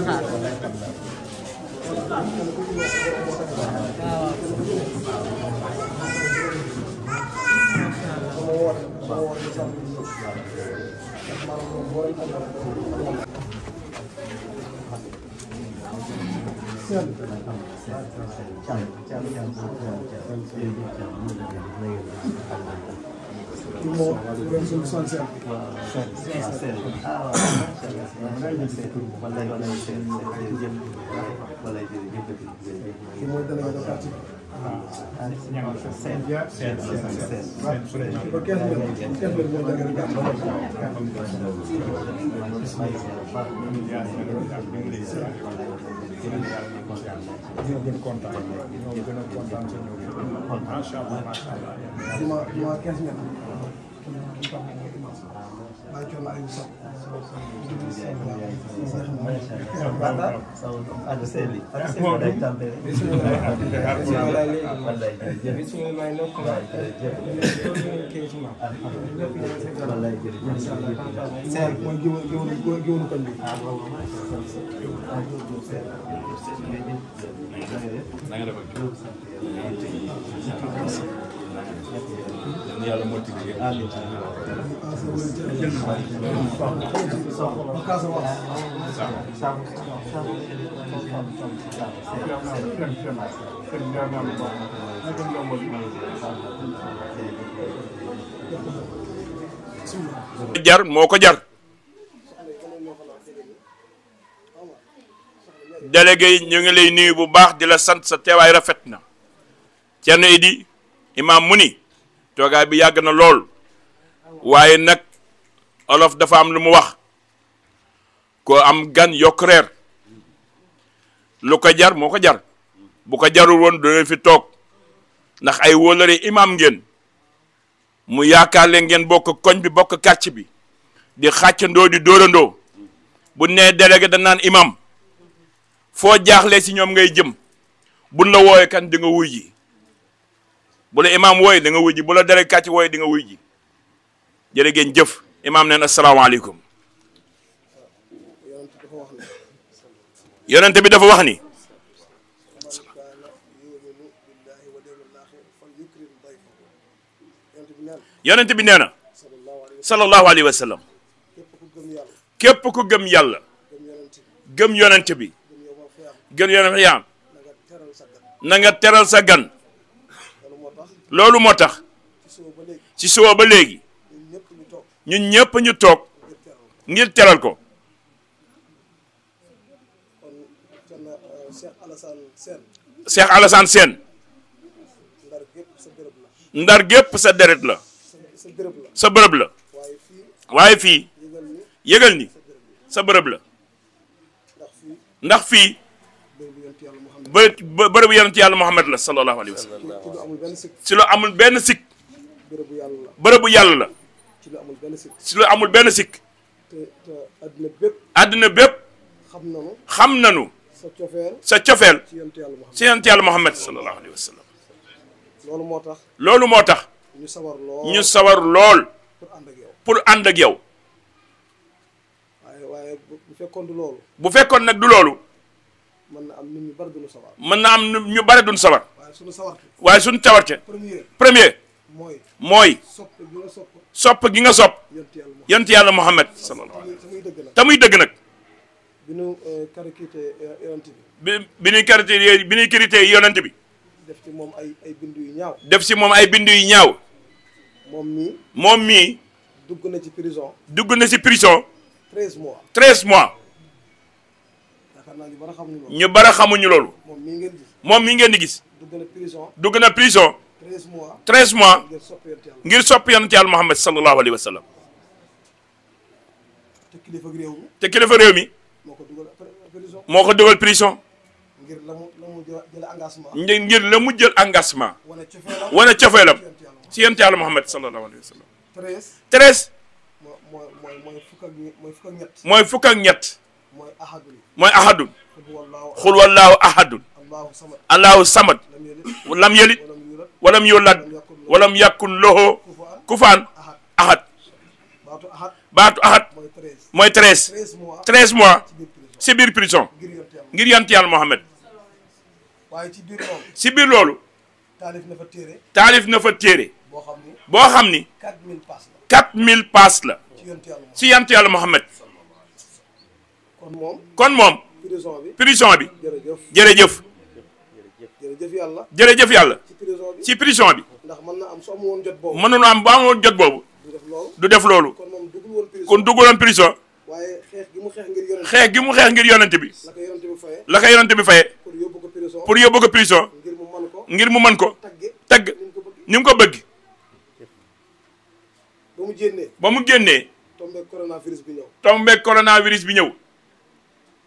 la xaar waaw wallay wallay seen jërëjëf wallay jërëjëf kii mooy délégué de quartier seen seen seen ba quinze mille quinze mille mooy délégué de quartier gën kontaan ñoo gën a kontaan ci ñoom macha allah macha allah ma quinze mille bàyyi coono ay sax aɗa selli aɗa selliɗa tampere wallay jejewallay jeeseer ko gewnu gewnu kamɓe yàlla mottigi jar moo ko jar délégué ñu ngi lay nuyu bu baax di la sant sa teewaay rafet na Thierno Idi imaam mu ni toogaay bi yàgg na lool waaye nag olof dafa am lu mu wax ko am gan yokk reer lu ko jar moo ko jar bu ko jarul woon du fi toog ndax ay wóolare imaam ngeen mu yaakaar leen ngeen bokk koñ bi bokk kàcc bi di xàccandoo di dóorandoo bu nee délégué da naan imam foo jaaxlee si ñoom ngay jëm buñ la wooyee kan di nga wuy ji bu la imam wooyee da nga wuy ji bu la délégué kàcc wooyee di nga wuy ji jërë ngeen jëf imaam neen asalaamaaleykum yonente bi dafa wax ni yonente bi nee na sallallahu alayhi wa sallam képp gëm yàlla gëm yonente bi gëm yonente yaam na nga teral sa loolu moo tax ci suba ba léegi ñu ñëpp ñu toog ngir teral ko euh, Cheikh Alassane Sène ndar gépp sa deret la sa bërëb la waaye fii yëgal ni sa bërëb la ndax fii bë bërëbu yonent yàlla Muhammad la sallallahu alayhi wa sallam si lu amul benn sikk bërëbu yàlla la ci lu amul benn sikk. ci amul benn sikk. te te àddina bépp. àddina bépp. xam nanu xam nanu. sa cofeel sa cofeel. ci yonent yàlla Muhammad ci yonent yàlla loolu moo tax. loolu moo tax. ñu sawar lool ñu lool. pour ànd ak yow waaye bu fekkoon du loolu. bu fekkoon nag du loolu. mën na am nit ñu bari duñu sawar. mën na am ñu bari duñu sawar. waaye su sawarte. waaye suñu sawarte. premier. mooy. mooy. sopp gi nga sopp yonent yàlla Muhammad sallallahu alayhi wa sallam dëgg nag bi ñuy euh, karité euh, yonent bi bi ñuy karité bi ñuy karité yonent bi def ci moom ay ay bind yu ñaaw def si moom ay bind yu ñaaw moom mii moom mii dugg na ci prison dugg na ci prison treize mois treize mois ñu bara xamuñu loolu moom mii ngeen di gis dugg na prison dugg na prison treize mois ngir sopp yonent yàlla Muhammad sallallahu alayhi wa sallam te kilifa réew mi moo ko dugal prison ngir la mu jël engagement cofeelam si yonent yàlla Muhammad sallallahu alayhi wa sallam treize mooy fukk ak ñett mooy ahadun xul allahu samad lam yelit wala walam yulad walam yakun lahu kufaan ahad baatu ahad mooy treize treize mois si biir prison ngir yant yàlla Mohamed si biir loolu taalif na fa téere boo xam ni quatre mille pass la si yant yàlla Mohamed kon moom prison bi jërëjëf jërëjëf yàlla jërëjëf yàlla ci prison bi ndax mën na am su amoon jot boobu mën na am bu amoon jot boobu du def loolu kon dugguloon prison waaye xeex gi mu xeex ngir yonent xeex gi mu xeex bi la ko yonent bi faye pour yóbbu ko prison ngir mu mën ko ngir tagg ni mu ko bëgg ba mu génnee ba mu génnee tombé coronavirus bi ñëw tombé coronavirus bi ñëw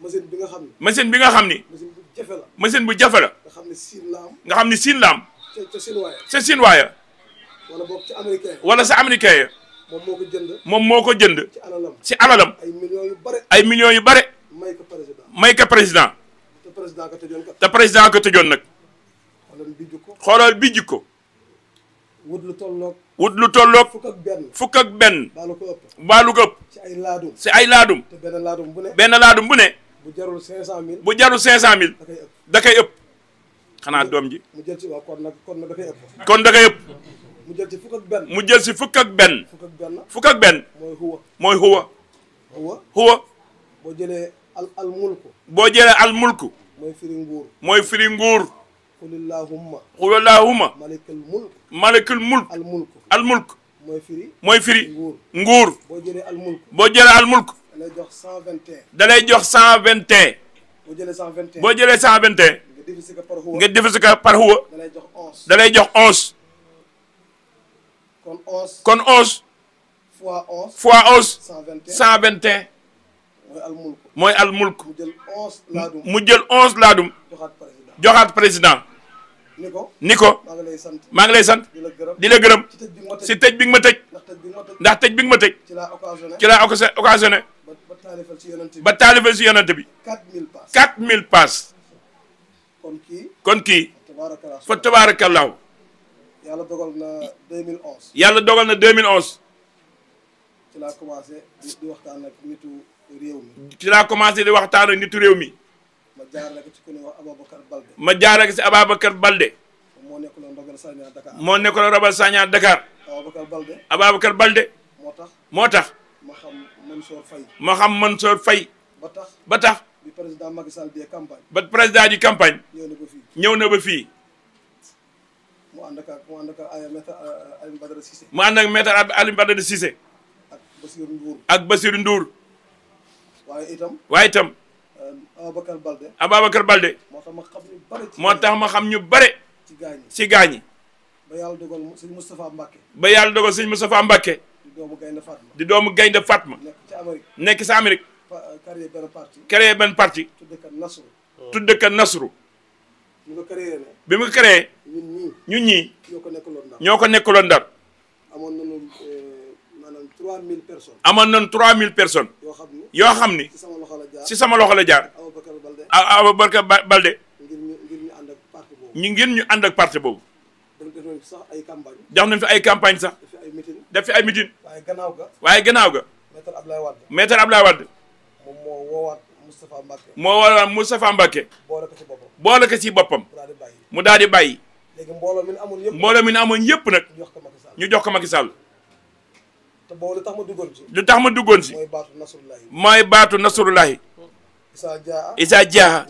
machine bi nga xam ni machine bi nga xam ni machine bu jafe nga xam ne siin la am. nga xam ne siin la am. ca waaya. wala boog ca américain. wala sa américain ya. moom moo ko jënd. moom moo ko jënd. ci alalam ci alalam. ay millions yu bare. ay millions yu bare. may ko président may président. te ka tëjoon te président ka tëjoon nag. xoolal bijj ko. xoolal bijj ko. wut lu tolloog. wut lu tolloog. fukk ak benn fukk ak ko ëpp. baalu ko ay laadum. ci ay laadum. te benn laadum bu ne. benn laadum bu ne. bu jarul 500000. bu jarul 500000. da koy ëpp xanaa doom ji. mu jël ci waaw kon nag kon ëpp. kon da koy ëpp. mu jël ci fukk ak benn. mu jël ci fukk ak benn. fukk ak benn. fukk benn. mooy huwa. mooy huwa. huwa. huwa. boo jëlee al al boo jëlee al mulku. mooy firi nguur. mooy firi nguur. xulillahumma. xulillahumma. malikul mulk. al mulk. al mulk. mooy firi. nguur. boo jëlee al mulk. dalay jox cent vingt et un. jox cent vingt et un. boo jëlee cent vingt et un boo jëlee cent vingt et un. nga diviser ko par huwa nga diviser ko par jox onze da jox onze. kon onze kon onze. fois onze fois onze. cent vingt et un mooy al mulk mooy al mulk. mu jël onze laadum mu jël onze laadum. joxaat président joxaat président. ni ko ni ko maa ngi lay sant maa ngi lay sant di la gërëm si tëj bi ma tëj ndax tëj bi nga ma tëj ndax tëj bi nga ma tëj ci laa occasionné taalifal ci yonent bi ba taalifal ci yonent bi. 4000 paas 4000 paas. kon kii kon kii. fa yàlla dogal na 2011. yàlla dogal na 2011. commencé di waxtaan ak nitu réew mi. laa commencé di waxtaan nitu réew mi. ma jaar ko ci ku Balde. ko ci moo nekkoon Robert Sagna Dakar. moo nekkoon Balde. moo tax moo tax. Mansour Faye ma xam Mansour Faye ba tax ba tax bi président Macky Sall campagne ba président di campagne ñëw na ba fii ñëw na ba fii mu ànd ak mu ànd ak maître ak maître Alioune waaye itam waaye itam euh, Balde moo tax ma xam ñu bare ma xam ñu bare ci gaañi ci gaañi ba yàlla dogal sëñ Moustapha Mbacke di doomu gaynde Fatma Fatma nekk sa Amérique. Euh, créé benn parti. créé benn parti. tudde ka Nasru. tudde ka Nasru. bi mu ko ñu bi mu ko créé. ñun ñii. ñun ñoo ko nekkaloon Ndar. ñoo ko nekkaloon Ndar. amoon nañu euh, maanaam 3000 personnes. amoon nañu 3000 personnes. yoo xam ni yoo xam ni. si sama loxo la jaar si sama loxo la jaar. Ababacar Balde. Ababacar Balde. ngir ñu ngir ñu ànd ak parti boobu. ñu ngir ñu ànd ak parti boobu. def nañ fi sax ay campagne. def nañ ay campagne sax. def ay meeting. def fi ay waaye gannaaw ga. waaye gannaaw ga. maître Abdoulaye Wade. maître Abdoulaye Wade. moom moo woowaat Moustapha Mbacke. moo woowaat Moustapha Mbacke. boole ko ci boppam. boole ko ci boppam. mu daal di bàyyi. léegi mbooloo mi ñu amoon yëpp. mbooloo mi ñu amoon yëpp nag. ñu jox ko Macky Sall ñu jox ko Macky Sall. te boobu lu tax ma duggoon ci. lu tax ma duggoon ci. mooy baatu Nasrullahi. mooy baatu Nasrullahi. Isa Dia. Isa Dia.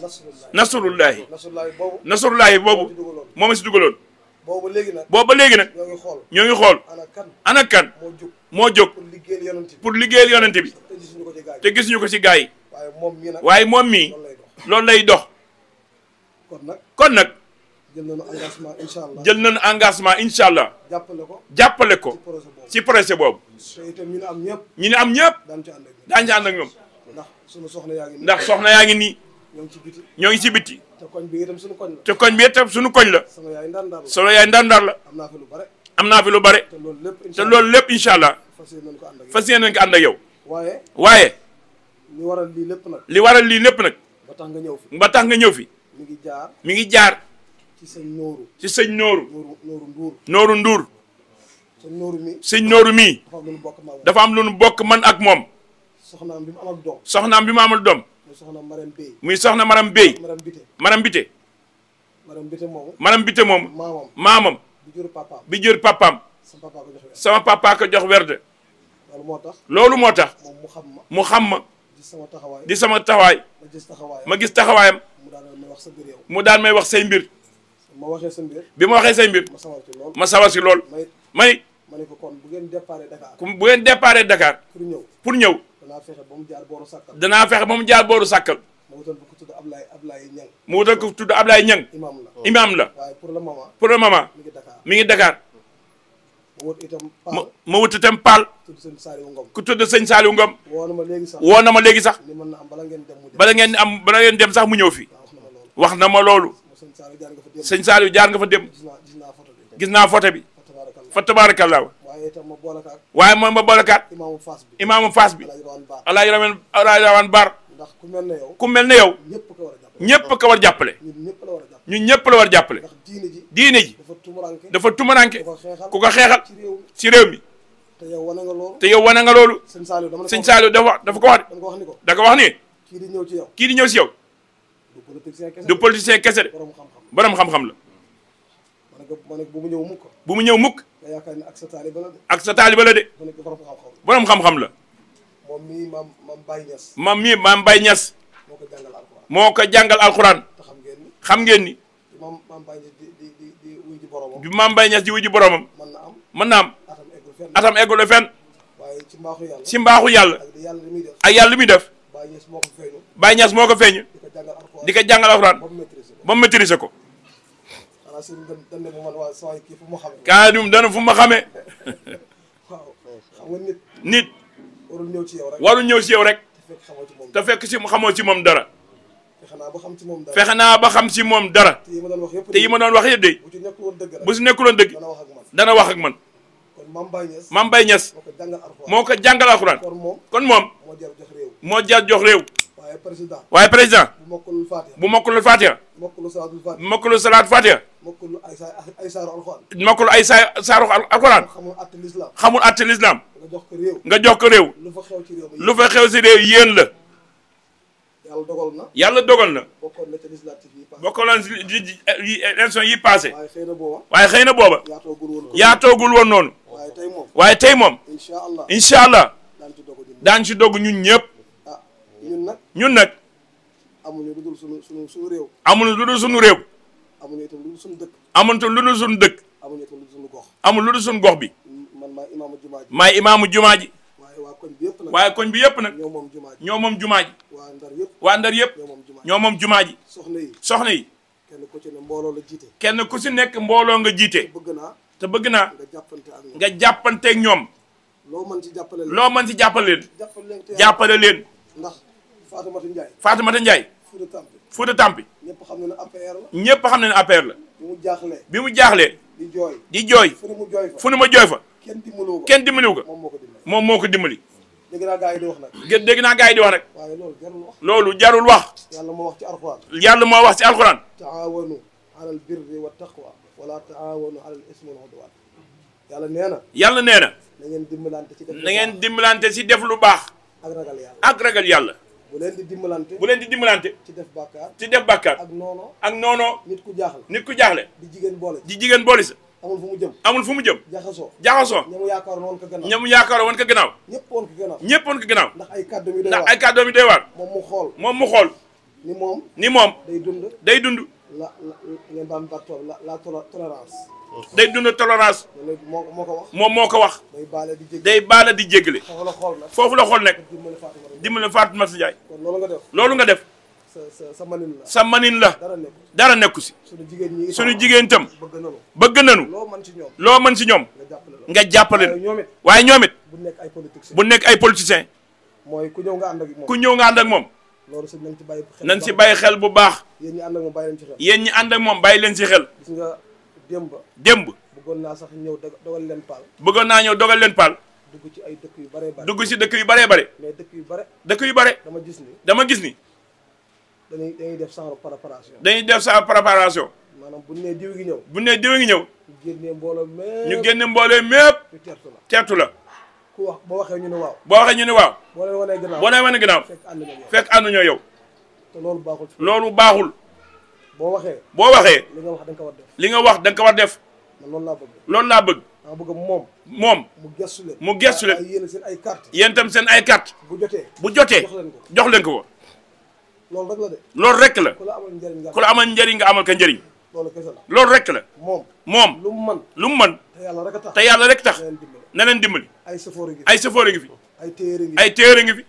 Nasrullahi. Nasrullahi boobu. Nasrullahi boobu moom la si dugaloon. boobu ba léegi nag. boobu ba léegi nag. xool ñoo ngi xool. ana kan. moo jóg pour liggéey yonent bi te gis ñu ko ci gaa yi waaye moom mii loolu lay dox kon nag jël nañu engagement incha allah jël nañu engagement incha allah jàppale ko jàppale ko ci projet boobu. te itam ñu ne am ñëpp. ñu am ñëpp daañu ci ànd ak ñoom. ndax suñu soxna yaa ngi nii. ndax soxna yaa ngi nii. ñoo ngi ci biti. ñoo ngi ci biti. te koñ bi itam suñu koñ la. te koñ suñu koñ la. sama yaay ndar ndar la. sama yaay am naa fa lu bare. am naa fi lu bare te loolu lépp incha allah fas yéene nañ ko ànd ak yow waaye li waral lii lépp nag li waral lii lépp nag nga ñëw fi ba tax ñëw fi mi ngi jaar mi ngi jaar ci sëñ Nooru ci sëñ Nooru Nooru Nduur Nooru Nduur sëñ Nooru mi sëñ Nooru mii dafa am lu nu bokk man ak moom soxnaam bi mu amal doom bi mu amal doom muy soxna Maram Bey soxna Maram Bey Maram Bite Maram Bite Maram Bite moomu Maram Bite bi jur papaam bi jur papaam sama papa ko jox werd loolu moo tax loolu moo tax mu xam ma mu xam ma di sama taxawaay di sama taxawaay ma gis taxawaayam mu daan may wax say mbir ma waxee sa mbir bi ma waxee say mbir ma sawar si lool ma it ma ne ko bu ngeen déparé Dakar bu ngeen déparé Dakar pour ñëw pour ñëw danaa fexe ba mu jaar booru sàkkal danaa fexe ba mu jaar booru sàkkal mu wutal ko tudd Ablaye Ablaye Niang mu wutal ko tudd Ablaye imaam la imaam la waaye mi ngi Dakar. ma ma wut itam Paal. ku tudd sëñ Saliou Ngom. woo na ma léegi sax. bala ngeen am bala ngeen dem sax mu ñëw fi. wax na ma loolu. sëñ Saliou jaar nga fa dem. gis naa photo bi. fa tabaarakallaa waaye moom ma boolekaat imaamu Faas bi alaaji rawan alaaji rawan bar ku mel ne yow ñëpp ka war a jàppale ñu ñëpp la war jàppale diine ji dafa tumaranke ku ko xeexal ci réew mi te yow wane nga loolu te yow wane nga loolu sëñ Saliou dafa dafa ko wax de da ko wax ni kii di ñëw ci yow kii di ñëw ci yow du politicien kese de borom xam-xam la bu mu ñëw mukk bu mu ñëw mukk ak sa taaliba la de ak sa taaliba la de borom xam-xam la moom mii mam Baye Niass moom mii maam Baye Niass moo ko jàngal alxuraan xam ngeen ni. bi maam Baye Niass di wuy ji boromam. mën na am atam eggul fenn. ci mbaaxu yàlla. ak yàlla li muy def. Baye Niass moo ko feeñu. di ko jàngal alxuraan ba mu maîtriser ko. kaanum dana fu ma xamee. nit. warul ñëw ci yow rek. te fekk si mu xamoo ci moom dara. fexe naa ba xam ci moom dara te yi ma doon wax yëpp de bu ci nekkuloon dëgg dana wax ak man Mame Baye Niass moo ko jàngal alxuraan kon moom moo jar jox réew waaye président bu mokkulul Fatiha mokkulu salaat Fatiha mokkulu ay saaro saaru alxuraan xamul àtte lislaam nga jox ko réew lu fa xew ci réew yéen la yàlla dogal na yàlla dogal na. bokkoon na ci législative yi passé bokkoon na ci élection yi passé. waaye xëy na booba. waaye xëy na booba. yaatoogul woon yaatoogul woon noonu. waaye tey moom. waaye tey moom. incha allah incha allah. daañu ci dogg ñun ñëpp. ah ñun nag. ñun nag. amuñu lu dul suñu suñu suñu réew. amuñu lu dul suñu réew. amuñu itam lu dul suñu dëkk. amuñu itam lu dul suñu dëkk. amuñu itam lu dul suñu gox. amul lu dul suñu gox bi. man maay imaamu jumaa ji. maay imaamu jumaa ji. waaye waa koñ bi yëpp waaye koñ bi yëpp nag ñoo moom jumaa ji waa ndar yëpp ñoo moom jumaa ji soxna yi kenn ku ne mbooloo la jiite kenn ku si nekk mbooloo nga jiite te bëgg naa nga jàppanteeg ñoom loo mën ci jàppale leen loo mën ci jàppale leen jàppale leen ndax Fatoumata Ndiaye Fatoumata Ndiaye Fouta Tampi Fouta Tampi ñëpp xam ne APR la ñëpp xam ne APR la bi mu jaaxlee bi mu jaaxlee di jooy di jooy fu ne ma jooy fa kenn dimbaliwu ko moom moo ko dimbali dégg naa gars yi di wax nag. dégg naa gars yi di wax nag. waaye loolu jarul wax. loolu jarul wax. yàlla moo wax ci alxuraan. yàlla moo wax ci alxuraan. taawanu alal birri wa taqwa wala taawanu alal ismi wal udwan yàlla nee na. yàlla nee na. na ngeen dimbalante ci def na ngeen dimbalante ci def lu baax. ak ragal yàlla ak ragal yàlla. bu leen di dimbalante bu leen di dimbalante. ci def bàkkaar ci def bàkkaar. ak noono ak noono. nit ku jaaxle nit ku jaaxle. di jigéen boole di jigéen boole sa. amul fu mu jëm amul fu mu jëm jaxasoo jaxasoo ñamu yaakaaroon woon ko gannaaw ñamu yaakaaroon woon ko gannaaw ñëpp woon ko gannaaw ñëpp woon ko gannaaw ndax ay kàddu mi doy ndax ay kàddu mi doy waar moom mu xool moom mu xool ni moom ni moom day dund day dund la leen baam baat la la tolérance day dund tolérance moo moo ko wax moom moo ko wax day baale di jégle day baale di jégle foofu la xool nag foofu la xool nag dimbale Fatou Massa Ndiaye kon loolu nga def loolu nga def sa manin la sa manin la dara nekku si suñu jigéen itam bëgg nanu loo mën si ñoom nga jàppale la waaye ñoom it bu nekk ay politicien mooy ku ñëw nga ànd ak moom ku ñëw nga ànd moom loolu si nañ ci bàyyi xel si bàyyi xel bu baax yen ñi ànd ak moom bàyyi leen yéen ñi ànd ak moom bàyyi leen si xel gis nga démb démb bëggoon naa sax ñëw dogal leen paal bëggoon naa ñëw dogal leen paal dugg ci ay dëkk yu bare si dëkk yu bare bare mais dëkk yu bare dëkk yu bare dama gis ni dama gis ni dañuy dañuy def sans préparation. dañuy def sans préparation. maanaam bu ñu nee diw gi ñëw. bu ñu nee diw ñëw. ñu génne mbooloo mépp ñu génne mbooloo mépp. ñu teertu la teertu la. ku wax boo waxee ñu ne waaw. boo waxee ñu ne waaw. boo leen wanee gannaaw boo leen wanee gannaaw. fekk ànd ñoo yow fekk ànd ñoo yow. te loolu baaxul. loolu baaxul. boo waxee. boo waxee. li nga wax da ko war def. li nga wax da nga ko war def. loolu laa bëgg. laa bëgg. maa bëgg moom. moom mu gestu leen. mu gestu leen yéen seen ay carte yéen seen ay carte bu jotee bu jotee jox leen ko. loolu rek la de. loolu rek ku la amal njëriñ nga ku la amal njëriñ nga amal ka njëriñ. loolu kese la rek la. moom moom lu mu mën lu mu mën. yàlla rek tax te yàlla rek tax. na leen dimbali ay safoor ngi fi ay safoor ngi fi. ay téere ngi fi ay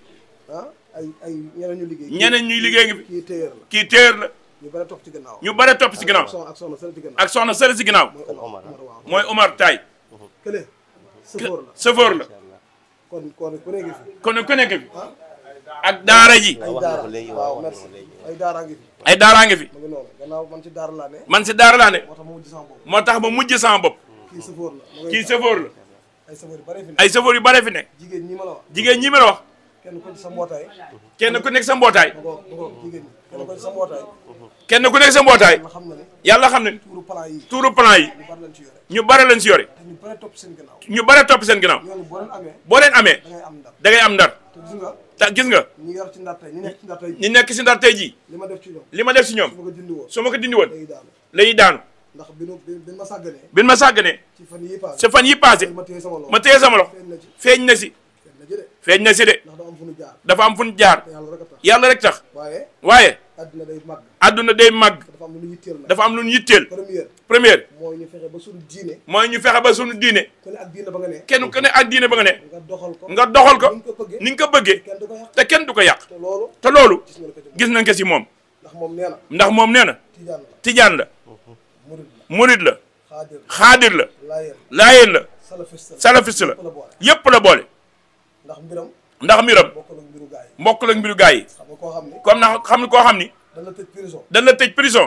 ah ay ay ñeneen ñu liggéey. ñeneen ñuy liggéey ngi fi kii téer la kii téer la. ñu bare topp si ginnaaw ñu bare topp ci ginnaaw ak soxna sële ci ginnaaw ak soxna sële ci ginnaaw. mooy Omar Taay. kële safoor la safoor la. kon kon ku nekk fi. kon ku fi. Ah ak daara ji. ay daara ngi fi. ay daara ngi fi. man si daara laa ne. man si daara laa moo tax ma mujj sama bopp. kii sëfoor la ay sëfoor yu bare fi ne. ay sëfoor yu bare fi ne. jigéen ñi ma la wax. jigéen ñi ma la wax. kenn ku nekk sa mbootaay. kenn ku nekk sa mbootaay. kenn ku xam ne. tuuru plan yi tuuru plan yi. ñu bare leen si yore. ñu bare topp seen ginnaaw. ñu bare topp boo leen amee. da ngay am ndar. da gis nga. ñi yor ci ndar tey ñi nekk ci ndar tey ñi nekk ci ndar tey ji. li ma def ci ñoom li ma def ci ñoom. su ma ko dindi woon lay daanu. ndax ma sàgganee. bi ma sàgganee. ci fan yii paase. ci fan yii paase ma téye sama loxo feeñ na ci. feeñ na ci de. dafa am fu ñu jaar. yàlla rek tax waaye. adduna day màgg adduna màgg dafa am lu ñu yitteel am lu ñu yitteel première première mooy ñu fexe ba suñu diine mooy ñu fexe ba suñu diine ku ne ak diine ba kenn ku ne ak diine ba nga ne nga doxal ko nga doxal ko ni nga ko bëggee te kenn du ko yàq te loolu te loolu gis nañ ko si moom ndax moom nee na ndax moom nee na tijaan la murid la xaadir la laayeen la salafiste la yépp la boole ndax mbiram ndax mi mbiram mbokk la mbiru gaay yi comme na xam ne koo xam ni dañ la tëj prison dañ la tëj prison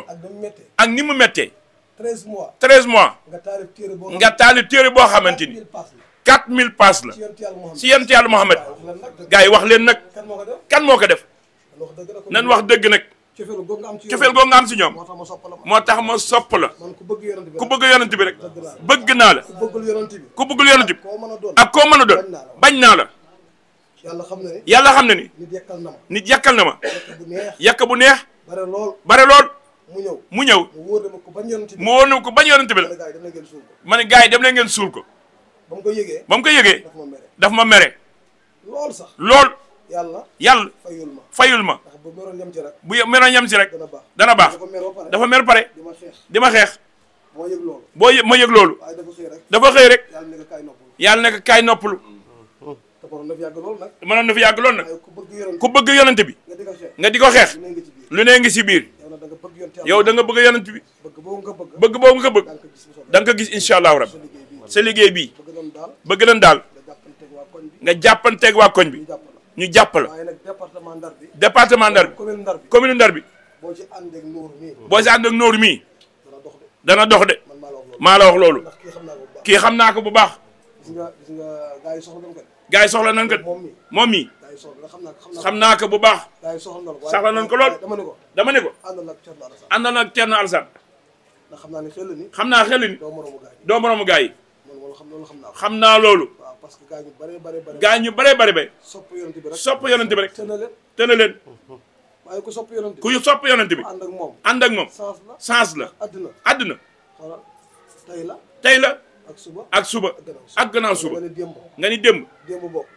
ak ni mu méttee treize mois treize mois nga taalib téere boo xamante ni quatre mille pass la si yent yàlla Muhammad gars yi wax leen nag kan moo ko def nan wax dëgg nag cofeel goo nga am si ñoom moo tax ma sopp la ku bëgg yonent bi rek bëgg naa la ku bëggul yonent bi ak koo mën a doon bañ naa la yàlla xam na ni yàlla xam na ni. nit yàkkal na ma nit yàkkal na ma. yàkk bu neex yàkk bu bare lool mu ñëw mu ñëw. mu wóor na ko bañ yonante bi mu wóor na ko bañ yonante bi la. ma ne gars yi dem leen ngeen suul ko. ba mu ko yëgee ba mu ko yëgee. daf ma mere. lool sax lool. yàlla yàlla fayul ma fayul ma. bu meroon yem ci rek. bu meroon yem ci rek dana baax. dafa mer pare dima xeex. boo yëg loolu boo yëg ma yëg loolu. dafa xëy rek. yàlla nekk kaay noppalu. mënoon na fi yàgg lool nag. mënoon na fi yàgg lool nag ku bëgg yonent bi nga di xeex lu ne ngi si yow da nga bëgg yonent bi bëgg boobu nga bëgg da nga ko gis incha allahu rabbi sa liggéey bii bëgg nañ daal nga jàppanteeg waa koñ bi ñu jàpp la département Ndar bi commune Ndar bi boo si ànd ak nooru mii dana dox de maa la wax loolu kii xam naa ko bu baax. gars yi soxla nan ko moom mi xam naa ko bu baax soxla nañ ko lool dama ne ko àndal nag Thierno Alassane xam naa xel ni doo moroomu gars yi xam naa loolu gars ñu bare bare bay sopp yonent bi rek te na leen waaye ku sopp yonent bi ku na yonent bi ànd ak moom ànd ak moom sens la àdduna àdduna tey la tey la ak suba ak gannaaw suba nga ni démb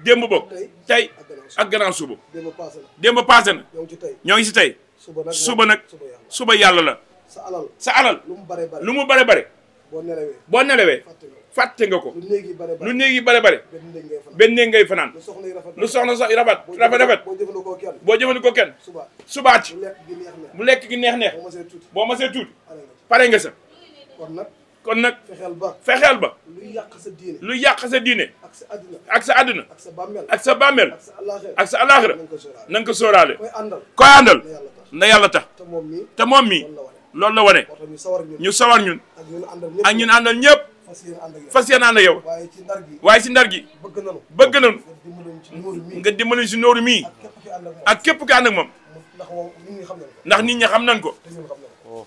démb bokk tey ak gannaaw suba démb paase na ñoo ngi si tey suba nag suba yàlla la sa alal lu mu bare bare boo nelawee fàtte nga ko lu néeg yi bare bare benn néeg ngay fanaan lu soxna sax rafet rafet rafet boo jëfandikoo kenn subaat bu lekk gi neex neex boo ma see tuuti pare nga sa kon nag fexeel ba fexeel ba yàq sa diine yàq sa diine ak sa àdduna ak sa àdduna ak sa bàmmeel ak sa bàmmeel ak sa alaaxira na nga ko sóoraale koy àndal koy àndal na te moom mii te moom mii loolu la wane ñu sawar ñun ak ñun àndal ñëpp fas yéene ànd ak yow waaye ci ndar gi bëgg nañu nga dimbali si nooru mii ak képp ku ànd moom ndax nit ñi xam nañ ko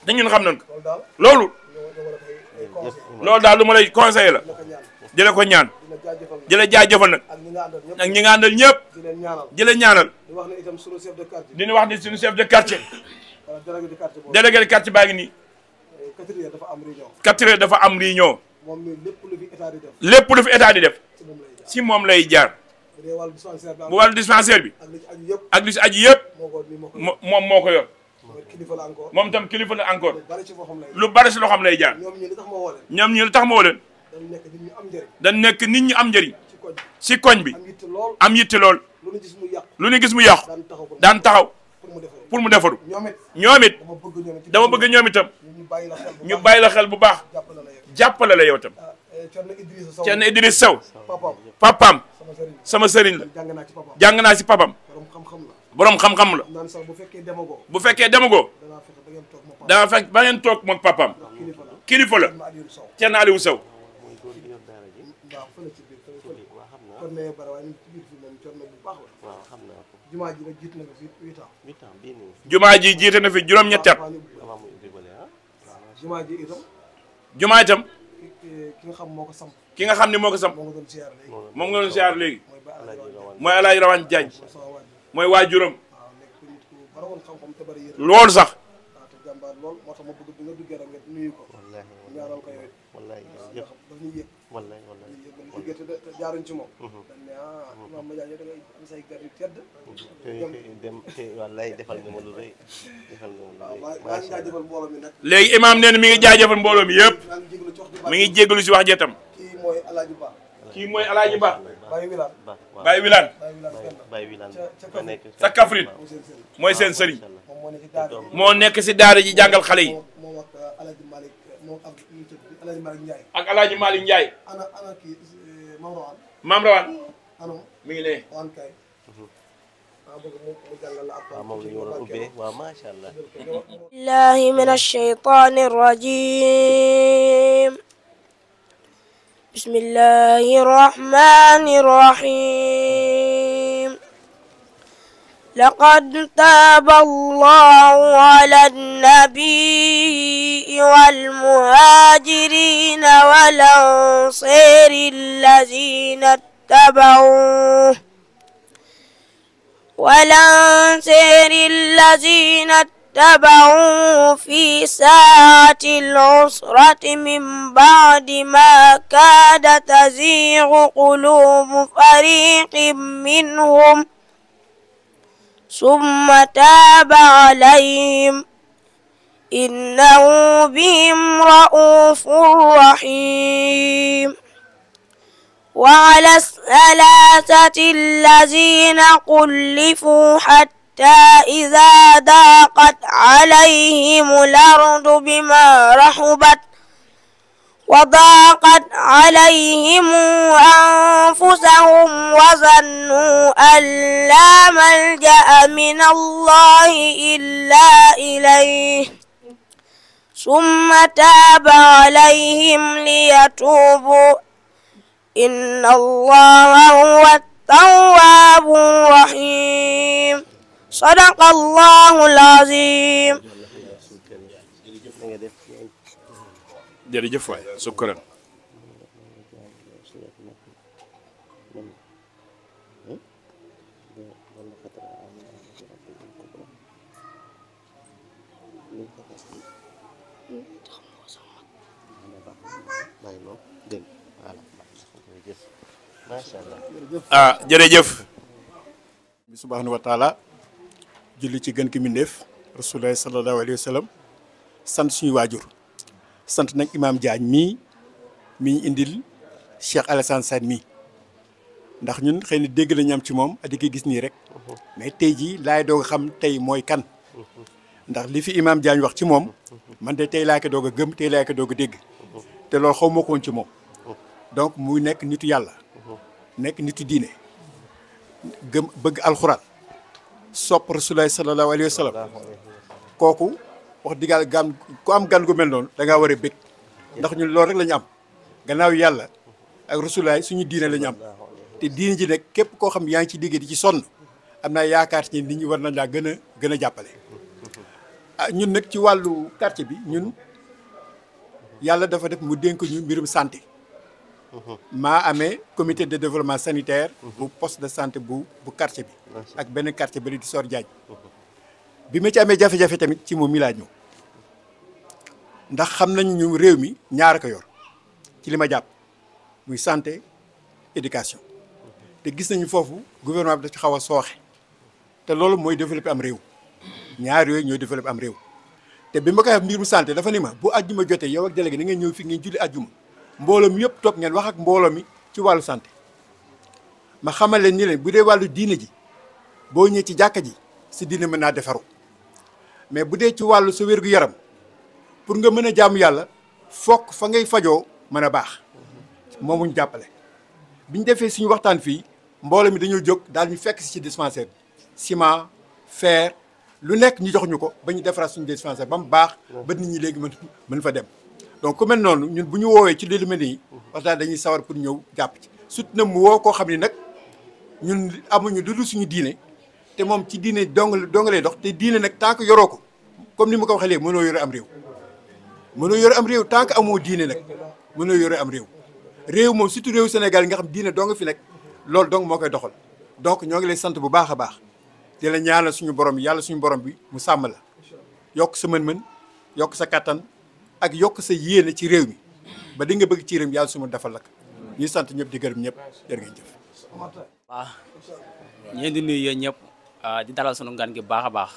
te ñun xam nañ ko loolu loolu daal lu ma lay conseillé la di la ko ñaan di la jaajëfal nag ak ñi nga àndal ñëpp di la ñaanal di wax ne itam suñu chef de quartier di wax ne suñu chef de quartier délégué de quartier baa ngi nii eh, quatre heures dafa am réunion lépp lu fi état di def si moom lay jaar bu wàllu dispensaire bi ak li ci aju yëpp moom moo ko yor moom itam kilifa la encore lu bari si loxoom lay jaar ñoom ñi lu tax ma woo leen dañ nekk nit ñu am njëriñ si koñ bi am yitte lool lu ñu gis mu yàqu daan taxaw pour mu defaru ñoom it dama bëgg ñoom itam ñu bàyyi la xel bu baax jàppale la yow itam Cerno ah, eh, Idrissa Sow papaam sama sëriñ la jàng naa si papaam boroom xam-xam la. naan sax bu fekkee demago bu fekkee demagoo. danaa fekk ba ngeen toog moog papaam. kilifa la Thierno Aliou Sow. jumaa ji jiite na fi juróom-ñetti at. Ah. jumaa itam. ki nga xam moo ko samp. ki nga xam ne moo ko samp. moom nga doon siyaar léegi. mooy El Hadj Rawane mooy waajuram ah, loolu sax léegi imaam nee na mi ngi jaajëfal mbooloo mi yëpp mi ngi jégalu si wax jetam kii mooy alaaji ba kii mooy alaaji ba Baye Wilane Baye Wilane Baye Wilane sa Kaffrine mooy seen sëriñ moo nekk si daara ji jàngal xale yi ak El euh, Hadj euh, Malick Ndiaye euh, Mame Rawane mi ngi ne. الله من الشيطان الرجيم بسم الله الرحمن الرحيم لقد تاب الله على النبي والمهاجرين والأنصار الذين اتبعوه والأنصار الذين اتبعوه اتبعوا في ساعة العسرة من بعد ما كاد تزيغ قلوب فريق منهم ثم تاب عليهم إنه بهم رؤوف رحيم وعلى الثلاثة الذين خلفوا حتى حتى إذا ضاقت عليهم الأرض بما رحبت وضاقت عليهم أنفسهم وظنوا أن لا ملجأ من الله إلا إليه ثم تاب عليهم ليتوبوا إن الله هو التواب الرحيم sadaqallahul azim jërëjëf waay sukkuran ah jërëjëf bi wa taala julli ci gën ki mbindéef rasulullah sallallahu alayhi wa sallam sant suñu waajur sant nag imaam jaañ mii mi ñu indil Cheikh Alassane Sane mii ndax ñun xëy na dégg la ñu am ci moom a di ko gis nii rek mais tey jii laay doog xam tey mooy kan ndax li fi imaam Diagne wax ci moom man de tey laa ko doog a gëm tey laa ko doog a dégg te loolu xaw ma ko woon ci moom donc muy nekk nitu yàlla nekk nitu diine gëm bëgg alxuraan sopp rasulaay sallallahu alayhi wa sallam kooku wax digaal gan ku am gan gu mel noonu da ngaa war a bég ndax ñu lool rek la ñu am gannaaw yàlla ak rasulaay suñu diine la ñu am te diine ji nag képp koo xam yaa ngi ci digg di ci sonn am naa yaakaar ci nit ñi war nañ laa gën a gën a jàppale ah ñun nag ci wàllu quartier bi ñun yàlla dafa def mu dénk ñu mbirum santé maa amee commité de développement sanitaire. bu poste de santé bu bu quartier bi. ak benn quartier bi di Sor Diagne. bi ma ci amee jafe-jafe tamit ci moom mi laa ñëw ndax xam nañu ñu réew mi ñaar ko yor ci li ma jàpp muy santé éducation te gis nañu foofu gouvernement bi da ci xaw a sooxe te loolu mooy développer am réew ñaar yooyu ñoo développer am réew te bi ma koy wax mbir mu santé dafa ni ma bu àjjuma jotee yow ak délégué da ngeen ñëw fi ngeen julli àjjuma. mbooloo mi yëpp toog ngeen wax ak mbooloo mi ci wàllu santé ma xamal leen ni leen bu dee wàllu diine ji boo ñëw ci jàkka ji si diine mën naa defaru mais bu dee ci wàllu sa wér-gu-yaram pour nga mën a jàmm yàlla fokk fa ngay fajoo mën a baax moomuñ jàppale bi ñu defee suñu waxtaan fii mbooloo mi dañoo jóg daal ñu fekk ci dispensaire bi ciment lu nekk ñu jox ñu ko ba ñu defaraat suñu dispensaire ba mu baax ba nit ñi léegi mën mën fa dem donc ku mel noonu ñun bu ñu woowee ci lu mel nii parce dañuy sawar pour ñëw jàpp ci surtout na mu woo koo xam ni nag ñun amuñu lu dul suñu diine te moom ci diine dong dong lay dox te diine nag tant que yoroo ko comme ni ma ko waxee léegi mënoo yore am réew mënoo yore am réew tant que amoo diine nag mënoo yore am réew réew moom surtout réew Sénégal yi nga xam diine dong fi nekk loolu dong moo koy doxal donc ñoo ngi lay sant bu baax a baax di la ñaanal suñu borom yàlla suñu borom bi mu sàmm la yokk sa mën-mën yokk sa kattan ak yokk sa yéene ci réew mi ba di nga bëgg ci réew mi yàlla suma defal lak ñuy sant ñëpp di gërëm ñëpp jërë ngeen jëf waaw ñeen di nuyu yéen ñëpp ah, di dalal sunu ngan gi baax a baax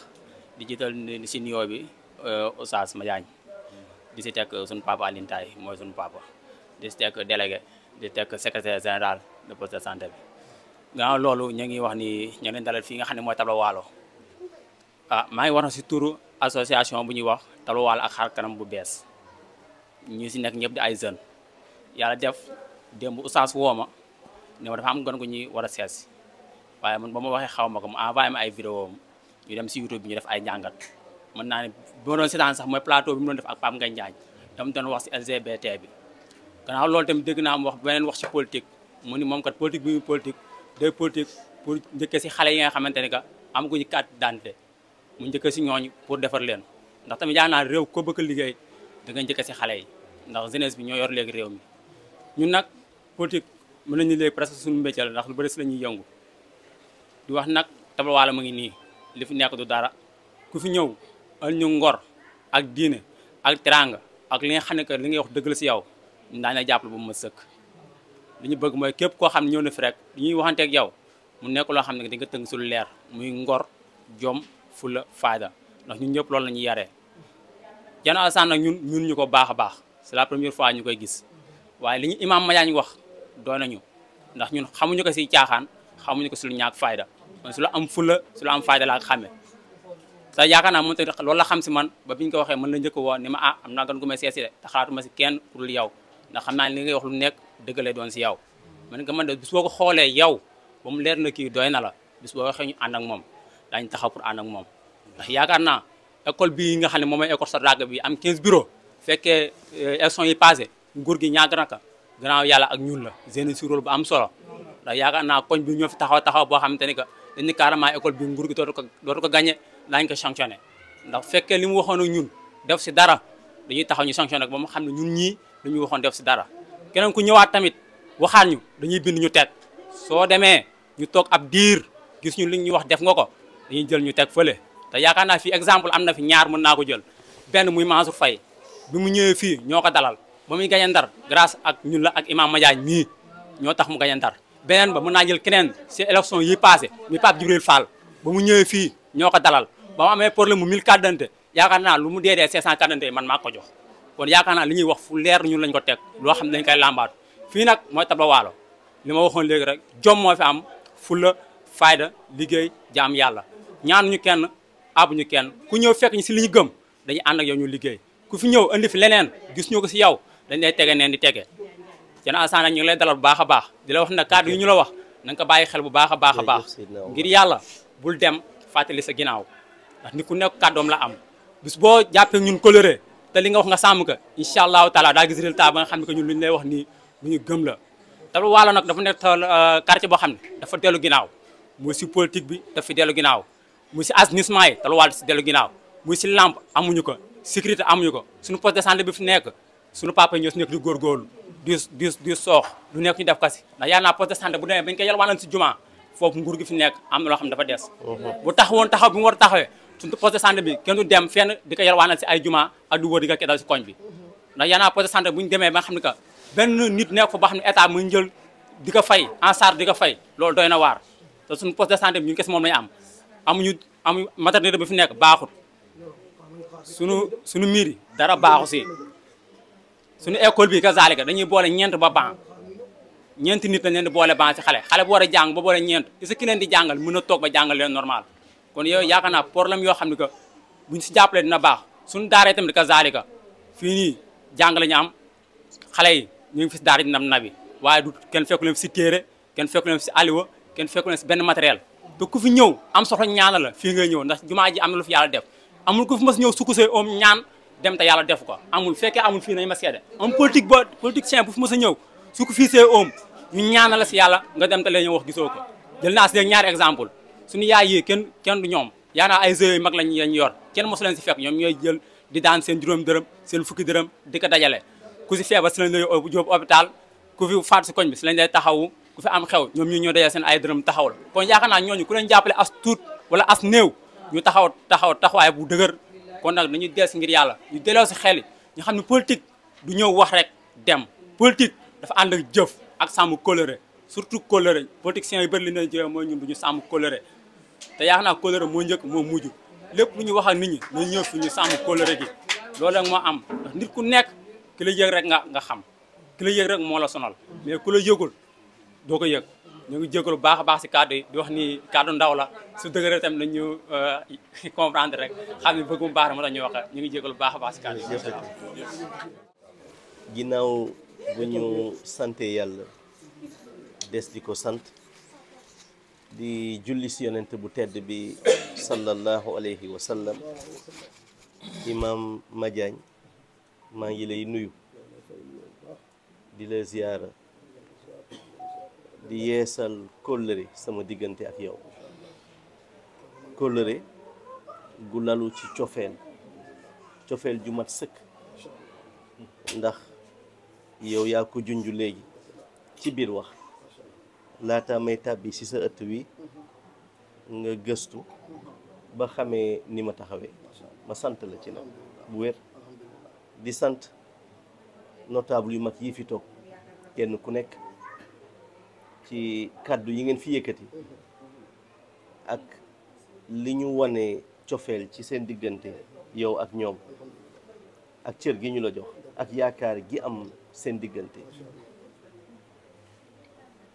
di jiital si nuyoo bi euh, Oustaz Madiagne di si tekk suñu papa mooy suñu papa di tekk délégué di tekk secrétaire général de poste de santé bi gannaaw loolu ñu ngi wax ni ñu ngi leen dalal fii nga xam ne mooy Tableau waalo ah maa ngi wax na si turu association bu ñuy wax Tableau Walo ak xar kanam bu bees ñu si nekk ñëpp di ay jeunes yàlla def démb oustaz woo ma ne ma dafa am gan gu ñuy war a sees waaye mun ba ma waxee xaw ma ko mu envoyé ma ay vidéo ñu dem si youtube bi ñu def ay njàngat mën naa ne bi ma doon seetaan sax mooy plateau bi mu doon def ak Pape Ngagne Ndiaye dama doon wax si LGBT bi gannaaw loolu tamit dégg naa mu wax beneen wax si politique mu ni moom kat politique bi muy politique day politique pour njëkkee si xale yi nga xamante ne que amaguñu carte d'identité mu njëkkee si ñooñu pour defar leen ndax tamit yaa naa réew ko bëgg liggéey da nga si xale yi ndax jeunesse bi ñoo yor léegi réew mi ñun nag politique mën nañu léegi presque suñu métier ndax lu bëri si la ñuy yëngu di wax nag tabawaala mu ngi nii li fi nekk du dara ku fi ñëw al ñu ngor ak diine ak teraanga ak li nga xam ne que li ngay wax dëgg si yow daañu la jàppale ba mu ma sëkk li ñu bëgg mooy képp koo xam ne ñëw na fi rek li ñuy waxanteeg yow mu nekk loo xam ne di nga tëng su leer muy ngor jom fula faayda ndax ñu ñëpp loolu la ñuy yaree. Thierno nag ñun ñun ko baax a baax c'est la première fois ñu koy gis waaye li ñu imaam Madiagne wax doon ñu ndax ñun xamuñu ko si caaxaan xamuñu ko si lu ñàkk fayda man su la am fulla su la am fayda laa xamee sa yaakaar naa moom tamit loolu la xam si man ba bi ñu ko waxee mën la njëkk woo ni ma ah am naa gan gu may seesi xam naa li ngay wax lu nekk dëgg lay doon si yow man nga mën de bis boo ko xoolee yow ba mu leer na kii doy na la bis boo waxee ñu ànd moom daañu taxaw pour ànd ak moom ndax yaakaar naa école bii nga xam ne moom mooy a Sadaga bi am 15 bureau fekkee euh, élection yi passé nguur gi ñàgg na ka yàlla ak ñun la génn si bu am solo ndax yaakaar naa koñ bi ñoo taxaw taxaw boo xamante ni que dañ ne carrément école bi nguur gi dootu ko dootu ko gagné daañu ko sanctionné ndax fekkee li mu waxoon ak ñun def si dara dañuy taxaw ñu sanctionné ba mu xam ne ñun ñii lu waxoon def si dara keneen ku ñëwaat tamit waxaat ñu dañuy bind ñu teg soo demee ñu toog ab diir gis ñu li ñuy wax def nga ko dañuy jël ñu teg fële te yaakaar naa fii exemple am na fi ñaar mën naa ko jël benn muy Mansour fay bi mu ñëwee fii ñoo ko dalal ba muy gañe Ndar grâce ak ñun la ak Imam Madiagne mii ñoo tax mu gañe Ndar beneen ba mu naa jël keneen si élection yi passé muy Pape Djibril Fall ba mu ñëwee fii ñoo ko dalal ba mu amee problème mu 1000 carte d'identité yaakaar naa lu mu dee dee 500 carte d'identité man maa ko jox kon yaakaar naa li ñuy wax fu leer ñun lañ ko teg loo xam ne dañ koy làmbaatu fii nag mooy Tableau Walo li ma waxoon léegi rek jom moo fi am fulla fayda liggéey jaam yàlla ñaanuñu kenn abuñu kenn ku ñëw fekk ñu si li ñu gëm dañuy ànd ak yow ñu liggéey ku fi ñëw indi fi leneen gis ñu ko si yow dañ lay tege neen di tege Diène na ñu ngi lay dalal bu baax a baax di la wax na kàddu yu ñu la wax na ko bàyyi xel bu baax a baax a baax ngir yàlla bul dem fàttali sa ginnaaw ndax nit ku nekk kàddoom la am bis boo jàppee ñun coloré te li nga wax nga sàmm ka incha allahu taala daa gis résultat ba nga xam ne que ñun lu ñu lay wax nii lu ñu gëm la te Waalo nag dafa ne nekk euh, quartier boo xam ne dafa dellu ginnaaw muy si politique bi daf fi dellu ginnaaw muy si as assainissement yi te Waalo si dellu ginnaaw sécurité amuñu ko suñu poste de santé bi fi nekk suñu papa ñoo si nekk di góorgóorlu di di di soox lu nekk ñu def kasi ndax yàlla naa poste de santé bi a taxawee dem fenn di ko yalwaanal si ay jumaa ak du wër di ko kedal si koñ bi ndax yàlla naa poste de santé bu ñu demee ba xam ne que benn nit nekk fa boo xam ne état mu njël di ko fay en di ko fay loolu doy na waar te suñu poste de santé bi ñu kese moom lañu am amuñu amu maternité bi fi nekk baaxut sunu sunu miir dara baaxu si sunu école bi kazaalika dañuy boole ñeent ba ban ñeenti nit lañ leen boole ban si xale xale bu war a jàng ba boole ñeent est-ce leen di jàngal mun a toog ba jàngal leen normal kon yow yaakaar naa problème yoo xam ne bu buñ si jàppalee dina baax sunu daara yi tamit ka fii nii jàng la ñu am xale yi ñu ngi fi si daara ji nam nabi waaye du kenn fekku leen si téere kenn fekku leen si aliwa kenn fekku leen si benn matériel te ku ñëw am soxla ñaana la fii ngay ñëw ndax jumaa ji am na lu fi def amul ku fi su ñëw sukkusee oom ñaan dem te yàlla def ko amul fekkee amul fii nañ ma seede am politique ba politicien bu fi mas a ñëw su ko fiisee oom ñu ñaana la si yàlla nga dem te la wax gisoo ko jël naa si léegi ñaari exemple suñu yaay yi kenn kenn du ñoom yaa naa ay jeunes yu mag lañ lañ yor kenn mosu leen si fekk ñoom ñooy jël di daan seen juróom dërëm seen fukki dërëm di ko dajale ku si feebar si lañ lay jóobu hôpital ku fi faatu si bi si lañ lay taxawu ku fi am xew ñoom ñu ñoo dajale seen ay dërëm taxaw la kon yaakaar naa ñooñu ku leen jàppale as tuut ñu taxaw taxaw taxawaay bu dëgër kon nag nañu del si ngir yàlla ñu delloo si xel yi ñu xam ne politique du ñëw wax rek dem politique dafa ànd ak jëf ak sàmm coloré surtout coloré politiciens yi bëri li na jëf mooy ñun du ñu sàmm coloré te yaakaar naa coloré moo njëkk moo mujj lépp lu ñu wax ak nit ñi nañ ñëw fi ñu sàmm coloré gi loolu rek moo am ndax ku nekk ki la yëg rek nga nga xam ki la yëg rek moo la sonal mais ku la yëgul doo ko yëg ñu ngi jégalu baax a baax si kàddu yi di wax ni kàddu ndaw la su dëgëree tamit nañ ñu euh, comprendre rek xam ne bëgg mu baax la moo tax ñu wax ñu ngi jégalu baax a baax si kàddu yi. ginnaaw bu ñu sante yàlla des di ko sant di julli si yonent bu tedd bi sallallahu alayhi wa sallam imaam Madiagne maa ngi lay nuyu di la ziyaara. di yeesal kóllëre sama diggante ak yow kóllëre gu lalu ci cofeel cofeel ju mat sëkk ndax yow yaa ko junj léegi ci biir wax laata may tàbbi ci sa ëtt wi nga gëstu ba xamee ni ma taxawee ma sant la ci nag bu wér di sant notable yu mat yi fi toog kenn ku nekk ci kàddu yi ngeen fi yëkkati ak li ñu wane cofeel ci seen diggante yow ak ñoom ak cër gi ñu la jox ak yaakaar gi am seen diggante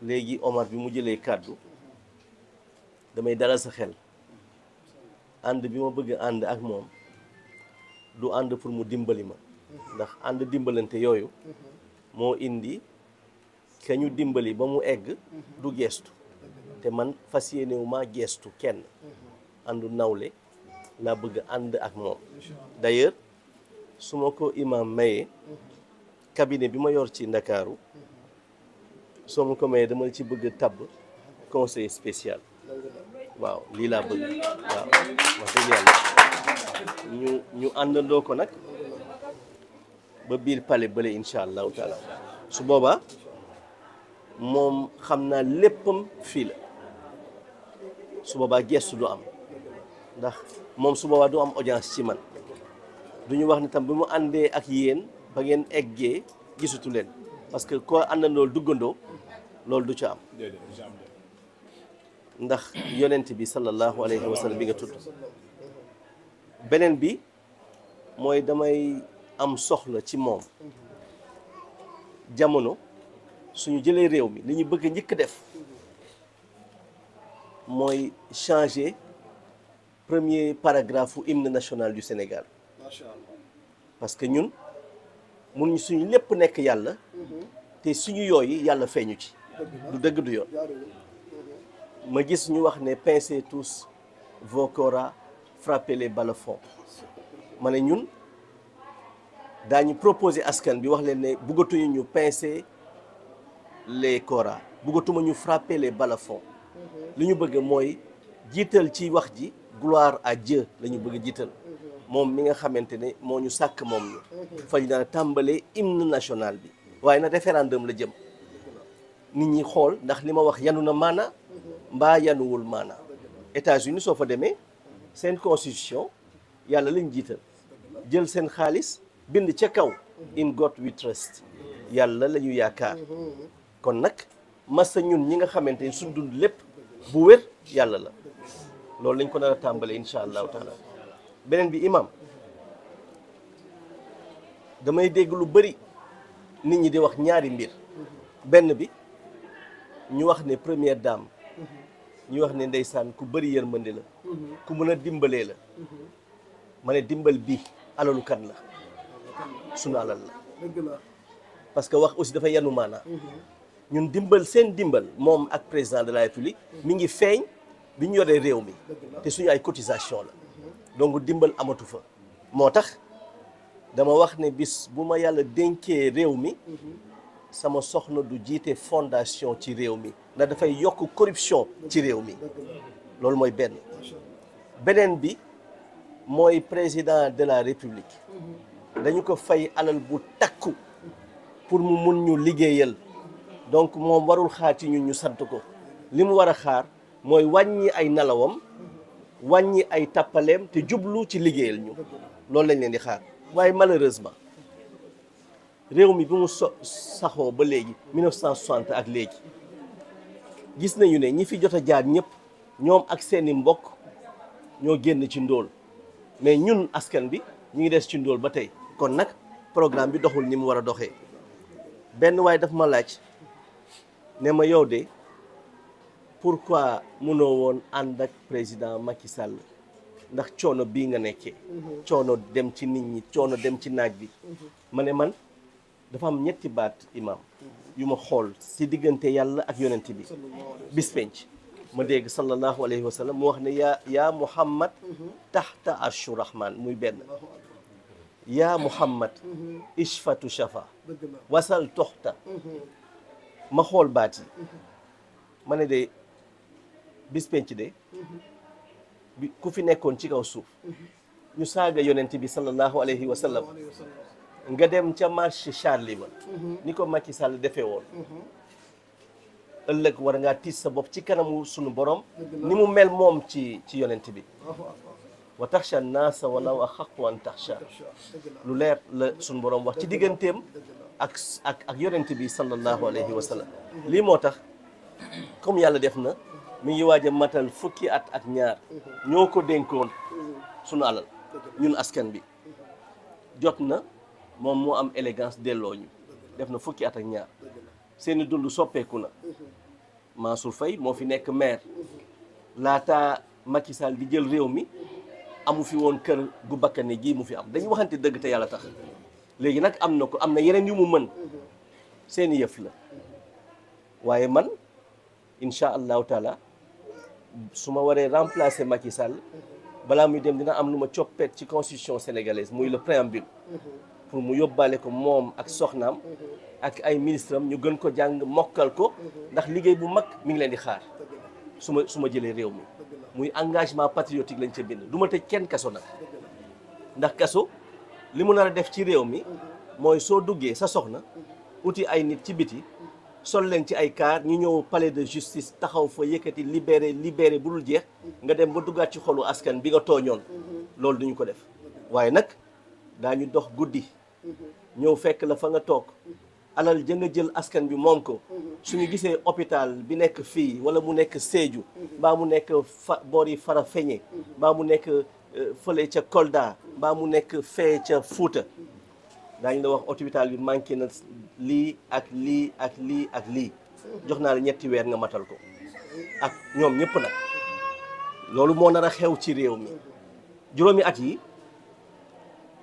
léegi Omar bi mu jëlee kàddu damay dalal sa xel ànd bi ma bëgg ànd ak moom du ànd pour mu dimbali ma ndax ànd dimbalante yooyu moo indi ka ñu dimbali ba mu egg du geestu te man fas yéenewu maa geestu kenn àndu nawle laa bëgg ànd ak moom d'ailleurs su ma ko imam mayee cabinet bi ma yor ci ndakaaru soo ma ko mayee dama ci bëgg tabb conseil special waaw lii laa bëgg waaw wax dëgg yàlla ñu àndandoo ko nag ba biir pale bële incha allahu taala su boobaa moom xam naa léppam fii la su boobaa gestu du am ndax moom su boobaa du am audience ci man du ñu wax ni tam bi mu àndee ak yéen ba ngeen eggee gisutu leen parce que koo àndandoo duggandoo loolu du ca am ndax yonent bi sallallahu alayhi wa sallam bi nga tudd beneen bi mooy damay am soxla ci moom jamono suñu jëlee réew mi li ñu bëgg njëkk def mooy changer premier paragraphe u hymne national du Sénégal parce que ñun mun suñu lépp nekk yàlla mm-hmm. te suñu yooyu yàlla feeñu ci du dëgg du yoon mm-hmm. ma gis ñu wax ne pincez tous vos koras frappez les balafons ma ne ñun daañu proposer askan bi wax leen ne bëggatuñu ñu pincer les Cora bëggatuma ñu frapper les balafons li ñu bëgg mooy jiital ci wax ji gloire à Dieu lañu ñu bëgg jiital moom mi nga xamante ne moo ñu sàkk moom ñu fa ñu daan tàmbalee hymne national bi waaye nag référendum la jëm nit ñi xool ndax li ma wax yanu na maana mbaa yanuwul maana États-Unis soo fa demee seen constitution yàlla lañ jiital jël seen xaalis bind ca kaw in God we trust yàlla lañu yaakaar kon nag massa ñun ñi nga xamante ni suñ dund lépp bu wér yàlla la loolu lañ ko nar a tàmbalee incha allahu taala beneen bi imam damay dégg lu bari nit ñi di wax ñaari mbir benn bi ñu wax ne première dame ñu wax ne ndeysaan ku bari yërmande la ku mën a dimbalee la ma ne dimbal bii alalu kan la sunu alal la parce que wax aussi dafa yanu maanaa ñun dimbal seen dimbal moom ak président de la république mi ngi feeñ bi ñu yoree réew mi te suñu ay cotisation la donc dimbal amatu fa moo tax dama wax ne bis bu ma yàlla dencee réew mi sama soxna du jiite fondation ci réew mi ndax dafay yokk corruption ci réew mi loolu mooy benn beneen bi mooy président de la république dañu ko fay alal bu takku pour mu mun ñu liggéeyal donc moom warul xaar ci ñu ñu sant ko li mu war a xaar mooy wàññi ay nalawam wàññi ay tappaleem te jublu ci liggéeyal ñu loolu lañ leen di xaar waaye malheureusement réew mi bi mu so saxoo ba léegi 1960 ak léegi gis nañu ne ñi fi jot a jaar ñëpp ñoom ak seeni mbokk ñoo génn ci ndóol mais ñun askan bi ñu ngi des ci ndóol ba tey kon nag programme bi doxul ni mu war a doxee benn waaye daf ma laaj ne ma yow de pourquoi mënoo woon ànd ak président Macky Sall ndax coono bii nga nekkee. Mhm. coono dem ci nit ñi coono dem ci naaj bi. Mhm. ma ne man dafa am ñetti baat imam yu ma xool si diggante yàlla ak yonent bi. bis ma dégg sallallahu alayhi wa sallam mu wax ne yaa yaa Muhammad. Mhm. taxta arshu rahman muy benn. yaa Muhammad. ishfatu shafa. wasal toxta. ma xool baat yi ma ne de bis penc de ku fi nekkoon ci kaw suuf ñu saaga yonent bi sallallahu alayhi wa nga dem ca marché Charlie ba ni ko Macky Sall defee woon ëllëg war ngaa tiis sa bopp ci kanamu sunu boroom ni mu mel moom ci ci yonent bi wa taxsha naasa wala wa xaqu an taxsha lu leer la sunu boroom wax ci digganteem ak ak ak yonent bi sallallahu alayhi wa lii moo tax comme yàlla def na mi ngi waaja a matal fukki at ak ñaar ñoo ko dénkoon sunu alal ñun askan bi jot na moom moo am élégance delloo ñu def na fukki at ak ñaar seeni dund soppeeku na Mansour fay moo fi nekk maire laata Macky Sall di jël réew mi amu fi woon kër gu bakkane jii mu fi am dañuy waxante dëgg te yàlla tax léegi nag am na ko am na yeneen yu mu mën seeni yëf la waaye man incha allahu taala su ma waree remplacer Macky Sall balaa muy dem dina am lu ma coppeet ci constitution sénégalaise muy le préambule pour mu yóbbaale ko moom ak soxnaam ak ay ministre am ñu gën ko jàng mokkal ko ndax liggéey bu mag mi ngi leen di xaar su ma su ma jëlee réew mi muy engagement patriotique lañ ca bind du ma tëj kenn kaso nag ndax kaso li mu nar a def ci réew mi mooy soo duggee sa soxna wuti ay nit ci biti sol leen ci ay kaar ñu ñëw palais de justice taxaw fa yëkkati libéré libéré bu dul jeex nga dem ba duggaat ci xolu askan bi nga tooñoon loolu duñu ko def waaye nag daañu dox guddi ñëw fekk la fa nga toog alal ja jël askan bi moom ko suñu gisee hôpital bi nekk fii wala mu nekk Sédhiou mbaa mu nekk fa boor yi Farafeñe mbaa mu nekk Euh, fële ca Kolda mbaa mu nekk fee ca Fuuta daañu la wax hôpital bi manqué na lii ak lii ak lii ak lii jox naa la ñetti weer nga matal ko ak ñoom ñëpp nag loolu moo nar a xew ci réew mi juróomi at yi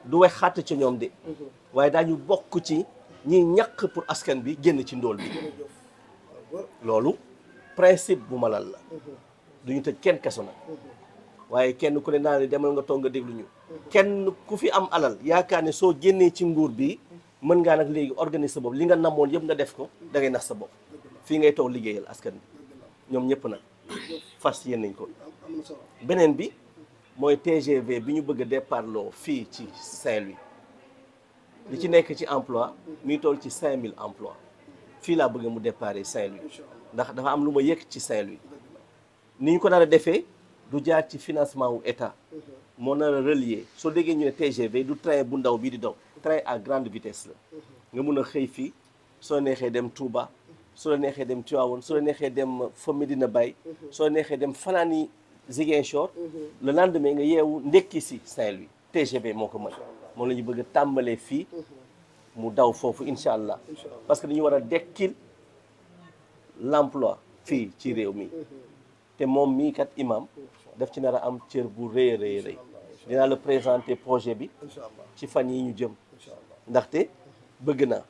du wax xàtt ci ñoom de waaye daañu bokk ci ñi ñàkk pour askan bi génn ci ndóol bi loolu principe bu malal la duñu tëj kenn kaso nag waaye kenn ku ne naa ne demal nga toog nga déglu ñu kenn ku fi am alal yaakaar ne soo génnee ci nguur bi mën ngaa nag léegi organiser sa bopp li nga namoon yëpp nga def ko da ngay nax sa bopp fii ngay toog liggéeyal askan bi ñoom ñëpp nag fas yéen nañ ko beneen bi mooy TGV bi ñu bëgg a départ fii ci Saint-Louis li ci nekk ci emploi muy toll ci cinq mille emplois fii laa bëgg mu départ Saint-Louis ndax dafa am lu ma yëkk ci Saint-Louis ni ñu ko nar a defee du jaar ci financement wu état mhm. moo nar a relier soo déggee ñu ne TGV du train bu ndaw bii di daw mhm. train à grande vitesse la mhm. nga mun a xëy fii soo neexee dem Touba soo neexee dem Tivaouane soo la neexee dem fa Medina Baye soo neexee dem fanaani Ziguinchor le lendemain nga yeewu ndekki si Saint-Louis TGV moo ko mën moom la ñu bëgg a tàmbalee fii mu daw foofu incha allah parce que dañu war a dekkil l'emploi fii ci réew mi te moom mii kat imam def ci nar am cër bu rëy a rëy rëy dinaa la présenter projet bi ci fan yi ñu jëm ndaxte bëgg naa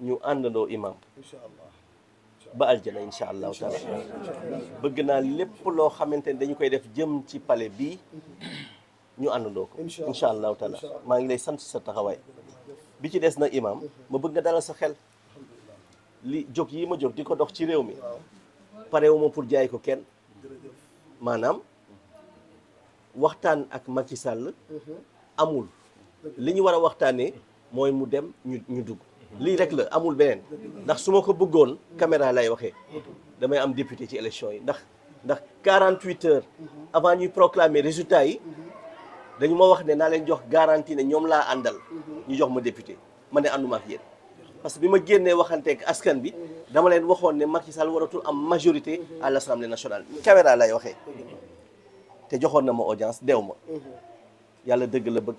ñu àndandoo imam ba aljana incha allahu taala bëgg naa lépp loo xamante ni dañu koy def jëm ci pale bi ñu àndandoo ko incha allahu taala maa ngi lay sant sa taxawaay bi ci des na imam ma bëgg nga dalal sa xel li jóg yi ma jóg di ko dox ci réew mi parewuma pour jaay ko kenn maanaam waxtaan ak Macky mhm. amul li ñu war a waxtaanee mooy mu dem ñu ñu dugg mhm. lii rek la amul beneen ndax su ma ko bëggoon mhm. caméra lay waxee damay am député ci élection yi ndax ndax 48 heures avant ñuy proclamer résultat yi dañu ma wax ne naa leen jox garantie ne ñoom laa àndal ñu jox ma député ma ne ànduma ak yéen que bi ma génnee waxanteeg askan bi dama leen waxoon ne Macky Sall waratul am majorité à l'Assemblée nationale caméra lay waxee te joxoon na ma audience deew ma mhm. yàlla dëgg la bëgg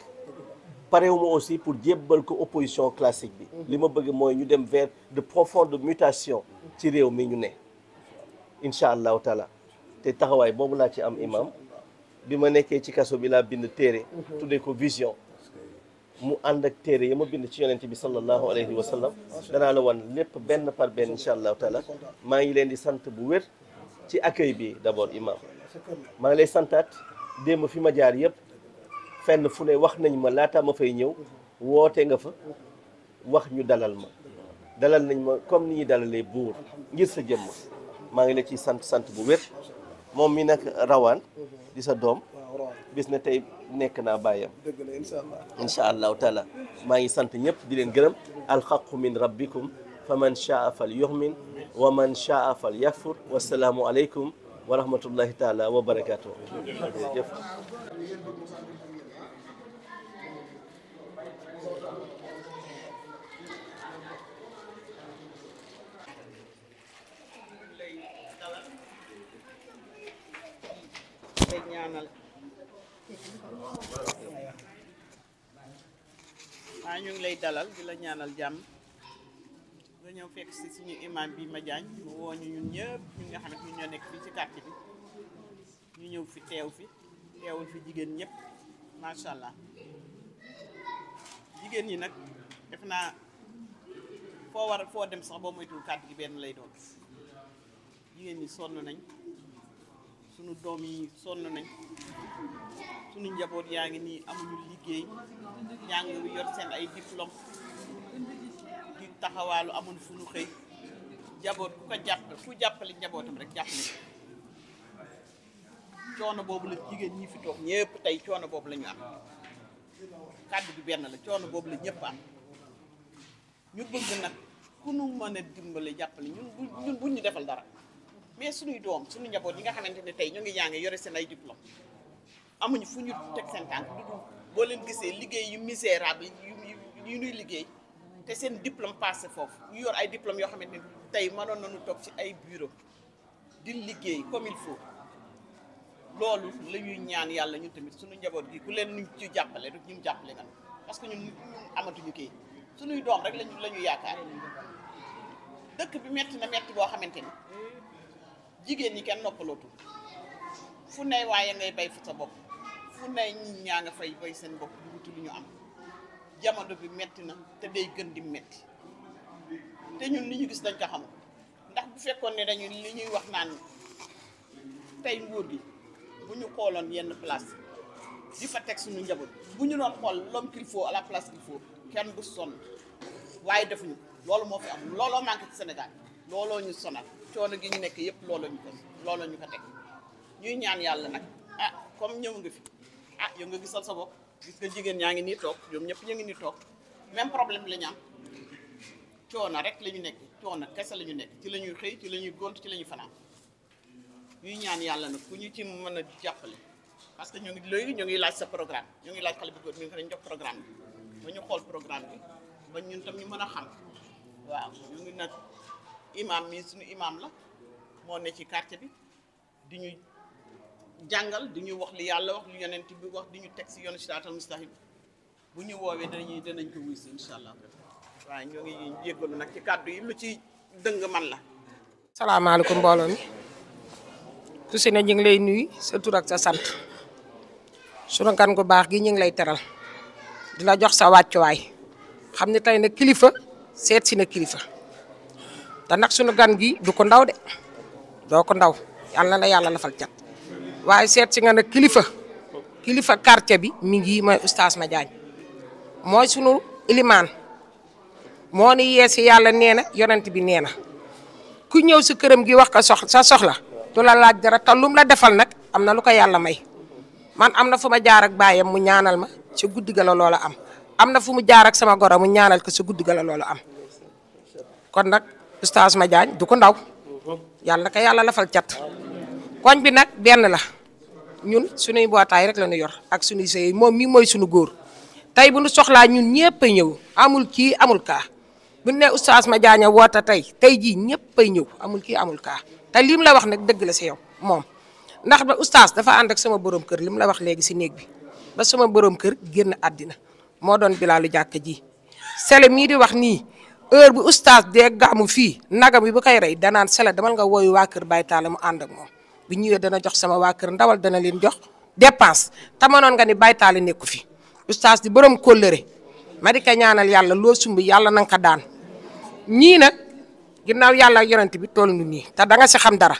parewu ma aussi pour jébbal ko opposition classique bi mhm. li ma bëgg mooy ñu dem vers de profondes mutations ci réew mi ñu ne incha allahu taala te taxawaay boobu laa ci am imam bi ma nekkee ci kaso bi laa bind téere mhm. tuddee ko vision mu ànd ak téere yi ma bind ci yonent bi sallallahu alayhi wa sallam danaa la wan lépp benn par benn incha allahu taala maa ngi leen di sant bu wér ci accueil bi d'abord imam maa ngi lay santaat démb fi ma jaar yëpp fenn fu wax nañ ma laataa ma fay ñëw woote nga fa wax ñu dalal ma dalal nañ ma comme ni ñuy dalalee buur ngir sa jëmm maa ngi la ciy sant sant bu wér moom mi nag rawaan di sa doom bis na tey nekk naa bàyyam incha allahu taala maa ngi sant ñëpp di leen gërëm alxaqu min rabbikum fa man chaa fal yuxmin wa man chaa fal yakfur wasalaamu aleykum wa rahmatullahi taala wa barakaatu jërëjëf maa ñu ngi lay dalal di la ñaanal jàmm nga fekk si suñu imam bi ma jaañ mu woo ñun ñëpp ñu nga xam ne ñu ñoo nekk fii ci quartier bi ñu ñëw fi teew fi teewul fi jigéen ñëpp macha allah jigéen ñi nag def naa foo war foo dem sax boo moytuwul kàddu gi benn lay doon jigéen ñi sonn nañ sunu doom yi sonn nañ sunu njaboot yaa ngi nii amulu liggéey yaa ngi yor seen ay diplôme taxawaalu amuñ fu ñu xëy njaboot ku ko jàpp ku jàppale njabootam rek jàppale coono boobu la jigéen ñi fi toog ñëpp tey coono boobu la ñu am kàdd bi benn la coono boobu la ñëpp am ñu bëgg nag ku nu mën dimbale jàppale ñun ñun ñu defal dara mais suñuy doom suñu njaboot yi nga xamante ne tey ñu ngi jàng yore seen ay diplôme amuñu fu ñu teg seen tànk du boo leen gisee liggéey yu misérable yu ñuy liggéey te seen diplôme passé foofu ñu yor ay diplôme yoo xamante ne tey mënoon nañu toog ci ay bureau di liggéey comme il faut loolu lañuy ñuy ñaan yàlla ñun tamit suñu njaboot gi ku leen ñu ci jàppale rek ñun jàppale nga parce que ñun amatuñu kii suñuy doom rek lañu la ñu yaakaar dëkk bi metti na metti boo xamante ni jigéen ñi kenn noppalootu fu ne waaye ngay bay fa sa bopp fu ne ñi ñaa nga fay bay seen bopp dugutu lu ñu am jamono bi metti na te day gën di metti te ñun li ñu gis dañ ko xamul ndax bu fekkoon ne dañu li ñuy wax naan tey nguur gi bu ñu xooloon yenn place di fa teg suñu njaboot bu ñu doon xool l'homme qu'il faut la place qu'il kenn du sonn waaye defuñu loolu moo fi am looloo manqué ci Sénégal looloo ñu sonal coono gi ñu nekk yëpp looloo ñu ko looloo ñu ko teg ñuy ñaan yàlla nag ah comme ñëw nga fi ah yow nga gisal sa bopp. gis nga jigéen ñaa ngi nii toog ñoom ñëpp ñu ngi nii toog même problème la ñu am coono rek la ñu nekk coono kese la ñu nekk ci la ñuy xëy ci la ñuy gont ci la ñuy fanaan ñuy ñaan yàlla nag ku ñu ci mën a jàppale parce que ñu ngi léegi ñoo ngi laaj sa programme ñoo ngi laaj xale bu góor mi ngi ko dañ jox programme ba ñu xool programme bi ba ñu tam ñu mën a xam waaw ñu ngi nag imam mi suñu imam la moo ne ci quartier bi di ñu jàngal du ñu wax li yàlla wax lu bi di ñu teg si yoonu siraatal mustaqiim bu ñu woowee danañuy danañ ko wuy si incha allah waaw ñoo ngi yéggalu nag ci kàddu yi lu ci dëng man la. salaamaaleykum mbooloo mi ku na ne ñu ngi lay nuyu sa tur ak sa sant sunu gan gu baax gi ñu ngi lay teral di la jox sa wàccuwaay xam ne tey nag kilifa seet si na kilifa te nag sunu gan gi du ko ndaw de doo ko ndaw yàlla na yàlla lafal cat. waaye seet si nga ne kilifa kilifa quartier bi mi ngi mooy ma jaañ mooy sunu ilimaan moo ni yeesi yàlla nee na yonent bi nee na ku ñëw si këram gi wax ko soxla tu la laaj dara te lum la defal nag am na lu ko yàlla may man am na fu ma jaar ak baayam mu ñaanal ma si guddi ga la loola am am na fu mu jaar ak sama goro ñaanal ko si guddi ga am kon nag oustaz Madiagne du ko ndaw yàlla na ko yàlla lafal cat koñ bi nag benn la ñun suñuy mbootaay rek la ñu yor ak suñuy sëy moom mii mooy suñu góor tey bu nu soxlaa ñun ñëpp a ñëw amul kii amul kaa bu ne oustaz ma jaaña woote tey tey jii ñëpp ay ñëw amul kii amul kaa te lim la wax nag dëgg la si yow moom ndax ba oustaz dafa ànd ak sama borom kër lim la wax léegi si néeg bi ba sama borom kër génn àddina moo doon bilaalu jàkka ji sele mii di wax nii heure bu oustaz dee gàmmu fii nagam bi bu kay rey danaan sele damal nga wooyu waa kër Baye Talla mu ànd ak moom bi ñëwee dana jox sama waa kër ndawal dana leen jox dépense te mënoon nga ni baytaale nekku fi oustaz di borom kóllëre ma di ko ñaanal yàlla loo sumb yàlla na nga ko daan ñii nag ginnaaw yàlla ak yonent bi toll nu nii te da nga si xam dara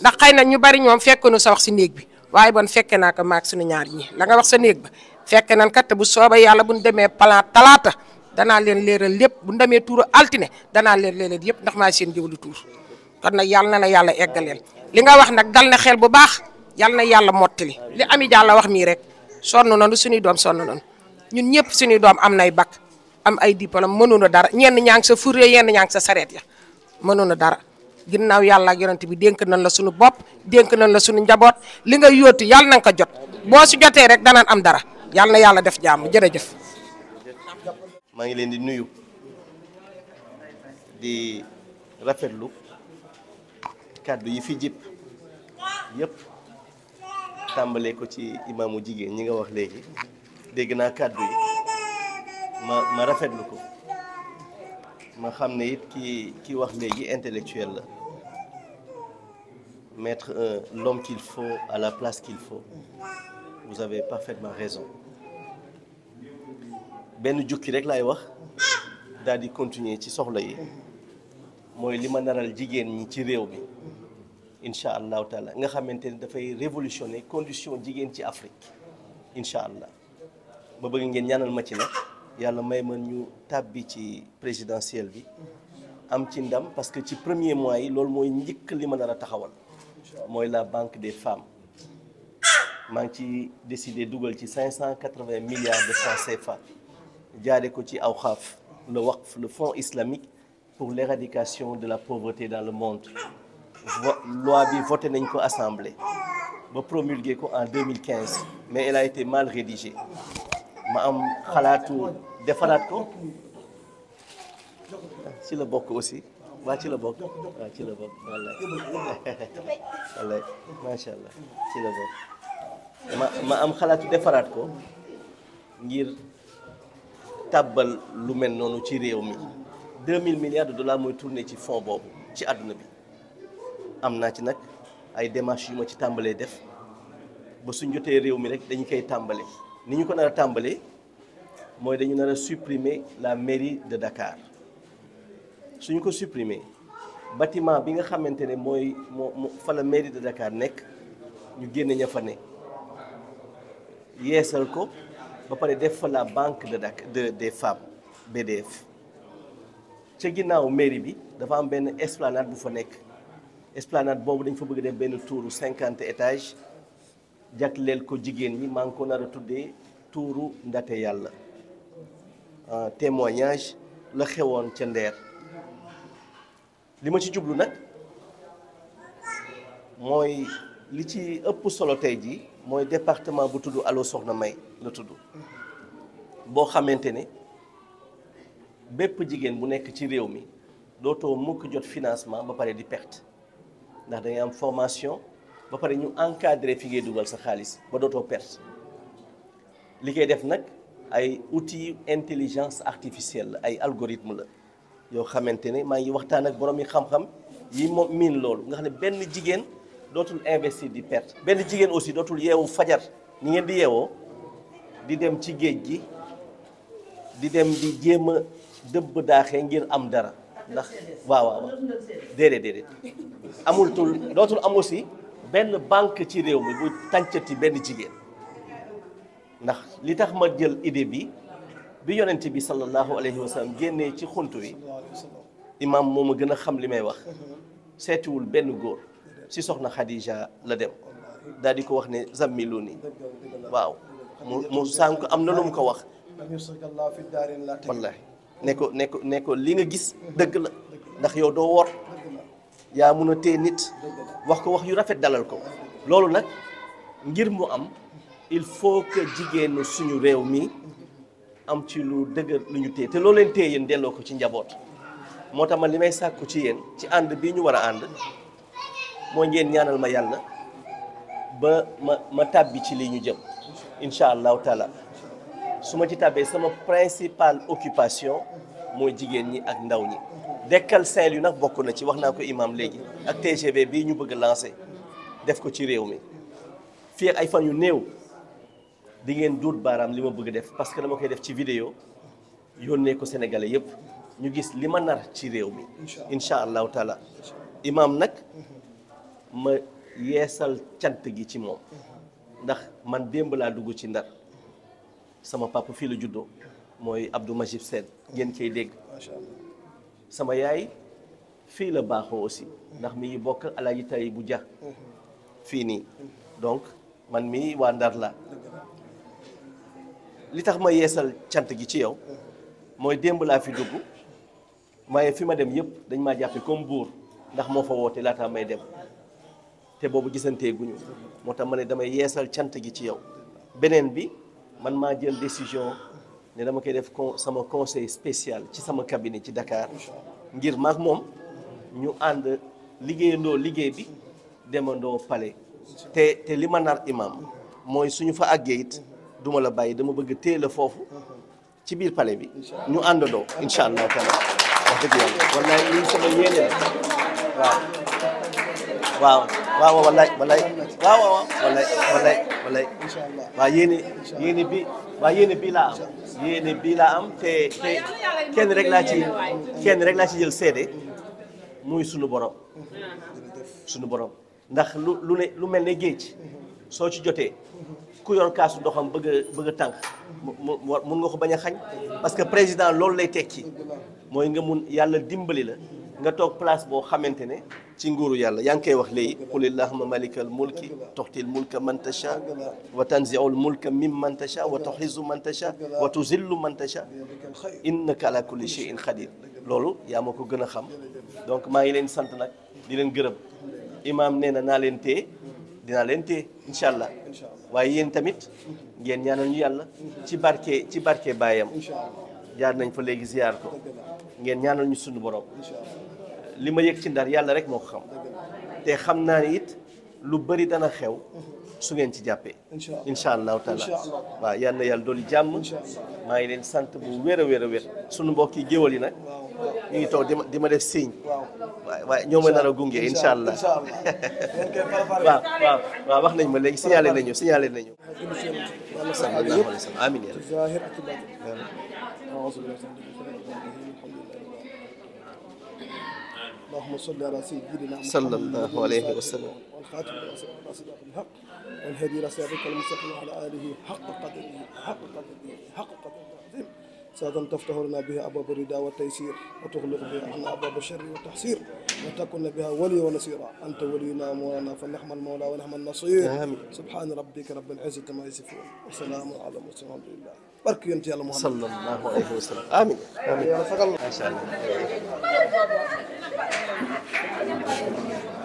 ndax xëy na ñu bari ñoom fekk nu sa wax si néeg bi waaye bon fekke naa ko maag nu ñaan ñi la nga wax sa néeg ba fekke nan kat bu soobee yàlla bu ñu demee plan talaata danaa leen leeral lépp bu ñu demee tuuru altine danaa leen leeral yëpp ndax maa seen jëwlu tuur kon nag yàlla na la yàlla eggaleel li nga wax nag dal na xel bu baax yal na yàlla mottali li ami jàlla wax mii rek sonn nañu suñuy doom sonn nañu ñun ñëpp suñuy doom am nay bac am ay diplôme mënuñu dara ñenn ñaa ngi sa fure ñenn ñaa ngi sa sareet ya mënuñu dara ginnaaw yàlla ak yonent bi dénk nañ la suñu bopp dénk nañ la suñu njaboot li nga yóotu yàlla na nga ko jot boo si jotee rek danaan am dara yàlla yàlla def jàmm jërëjëf. maa ngi leen di nuyu di kàddu yi fi jip yëpp tàmbalee ko ci imaamu jigéen ñi nga wax léegi dégg naa kàddu yi ma ma rafet rafetlu ko ma xam ne it ki ki wax léegi intellectuel la mettre euh, l'homme qu'il faut à la place qu'il faut vous avez parfaitement raison benn jukki rek laay wax daal di continuer ci soxla yi mooy li ma naral jigéen ñi ci réew mi incha allah taala nga xamante ne dafay révolutionner condition jigéen ci Afrique incha allah ba bëgg ngeen ñaanal ma ci nag yàlla may man ñu tàbbi ci présidentielle bi am ci ndam parce que ci premier mois yi loolu mooy njëkk li ma nar a taxawal mooy la banque des femmes maa ngi ci décidé dugal ci cinq cent quatre-vingts milliards de francs CFA jaare ko ci aw xaf le waqf le fonds islamique pour l'éradication de la pauvreté dans le monde loi bi voté nañ ko assemblée ba promulgué ko en 2015 mais elle a été mal rédigée ma am xalaatu defaraat ko ci la bokk aussi waa ci la bokk waa ci la bokk wallaay wallaay macha allah ci la bokk ma ma am xalaatu defaraat ko ngir tàbbal lu mel noonu ci réew mi 2000 milliards de dollars mooy tourné ci fonds boobu ci àdduna bi am naa ci nag ay démarches yu ma ci tàmbalee def ba suñ jotee réew mi rek dañu koy tàmbale ni ñu ko nar a tàmbalee mooy dañu nar a supprimer la mairie de Dakar suñu ko supprimer batiment bi nga xamante ne mooy moo fa la mairie de dakaar nekk ñu génne ña fa ne yeesal ko ba pare def fa la banque de Dakar de des femmes BDF ca ginnaaw mairie bi dafa am benn esplanade bu fa nekk. esplanade boobu dañ fa bëgg def benn tuuru cinquante étage jagleel ko jigéen ñi maa ngi ko nar a tuddee tuuru ndate yàlla ah, témoignage la xewoon ca ndeer li ma ci jublu nag mooy li ci ëpp solo tey ji mooy département bu tudd Allo Soxna May la tudd boo xamante ne bépp jigéen bu nekk ci réew mi dootoo mukk jot financement ba pare di perte ndax da am formation ba pare ñu encadré fi ngay dugal sa xaalis ba dootoo perte li koy def nag ay uti intelligence artificielle la ay algorithme la yoo xamante ne maa ngi waxtaan ak borom yi xam-xam yi moom miin loolu nga xam ne benn jigéen dootul investir di perte benn jigéen aussi dootul yeewu fajar ñu ngeen di yeewoo di dem ci géej gi di dem di jéem a dëbb daaxee ngir am dara ndax waaw waaw déedéet déedéet amul tul dootul am benn banque ci réew mi bu tàncati benn jigéen ndax li tax ma jël idée bi bi yonent bi sallallahu alayhi wa sallam ci xunt wi imaam moom a gën a xam li may wax seetiwul benn góor si soxna Khadija la dem daal di ko wax ne zammilu nii waaw mu mu sànq am na lu mu ko wax wallahi ne ko ne ko ne ko li nga gis dëgg la ndax yow doo wor yaa mun a téye nit wax ko wax yu rafet dalal ko loolu nag ngir mu am il faut que jigéenu suñu réew mi am ci lu dëgër lu ñu téye te loo leen téye yéen delloo ko ci njaboot moo tax ma li may sàkku ci yéen ci ànd bi ñu war a ànd mooy ngeen ñaanal ma yàlla ba ma ma tàbbi ci lii ñu jëm incha allahu taala su ma ci tàbbee sama principale occupation mooy jigéen ñi ak ndaw ñi dekkal Saint-Louis nag bokk na ci wax naa ko imaam léegi ak TGV bii ñu bëgg lancé def ko ci réew mi fii ak ay fan yu néew di ngeen duut baaraam li ma bëgg def parce que dama koy def ci vidéo yónnee ko Sénégalais yëpp ñu gis li ma nar ci réew mi incha allahu taala imaam nag ma yeesal cant gi ci moom ndax man démb laa dugg ci ndar sama papa fii la juddoo mooy Abdou Majib Sène ngeen cay dégg sama yaay fii la baaxoo aussi ndax mi bokk alaaji tay bu ja fii nii donc man mi waa Ndar la li tax ma yeesal cant gi ci yow mooy démb laa fi dugg maaye fi ma dem yëpp dañ maa jàppe comme buur ndax moo fa woote laataa may dem te boobu gisantee guñu moo tax ma ne damay yeesal cant gi ci yow beneen bi man maa jël décision ne dama koy def sama conseil spécial ci sama cabinet ci dakaar ngir maak moom ñu ànd liggéeyandoo liggéey bi demandoo palais te te li ma nar imam mooy suñu fa àggee it duma la bàyyi dama bëgg téye la foofu ci biir pale bi ñu àndandoo incha allah taala wax dëgg yàlla wallaay lii sama yéene la waaw waaw wallaay wallaay waaw waaw wallaay wallaay wallaay waaw yéene yéene bi waaw yéene bii laa am yéene bii laa am te kenn rek laa ci rek laa ci jël seede muy sunu borom sunu borom ndax lu lu lu mel ne géej soo ci jotee ku yor kaasu ndoxam bëgg a bëgg a tànk mun nga ko bañ a xañ parce que président loolu lay tekki mooy nga mun yàlla dimbali la nga toog place boo xamante ne ci nguuru yàlla yaa ngi koy wax léegi qul illahuma malikal mulki tuxtil mulka man tasha wa tanziul mulka mim man tasha wa tuxizu man tasha wa tuzillu man tasha innaka ala kulli cheyin xadir loolu yaa ma ko gën a xam donc maa ngi leen sant nag di leen gërëm imaam nee na naa leen tee dinaa leen tee incha allah waaye yéen tamit ngeen ñaanal ñu yàlla ci barke ci barke baayam jaar nañ fa léegi ziyaar ko ngeen ñaanal ñu sunu borom li ma yëg ci ndar yàlla rek moo ko xam te xam naa ni it lu bari dana xew su ngeen ci jàppee incha allahu taala waaw yàlla na yàlla doolu jàmm maa ngi leen sant bu wér a wér a wér suñu mbokk yi géwal yi nag ñu ngi toog di ma di ma def signe waaw waaye ñoo ma nar a gunge incha allah waaw waaw waaw wax nañ ma léegi signalé nañu siñale nañu sallallahu اللهم صل على سيدنا صلى الله عليه وسلم والخاتم لأسماء الحق والهدي لصراطك المستقيم وعلى آله حق قدره حق قدره حق قدره العظيم سادا تفتح لنا بها أبواب الرداء والتيسير وتغلق بها عنا أبواب الشر والتحصير وتكن بها ولي ونصيرا أنت ولينا مولانا فنعم المولى ونعم النصير آمين سبحان ربك رب العزة ما يصفون وسلام على المرسلين والحمد لله barke yonent yàlla Muhammad sallallahu alayhi wa sallam amiin amiin yàlla fagal la macha allah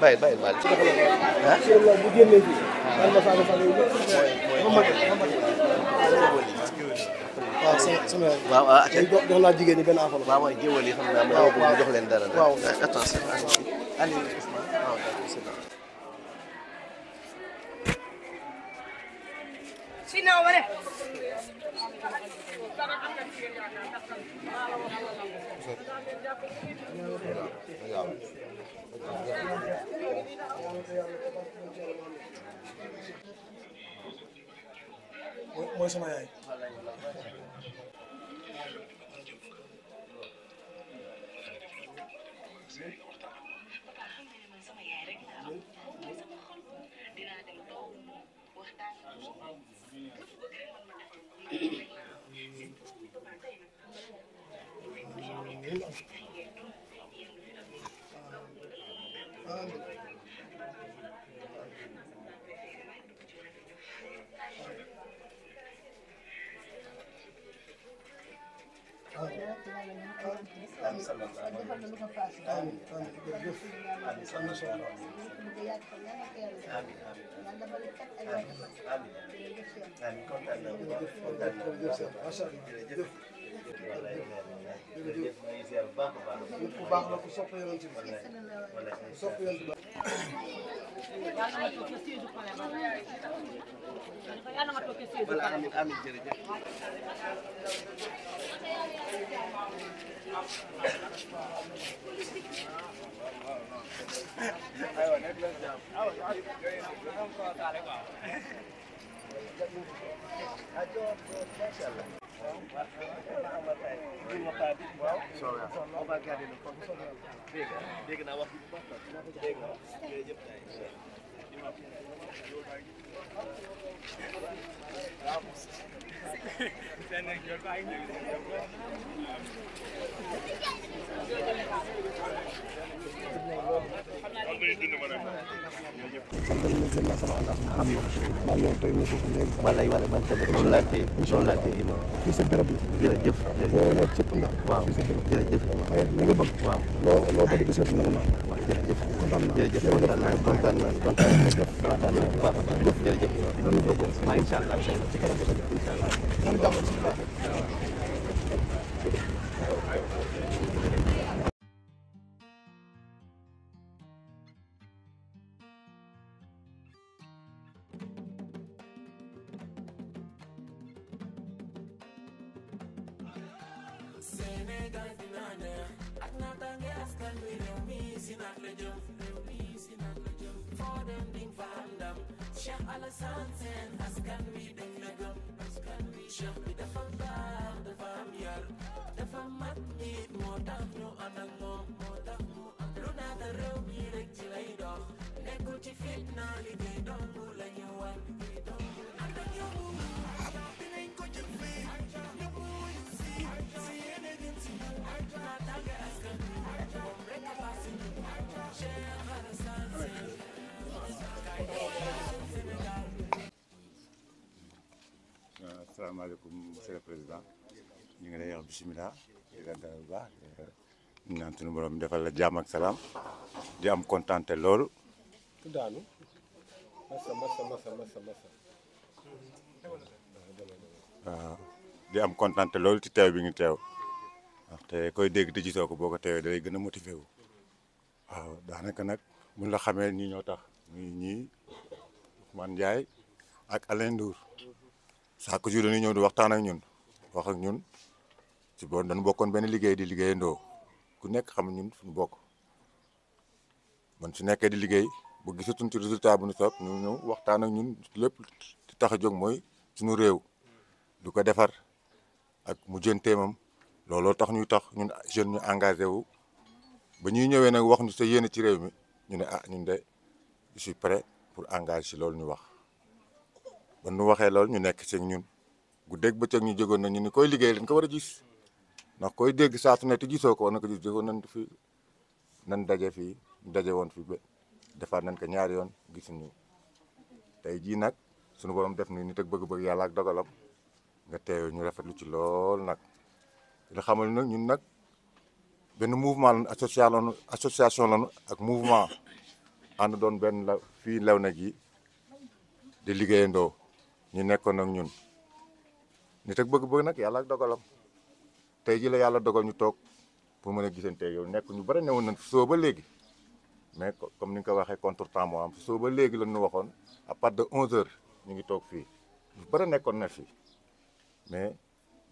bàyyi bàyyi baal ci dafa la ah la bu génnee bi dal ma fagal fagal yi ma mag waaw sama sama waaw tey ah, jox jox naa jigéen ñi benn affaire waaw waaw géwël yi xam naa ma jox leen dara waaw attention Sinna over there. mooy sama yaay amiin amiin jërëjëf. amiin am na solo. amiin amiin amiin kontaan naa bu baax kontaan naa bu baax macha allah jërëjëf. wallaay wallaay jërëjëf maa ngi ziar bu baax a baax. nit ku baax la ku sopp yonent bi. wallaay wallaay sopp yonent bi. voilà amiin amiin jërëjëf. Sen de gör ben wala wala man tamit loolu laa téye loolu laa téye imam fii sa béréb la jërëjëf waaw jërëjëf li nga bëgg waaw loo loo bëgg di seet na nga waaw jërëjëf kontaan naa jërëjëf kontaan naa kontaan naa kontaan naa kontaan naa bu baax a baax jëf jërëjëf loolu bëgg maa incha allah ci kanam incha allah bandam Cheikh Alassane Sène askan wi dañ la gëm askan wi cheikh bi dafa baax dafa am yar dafa mat nit moo tax ñu ànd ak moom moo tax mu ànd lu naata réew mi rek ci lay dox nekkul ci fitna liggéey dong la ñu war liggéey dong ànd ak yow dinañ ko jëf fii ñëpp wuyu si si yéene gën si ñun naa tàgge askan wi moom rek a baax si ñun cheikh asalaamaaleykum monsieur le président ñu ngi lay wax bisimilah di la dalal bu baax di naan suñu borom defal la jàmm ak salaam di am kontaan te loolu. daanu masa di am kontaan te loolu ci teew bi ngi teew ndaxte koy dégg te gisoo ko boo ko teewee da lay gën a motivé waaw daanaka nag mun la xamee ñi ñoo tax. muy ñii Ousmane Ndiaye ak Alain Ndour chaque jour dañuy ñëw di waxtaan ak ñun wax ak ñun ci boon dañu bokkoon benn liggéey di liggéeyandoo ku nekk xam ñun suñu bokk man su nekkee di liggéey bu gisatuñ ci résultat bu ñu soog ñu ñëw waxtaan ak ñun lépp tax a jóg mooy suñu réew du ko defar ak mu jën looloo tax ñuy tax ñun jeune ñu engagé wu ba ñuy ñëwee nag wax ñu sa yéene ci réew mi ñu ne ah ñun de je suis prêt pour engager si loolu ñu wax ba nu waxee loolu ñu nekk ci ñun ba bëccëg ñu jógoon na ñu ni koy liggéey dañ ko war a gis ndax koy dégg saa su ne te gisoo ko war na ko gis jógoon nañ fi nan daje fii daje woon fi ba defaat nañ ko ñaari yoon gisuñu tey jii nag sunu borom def ni nit ak bëgg-bëgg yàlla ak dogalam nga teewee ñu rafetlu ci lool nag li xamal nag ñun nag benn mouvement lañu association lañu ak mouvement ànd doon benn la fii lew na gi di liggéeyandoo ñu nekkoon nag ñun nit ak bëgg-bëgg nag yàlla ak dogalam tey ji la yàlla dogal ñu toog pour mën a gisante yow nekk ñu bëri newoon nañ soo ba léegi mais comme ni nga ko waxee contre temps moo am soo ba léegi la ñu waxoon à partir de 11 heures ñu ngi toog fii lu bëri nekkoon na fii mais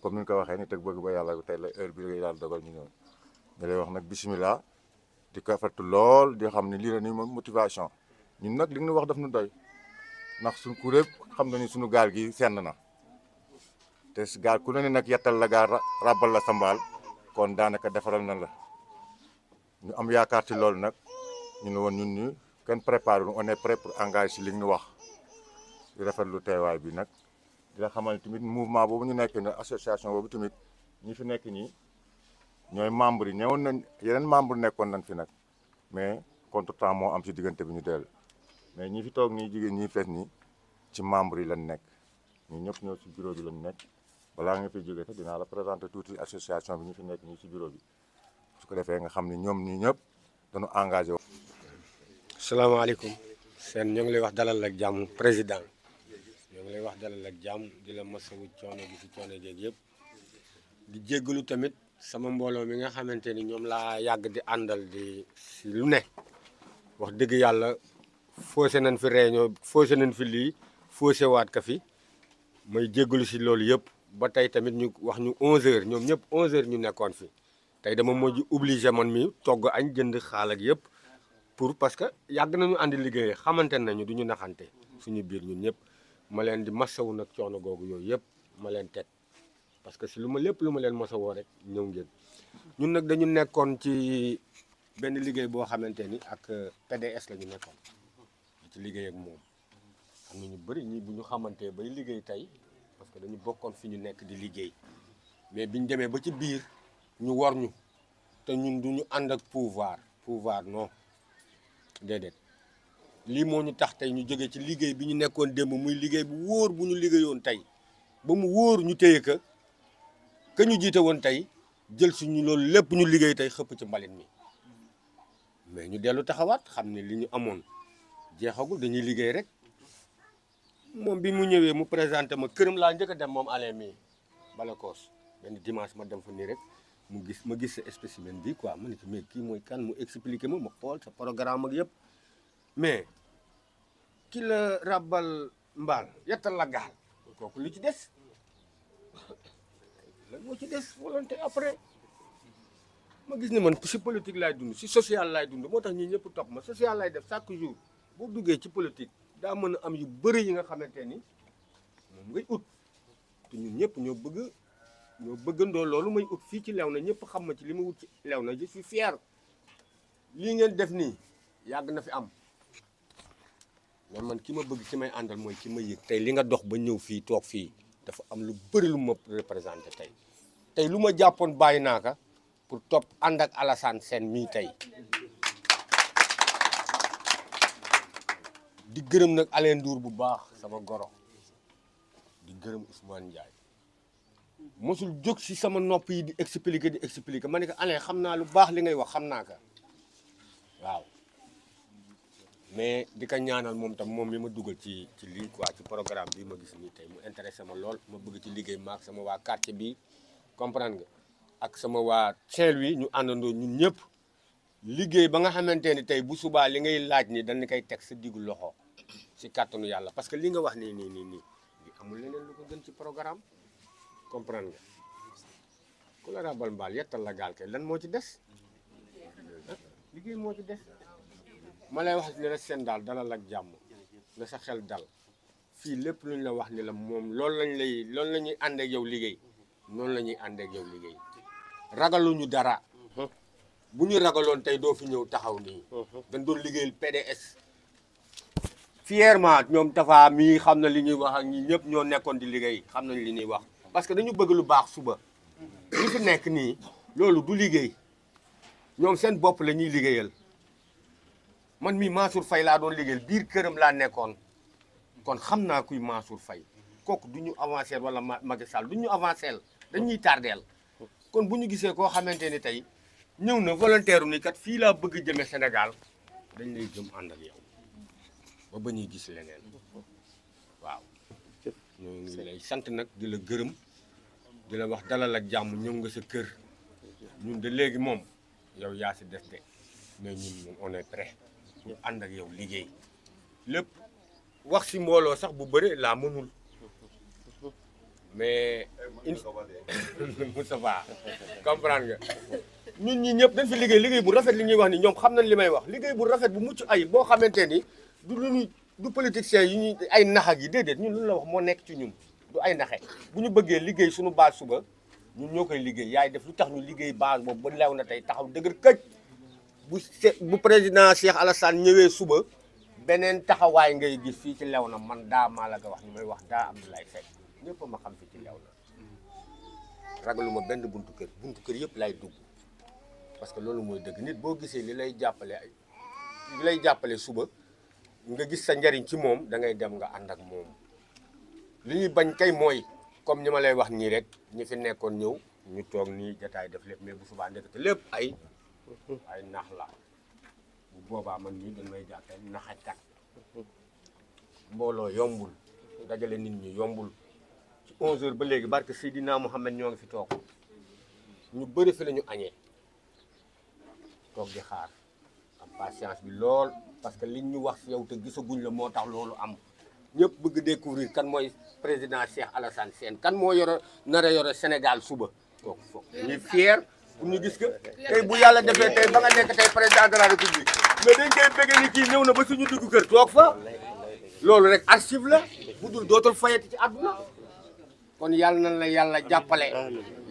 comme ni nga ko waxee nit ak bëgg ba yàlla tey la heure bi yàlla dogal ñu ñëw ñu lay wax nag bisimilah. di ko fett lool di xam ne lii la ni moom motivation ñun nag li nga wax def nu doy ndax suñ kuréel xam na ni suñu gaal gi senn na te si gaal ku ne ne nag yettal la gaal rabal la sambaal kon daanaka defaral na la ñu am yaakaar ci loolu nag ñu ne woon ñun ñu kenn préparé on est pour engage si li ñu wax di lu teewaay bi nag di la xamal tamit mouvement boobu ñu nekk na association boobu tamit ñi fi nekk ñi ñooy membre yi ñëwoon nañ yeneen membre nekkoon nañ fi nag mais contre temps moo am si diggante bi ñu dellu mais ñi fi toog nii jigéen ñi fees nii ci membre yi lañ nekk ñu ñëpp ñoo si bureau bi lañ nekk balaa nga fi jógee sax dinaa la présenté tuuti association bi ñu fi nekk ñii ci bureau bi su ko defee nga xam ni ñoom ñu ñëpp dañu engagé wu. salaamaaleykum seen ñoo ngi lay wax dalal ak jàmm président ñu ngi lay wax dalal ak jàmm di la masawu coono gi ci coono jeeg yëpp di jéggalu tamit. sama mbooloo mi nga xamante ni ñoom laa yàgg di àndal di si lu ne wax dëgg yàlla foose nañ fi réunion foose nañ fi lii foose waat ka fi may jéggalu si loolu yëpp ba tey tamit ñu wax ñu 11h ñoom ñëpp 11h ñu nekkoon fi tey dama mujj obligé man mi togg añ jënd xaal ak yëpp pour parce que yàgg nañu àndi liggéey xamante nañu du ñu naxante suñu biir ñun ñëpp ma leen di masawu nag coono googu yooyu yëpp ma leen teg. parce que si lu ma lépp lu ma leen mos a woo rek ñëw ngeen ñun nag dañu nekkoon ci benn liggéey boo xamante ni ak euh, PDS la ñu nekkoon ci liggéey ak moom ñu bëri ñi bu ñu xamantee bay liggéey tey parce que dañu bokkoon fi ñu nekk di liggéey mais biñ demee ba ci biir ñu war ñu te ñun du ñu ànd ak pouvoir pouvoir non déedéet lii moo ñu tax tey ñu jóge ci liggéey bi ñu nekkoon démb muy liggéey bu wóor bu ñu liggéeyoon tey ba mu wóor ñu téye ka que ñu jiite woon tey jël suñu loolu lépp ñu liggéey tey xëpp ci mbalit mi mais ñu dellu taxawaat xam ne li ñu amoon jeexagul dañuy liggéey rek moom bi mu ñëwee mu présenté ma këram laa njëkk a dem moom Alain mii Balakoos benn dimanche ma dem fa nii rek mu gis ma gis sa spécimen bi quoi ma ne ko mais kii mooy kan mu expliqué ma ma xool sa programme ak yëpp mais ki la rabal mbaal yettal la gaal kooku lu ci des. lan moo ci des volonté ma gis ne man si politique laay dund si social laay dund moo tax ñi ñëpp topp ma social laay def chaque jour boo duggee ci politique daa mën a am yu bari yi nga xamante ni moom ngay ut te ñun ñëpp ñoo bëgg ñoo bëggandoo loolu may ut fii ci lew na ñëpp xam ma ci li ma wut ci lew na je suis fier lii ngeen def nii yàgg na fi am man man ki ma bëgg ki may àndal mooy ki ma yëg tey li nga dox ba ñëw fii toog fii dafa am lu bëri lu ma représenté tey tey lu ma jàppoon bàyyi naa ka pour topp ànd ak Alassane Sène mii tey di gërëm nag Alain Ndour bu baax sama goro di gërëm Ousmane Ndiaye mosul jóg si sama nopp yi di expliquer di expliquer ma ne ko Alain xam naa lu baax li ngay wax xam naa ka waaw mais di ka ñaanal moom tam moom mi ma dugal ci ci lii quoi ci programme bi ma gis nii tey mu intéressé ma lool ma bëgg ci liggéey ak sama waa quartier bi comprendre nga ak sama waa saint wi ñu àndandoo ñun ñëpp liggéey ba nga xamante ni tey bu subaa li ngay laaj ni dañ koy teg sa diggu loxo ci kàttanu yàlla parce que li nga wax nii nii nii nii amul leneen lu ko gën ci programme comprendre nga ku la rabal mbaal yettal la gaal kay lan moo ci des liggéey moo ci ma lay wax li la seen daal dalal ak jàmm nga sa xel dal fii lépp lu ñu la wax ni la moom loolu lañ lay loolu la ñuy ànd yow liggéey noonu la ñuy ànd ak yow liggéey ragaluñu dara bu ñu ragaloon tey doo fi ñëw taxaw nii dañ doo liggéey PDS fièrement ñoom Tafa mii xam na li ñuy wax ak ñëpp ñoo nekkoon di liggéey xam nañ li ñuy wax parce que dañu bëgg lu baax suba li fi nekk nii loolu du liggéey ñoom seen bopp la ñuy liggéeyal man mi Mansour fay laa doon liggéeyal biir këram laa nekkoon kon xam naa kuy Mansour fay kooku du ñu avancé wala Macky Sall du ñu avancé dañuy tardeel kon bu ñu gisee koo xamante ni tey ñëw na volontaire ni kat fii laa bëgg jëme Sénégal dañ lay jëm ànd ak yow ba ba ñuy gis leneen waaw ñoo ngi lay sant nag di la gërëm du la wax dalal ak jàmm ñëw nga sa kër ñun de léegi moom yow yaa si def mais ñun moom on est ñu ànd ak yow liggéey lépp wax si mbooloo sax bu bëri laa mënul mais Moustapha comprendre nga ñun ñi ñëpp dañ fi liggéey liggéey bu rafet li ñuy wax ni ñoom xam nañ li may wax liggéey bu rafet bu mucc ay boo xamante ni du lu ñu du politiciens yi ñuy ay naxak yi déedéet ñun lu la wax moo nekk ci ñun du ay naxe bu ñu bëggee liggéey suñu baat suba ñun ñoo koy liggéey yaay def lu tax ñu liggéey base boobu ba lew na tey taxaw dëgër këj bu bu président Cheikh Alassane ñëwee suba beneen taxawaay ngay gis fii ci lew na man daa maa la wax ñu may wax daa am Abdoulaye Seck ñëpp ma xam fii ci lew na ma benn buntu kër buntu kër yëpp lay dugg parce que loolu mooy dëgg nit boo gisee li lay jàppale li lay jàppale suba nga gis sa njariñ ci moom da ngay dem nga ànd ak moom li ñuy bañ kay mooy comme ñu ma lay wax ñii rek ñi fi nekkoon ñëw ñu toog nii jataay def lépp mais bu subaa ndekete lépp ay ay nax la bu boobaa man mii dañ may jàppe naxakat mbooloo yombul dajale nit ñi yombul ci onze heures ba léegi barke Seydina Mouhamed ñoo ngi fi toog ñu bëri fi la añee toog di xaar am patience bi lool parce que liñ ñu wax si yow te gisaguñ la moo tax loolu am ñëpp bëgg découvrir kan mooy président Cheikh Alassane Sène kan moo yore nara yore Sénégal suba kooku foog ñuy fier pour ñu gis que bu yàlla defee tey ba nga nekk tey président de la république mais dañ koy bëgg ni kii ñëw na ba toog fa loolu rek archive la bu dul dootul ci àdduna kon yàlla na la yàlla jàppale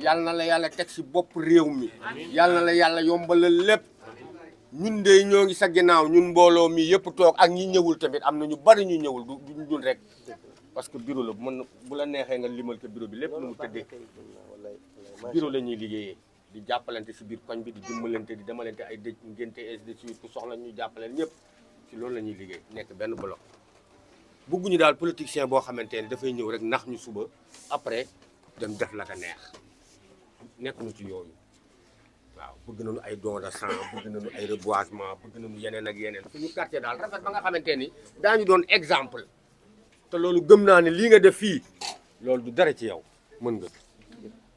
yàlla na la yàlla teg si bopp réew mi yàlla na la yàlla yombalal lépp ñun de ñoo ngi sa ginnaaw ñun mbooloo mi yëpp toog ak ñi ñëwul tamit am na ñu bari ñu ñëwul du ñu dul rek parce que bureau la mën bu la neexee nga limal ko bureau bi lépp nu mu tëddee bureau la ñuy liggéeyee. di jàppalante si biir koñ bi di dimbalante di demalante ay dëj ngénte ainsi de suite ku soxla ñu jàppaleen ñëpp si loolu la ñuy liggéey nekk benn bloc bëgguñu daal politicien boo xamante ne dafay ñëw rek nax ñu suba après dem def la ka neex nekk ñu ci yooyu waaw bëgg nañu ay don de sang bëgg nañu ay reboisement bëgg nañu yeneen ak yeneen suñu quartier daal rafet ba xamante ni daañu doon exemple te loolu gëm naa ne lii nga def fii loolu du dara ci yow mën nga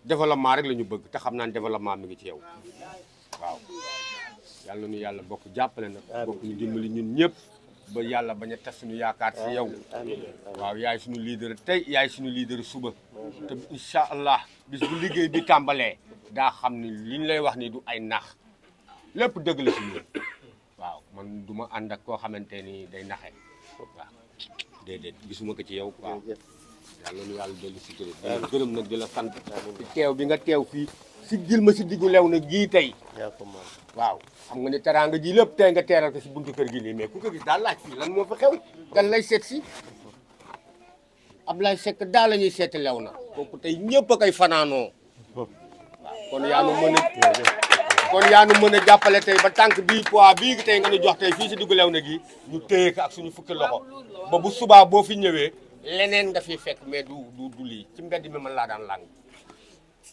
développement rek la ñu bëgg te xam naa ne développement mi ngi ci yow waaw yàlla nu yàlla bokk jàppale na bokk ñu dimbali ñun ñëpp ba yàlla bañ a tas suñu yaakaar si yow waaw yaay suñu leader tey yaay suñu leader suba te incha allah bis bu liggéey bi tàmbalee daa xam ni li ñu lay wax nii du ay nax lépp dëgg la si ñun waaw man du ànd ak koo xamante ni day naxe waaw déedéet gisuma ko ci yow yàlla nu yàlla dellu si nag di sant teew bi nga teew fii si gil ma si diggu lew na gii tey waaw xam nga ne teraanga ji lépp tey nga teeral ko si bunt kër gi nii mais ku ko gis daal laaj fii lan moo fa xew kan lay seet si Ablaye Seck daal la ñuy seeti lew na kooku tey ñëpp kay fanaanoo waaw kon yaa nu mën a yaa mën a jàppale tey ba tànk bii poids bii tey nga nu jox tey fii si diggu lew na gi ñu téye ko ak suñu fukki loxo ba bu subaa boo fi ñëwee leneen nga fi fekk mais du du lii ci mbedd mi man laa daan làng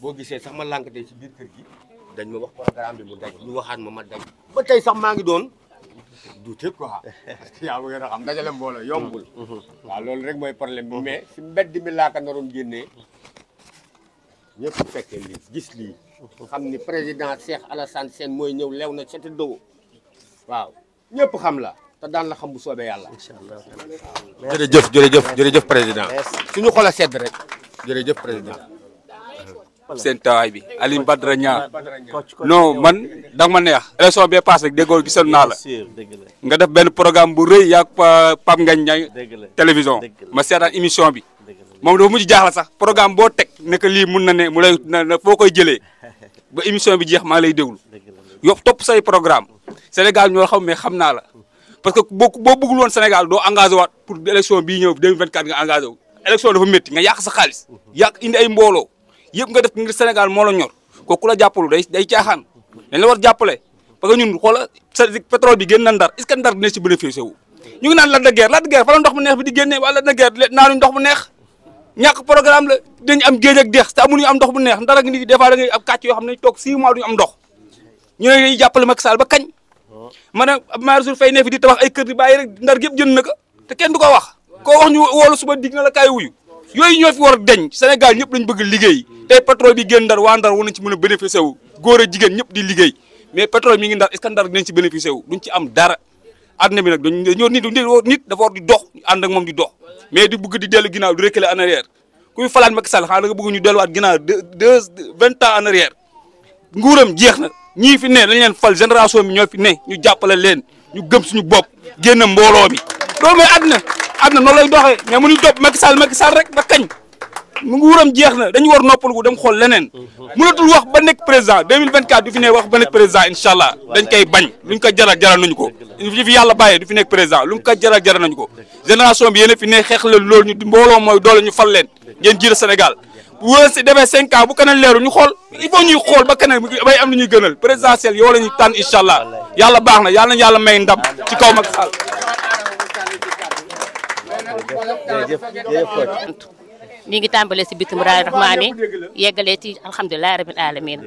boo gisee sax ma làng de ci biir kër gi dañ ma wax programme bi mu daj ñu waxaat ma ma daj ba tey sax maa ngi doon du quoi ko que yaa ma gën a xam dajale mbooloo yombul mm-hmm. Mm-hmm. waaw loolu rek mooy problème bi mais si mbedd mi laa ko naroon génnee ñëpp fekkee lii gis lii xam ni président Cheikh Alassane Sène mooy ñëw lew na cati dow waaw ñëpp xam la te daan la xam bu soobee yàlla. incha allah jërëjëf jërëjëf jërëjëf président. suñu xol a sedd rek. jërëjëf président. seen tawaay bi Alioune Badara Niang non man danga ma neex élection bee paas rek déggoo gisoon naa la nga def benn programme bu rëy yaag Pape Ngagne Ndiaye télévision ma seetaan émission bi moom dafa mujj jaaxla sax programme boo teg ne lii mun na mu lay na foo koy jële ba émission bi jeex maa lay déglu yow topp say programme Sénégal ñoo xam mais xam naa la parce que boo boo bëggul woon Sénégal doo engagé waat pour élection bii ñëw 2024 nga engagé wu. élection dafa métti nga yàq sa xaalis yàq indi ay mbooloo yëpp nga def Sénégal moo la ñor ko la jàppalu day day caaxaan dañ la war jàppale parce que ñun xoola pétrole bi génn na ndar ñu ngi naan ladda guerre ladda guerre fa la ndox mu neex bi di génnee wala ladda neex ñàkk programme la dañu am géej yoo xam ne toog 6 am ndox ñu ne jàppale Macky Sall ba kañ maanaam Mansour Faye ne fi di tabax ay kër di bàyyi rek ndar gépp jënd na ko te kenn du ko wax koo wax ñu woolu suba dig na la kaay wuyu yooyu ñoo fi war deñ Sénégal ñëpp lañ bëgg liggéey te pétrole bi génn ndar waa ndar war nañ ci mën a bénéficié wu góor a jigéen ñëpp di liggéey mais pétrole mi ngi ndar est-ce que ndar dinañ ci bénéficié wu duñ ci am dara àdduna bi nag dañ ñoo nit nit dafa war di dox ànd ak moom di dox mais di bëgg di dellu ginnaaw di reculer en arrière kuy falaat Macky Sall xanaa da nga bëgg ñu delluwaat ginnaaw deux vingt ans en arrière nguuram jeex na ñii fi ne dañ leen fal génération bi ñoo fi ne ñu jàppale leen ñu gëm suñu bopp génn mbooloo bi loolu mooy àddina àddina noonu lay doxee mais mënuñ topp Macky Sall Macky Sall rek ba kañ mu ngi wuram jeex na dañu war noppalu gu dem xool leneen mënatul wax ba nekk président 2024 du fi ne wax ba nekk président incha allah dañ koy bañ luñ ko jaral jaral ko ñu fi yàlla bàyyee du fi nekk président luñ ko jaral jaral nañu ko génération bi yéen fi ne xeex le loolu ñu mbooloo mooy doole ñu fal leen ngeen jiite Sénégal bu weesu demee cinq bu keneen leeru ñu xool il faut ñuy xool ba keneen bay am lu ñuy gënal présidentiel yow la ñuy tànn yàlla baax na yàlla na yàlla may ndam ci kaw Macky Sall. mi ngi tàmbalee si bitim raay rahmaani yeggalee ci alhamdulilah rabil alamin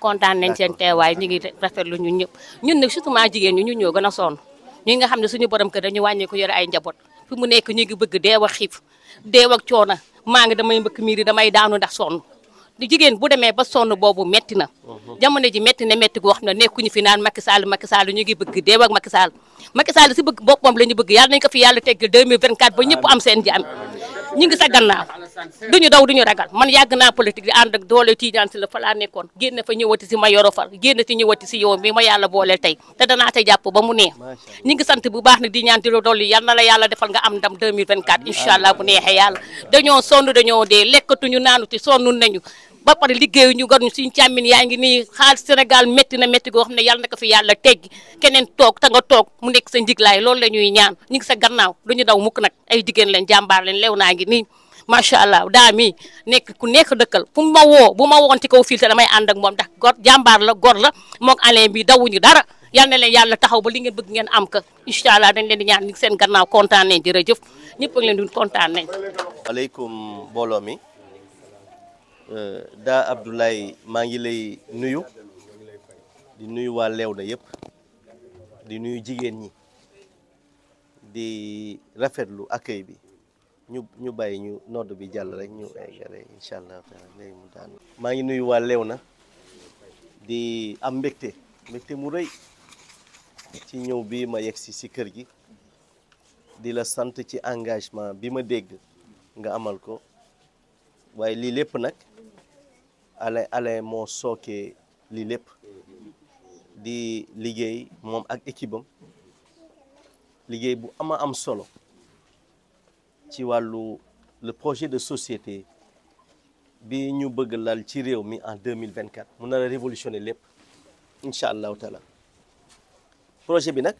kontaan nañ seen teewaay ñu ngi rafetlu ñun ñëpp ñun nag surtout maa jigéen ñu ñun ñoo gën a sonn ñun nga xam ne suñu borom kër dañu wàññi ko yore ay njaboot fi mu nekk ñu ngi bëgg deew ak xiif deew ak coona maa ngi damay mbëkk miir yi damay daanu ndax sonn jigéen bu demee ba sonn boobu metti na mhm. jamono ji metti na metti goo xam ne nekkuñu fi naan Macky Sall Macky Sall ñu ngi bëgg deew ak Macky Sall Macky Sall si bëgg boppam la ñu bëgg yàlla nañ ko fi yàlla teggil 2024 ba ñëpp am seen jàmm ñu ngi sa gannaaw duñu daw ñu ragal man yàgg naa politique di ànd doole tiijaan si la fa nekkoon génn fa ñëwati si ma yoro far génn si ñëwati si yow mi ma yàlla booleel tey te danaa te jàpp ba mu nee ñu ngi sant bu baax ne di ñaan di la dolli na la yàlla defal nga am dam ndam 2024 incha allah bu neexee yàlla dañoo sonn dañoo dee lekkatuñu naanuti sonn nañu ba pare liggéey ñu garñu si càmmin yaa ngi nii xaal Sénégal métti na métti goo xam ne yàlla na ko fi yàlla tegg keneen toog te nga toog mu nekk sa njiglaay loolu la ñuy ñaan ñu ngi sa gannaaw lu ñu daw mukk nag ay jigéen lañ jàmbaar lañ lew naa ngi nii macha allah daa mi nekk ku nekk dëkkal fu ma bu ma woon ci kaw fii te damay ànd ak moom ndax gor jàmbaar la gor la moog Alain bi dawuñu dara yal leen yàlla taxaw ba li ngeen bëgg ngeen am ka incha allah dañ leen di ñaan ñu seen gannaaw kontaan jërëjëf ñëpp a ngi leen di kontaan nañ. aleykum mbooloo mi Euh, daa Abdoulaye maa ngi lay nuyu di nuyu waa Léona yëpp di nuyu jigéen ñi di rafetlu accueil bi ñu ñu bàyyi ñu nodd bi jàll rek ñu eggale incha allah léegi maa ngi nuyu waa na di am mbégte mbégte mu rëy ci ñëw bi ma yegsi si kër gi di la sant ci engagement bi ma dégg nga amal ko waaye lii lépp nag Alain Alain moo sookee lii lépp di liggéey moom ak équipe liggéey bu ama am solo ci wàllu le projet de société bi ñu bëgg lal ci réew mi en 2024 mu nar a révolutionner lépp incha allahu taala projet bi nag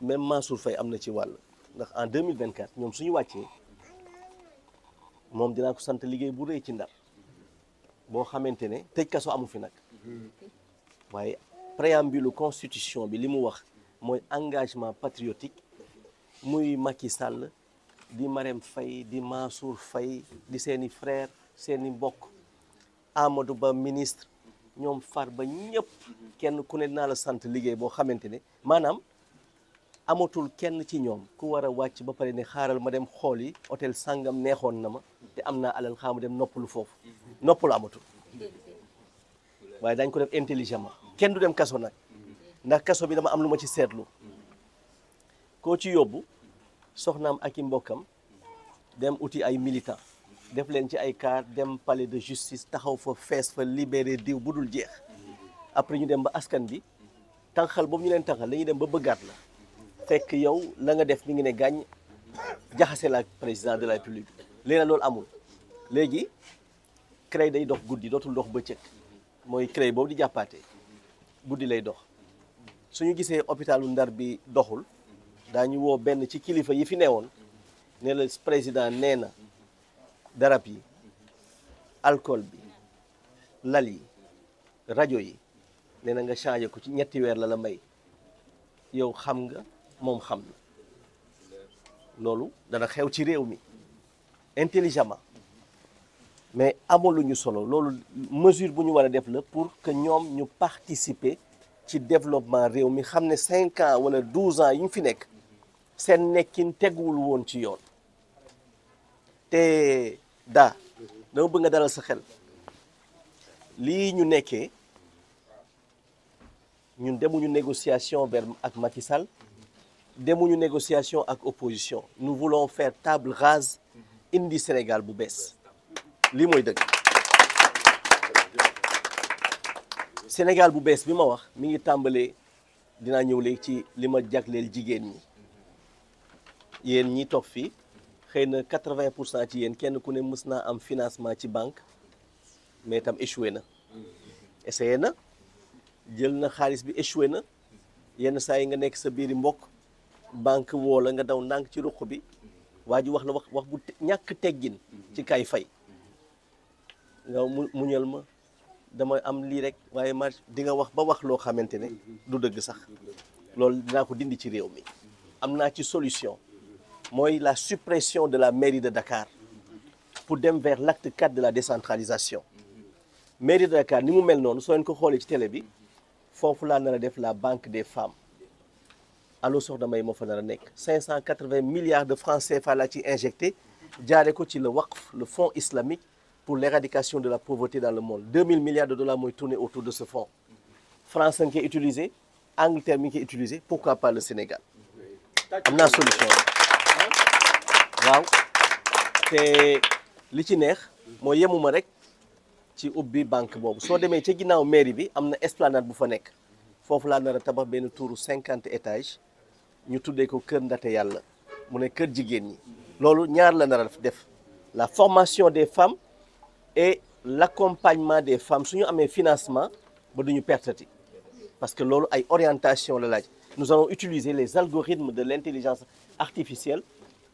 même Mansour fay am na ci wàll ndax en 2024 moom suñu wàccee moom dinaa ko sant liggéey bu rëy ci ndar boo xamante ne tëj kaso amu fi nag waaye préambule constitution bi li mu wax mooy engagement patriotique muy Macky sàll di Marème Faye di Mansour fay di seeni frère seeni mbokk Amadou Ba ministre ñoom far ba ñëpp kenn ku ne naa la sant liggéey boo xamante ne maanaam amatul kenn ci ñoom ku war a wàcc ba pare ne xaaral ma dem xool yi hôtel sàngam neexoon na ma te am na alal xaamu dem noppalu foofu noppalu amatu waaye dañ ko def intelligement kenn du dem kaso nag ndax kaso bi dama am lu ma ci seetlu koo ci yóbbu soxnaam ak i mbokkam dem uti ay militant def leen ci ay car dem palais de justice taxaw fa fees fa libéré diw bu dul jeex après ñu dem ba askan bi tànqal boobu ñu leen tànqal dañuy dem ba bëggaat la fekk yow la nga def mu ngi ne gàññ jaxasee la président de la république léegi loolu amul léegi CREI day dox guddi dootul dox bëccëg mooy CREI boobu di jàppaate guddi lay dox suñu gisee hôpitalu Ndar bi doxul daañu woo benn ci kilifa yi fi newoon ne la président nee na darab yi alcool bi lal yi rajo yi nee na nga changé ko ci ñetti weer la la may yow xam nga moom xam na loolu dana xew ci réew mi intelligemment mais amul lu ñu solo loolu mesure bu ñu war a def la pour que ñoom ñu participer ci développement réew mi xam ne cinq ans wala douze ans yi ñu fi nekk seen nekkin teguwul woon ci yoon te daa dama bëgg nga dalal sa xel lii ñu nekkee ñun demuñu négociation vers ak Macky Sall demuñu négociation ak opposition nous voulons faire table rase indi Sénégal bu bees lii mooy dëkk Sénégal bu bees bi ma wax mi ngi tàmbalee dinaa ñëw léegi ci li ma jagleel jigéen ñi yéen ñi toog fii xëy na quatre-vingt pour cent ci yéen kenn ku ne mës naa am financement ci banque mais tam échoué na essayé na jël na xaalis bi échoué na yenn saa yi nga nekk sa biiri mbokk banque woo la nga daw ndànk ci ruq bi waa ji wax na wax wax bu ñàkk teggin ci kay fay nga mu muñal ma dama am lii rek waaye ma di nga wax ba wax loo xamante ne du dëgg sax loolu dinaa ko dindi ci réew mi am naa ci solution mooy la suppression de la mairie de dakaar pour dem vers l'acte 4 de la décentralisation mairie de Dakar ni mu mel noonu soo leen ko xoolee ci télé bi foofu laa nar a def la banque des femmes allo Soxna May moo fa nar nekk 580 milliards de francs CFA laa ci injecté jaaree ko ci le waqf le fonds islamique pour l'éradication de la pauvreté dans le monde 2000 milliards de dollars mooy tourner autour de ce fonds France a ngi koy utilisé Angleterre mi ngi koy utilisé pourquoi pas le Sénégal am naa solution waaw te li ci neex moo yemuma rek ci ubbi banque boobu soo demee ca ginnaaw mairie bi am na esplanade bu fa nekk foofu laa nar a tabax benn tuuru 50 étages ñu tuddee ko kër ndate yàlla mu ne kër jigéen ñi loolu ñaar la nar a def la formation des femmes et l'accompagnement des femmes su ñu amee financement ba duñu pertati parce que loolu ay orientation la laaj nous allons utiliser les algorithmes de l'intelligence artificielle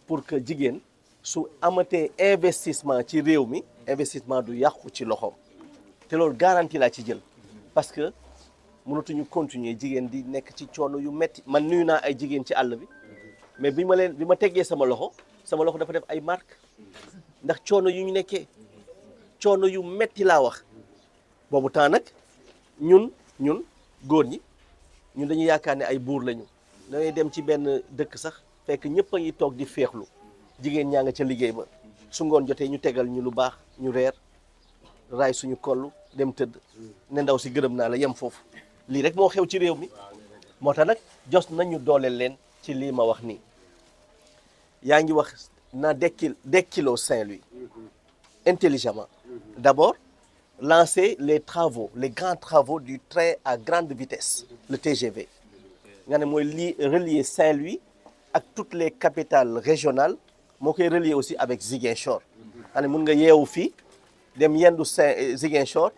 pour que jigéen su amatee investissement ci réew mi investissement du yàqu ci loxoom te loolu garantie laa ci jël mënatuñu continuer jigéen di nekk ci coono yu metti man nuyu naa ay jigéen ci àll bi mais bi ma leen bi ma teggee sama loxo sama loxo dafa def ay marque ndax coono yu ñu nekkee coono yu metti laa wax boobu temps nag ñun ñun góor ñi ñun dañu yaakaar ne ay buur lañu dangay dem ci benn dëkk sax fekk ñëpp a ngi toog di féexlu jigéen ñaa nga ca liggéey ba su ngoon jotee ñu tegal ñu lu baax ñu reer raay suñu koll dem tëdd ne ndaw si gërëm naa la yem foofu lii rek moo xew ci réew mi moo tax nag jos nañu dooleel leen ci lii ma wax ni yaa ngi wax na dekkil dekkiloo Saint-Louis intelligemment d'abord lancer les travaux les grands travaux du train à grande vitesse le TGV nga ne mooy lii relier Saint-Louis ak toutes les capitales régionales moo koy relier aussi avec Ziguinchor nga ne mun nga yeewu fii dem yendu Saint Ziguinchor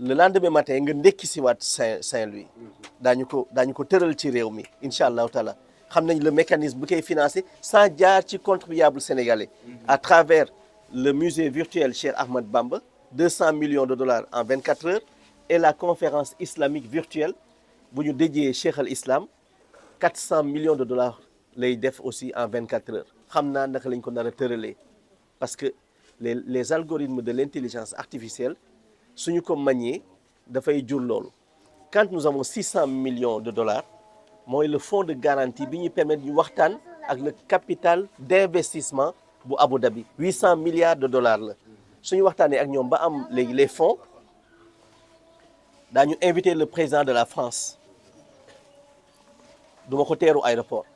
le lendemain matin nga ndekki si waat Saint Saint-Louis mhm. daañu ko daañu ko tëral ci réew mi incha allahu taala xam nañ le mécanisme bu koy financé sans jaar ci contribuable sénégalais mhm. à travers le musée virtuel Cheikh Ahmad Bamba 200 millions de dollars en 24 heures et la conférence islamique virtuelle bu ñu déjee Cheikh al Islam 400 millions de dollars lay def aussi en 24 heures xam naa naka lañ ko nar a tëralee parce que les les algorithmes de l'intelligence artificielle suñu ko mañee dafay jur loolu quand nous avons six cent millions de dollars mooy le fonds de garantie bi ñu permettre ñu waxtaan ak le capital d'investissement bu Abu Dhabi huit cent milliards de dollars la suñu waxtaanee ak ñoom ba am léegi les fonds daañu invité le président de la France duma ko teeru aéroport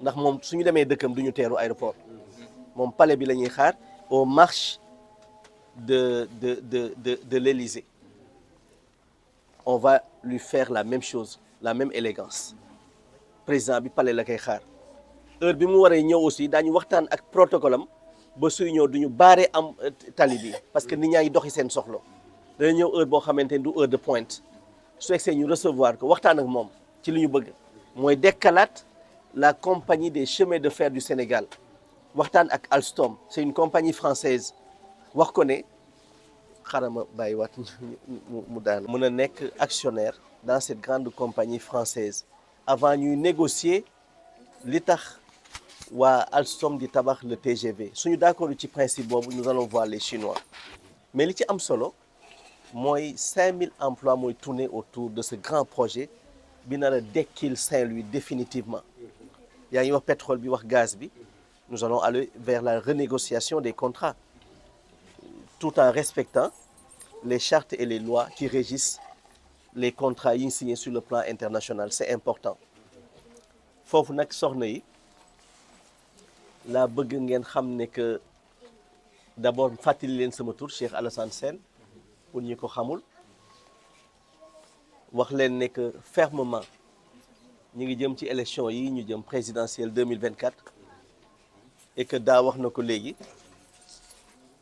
ndax moom suñu demee dëkkam duñu teeru aéroport moom pale bi la ñuy xaar au marche de, de, de, de, de l'Élysée. On va lui faire la même chose, la même élégance. président bi palais la koy xaar heure bi mu waree ñëw aussi daañu waxtaan ak protocole ba suy ñëw du ñu baaree am euh, tali bi parce que ni ñaa ngi doxi seen soxla dana ñëw heure boo xamante ni du heure de pointe su fekkee ñu recevoir ko waxtaan ak moom ci lu ñu bëgg mooy dekkalaat la compagnie des chemins de fer du Sénégal waxtaan ak Alstom c'est une compagnie française wax ko ne xarama bàyyiwaat mu daal mën a nekk actionnaire dans cette grande compagnie française avant ñuy négocier li tax waa Alstom di tabax le TGV suñu d'accord ci principe boobu nous allons voir les Chinois mais li ci am solo mooy 5000 emplois mooy tourner autour de ce grand projet bi nar a dekkil Saint-Louis définitivement yaa ngi wax pétrole bi wax gaz bi nu allons aller vers la renégociation des contrats tout en respectant les chartes et les lois qui régissent les contrats yi ñu signé sur le plan international c'est important foofu nag soxna yi laa bëgg ngeen xam ne que d'abord fàttali leen sama tur Cheikh Alassane Sène pour ñi ko xamul wax leen ne que fermement ñu ngi jëm ci élection yi ñu jëm présidentielle 2024 et que daa wax na ko léegi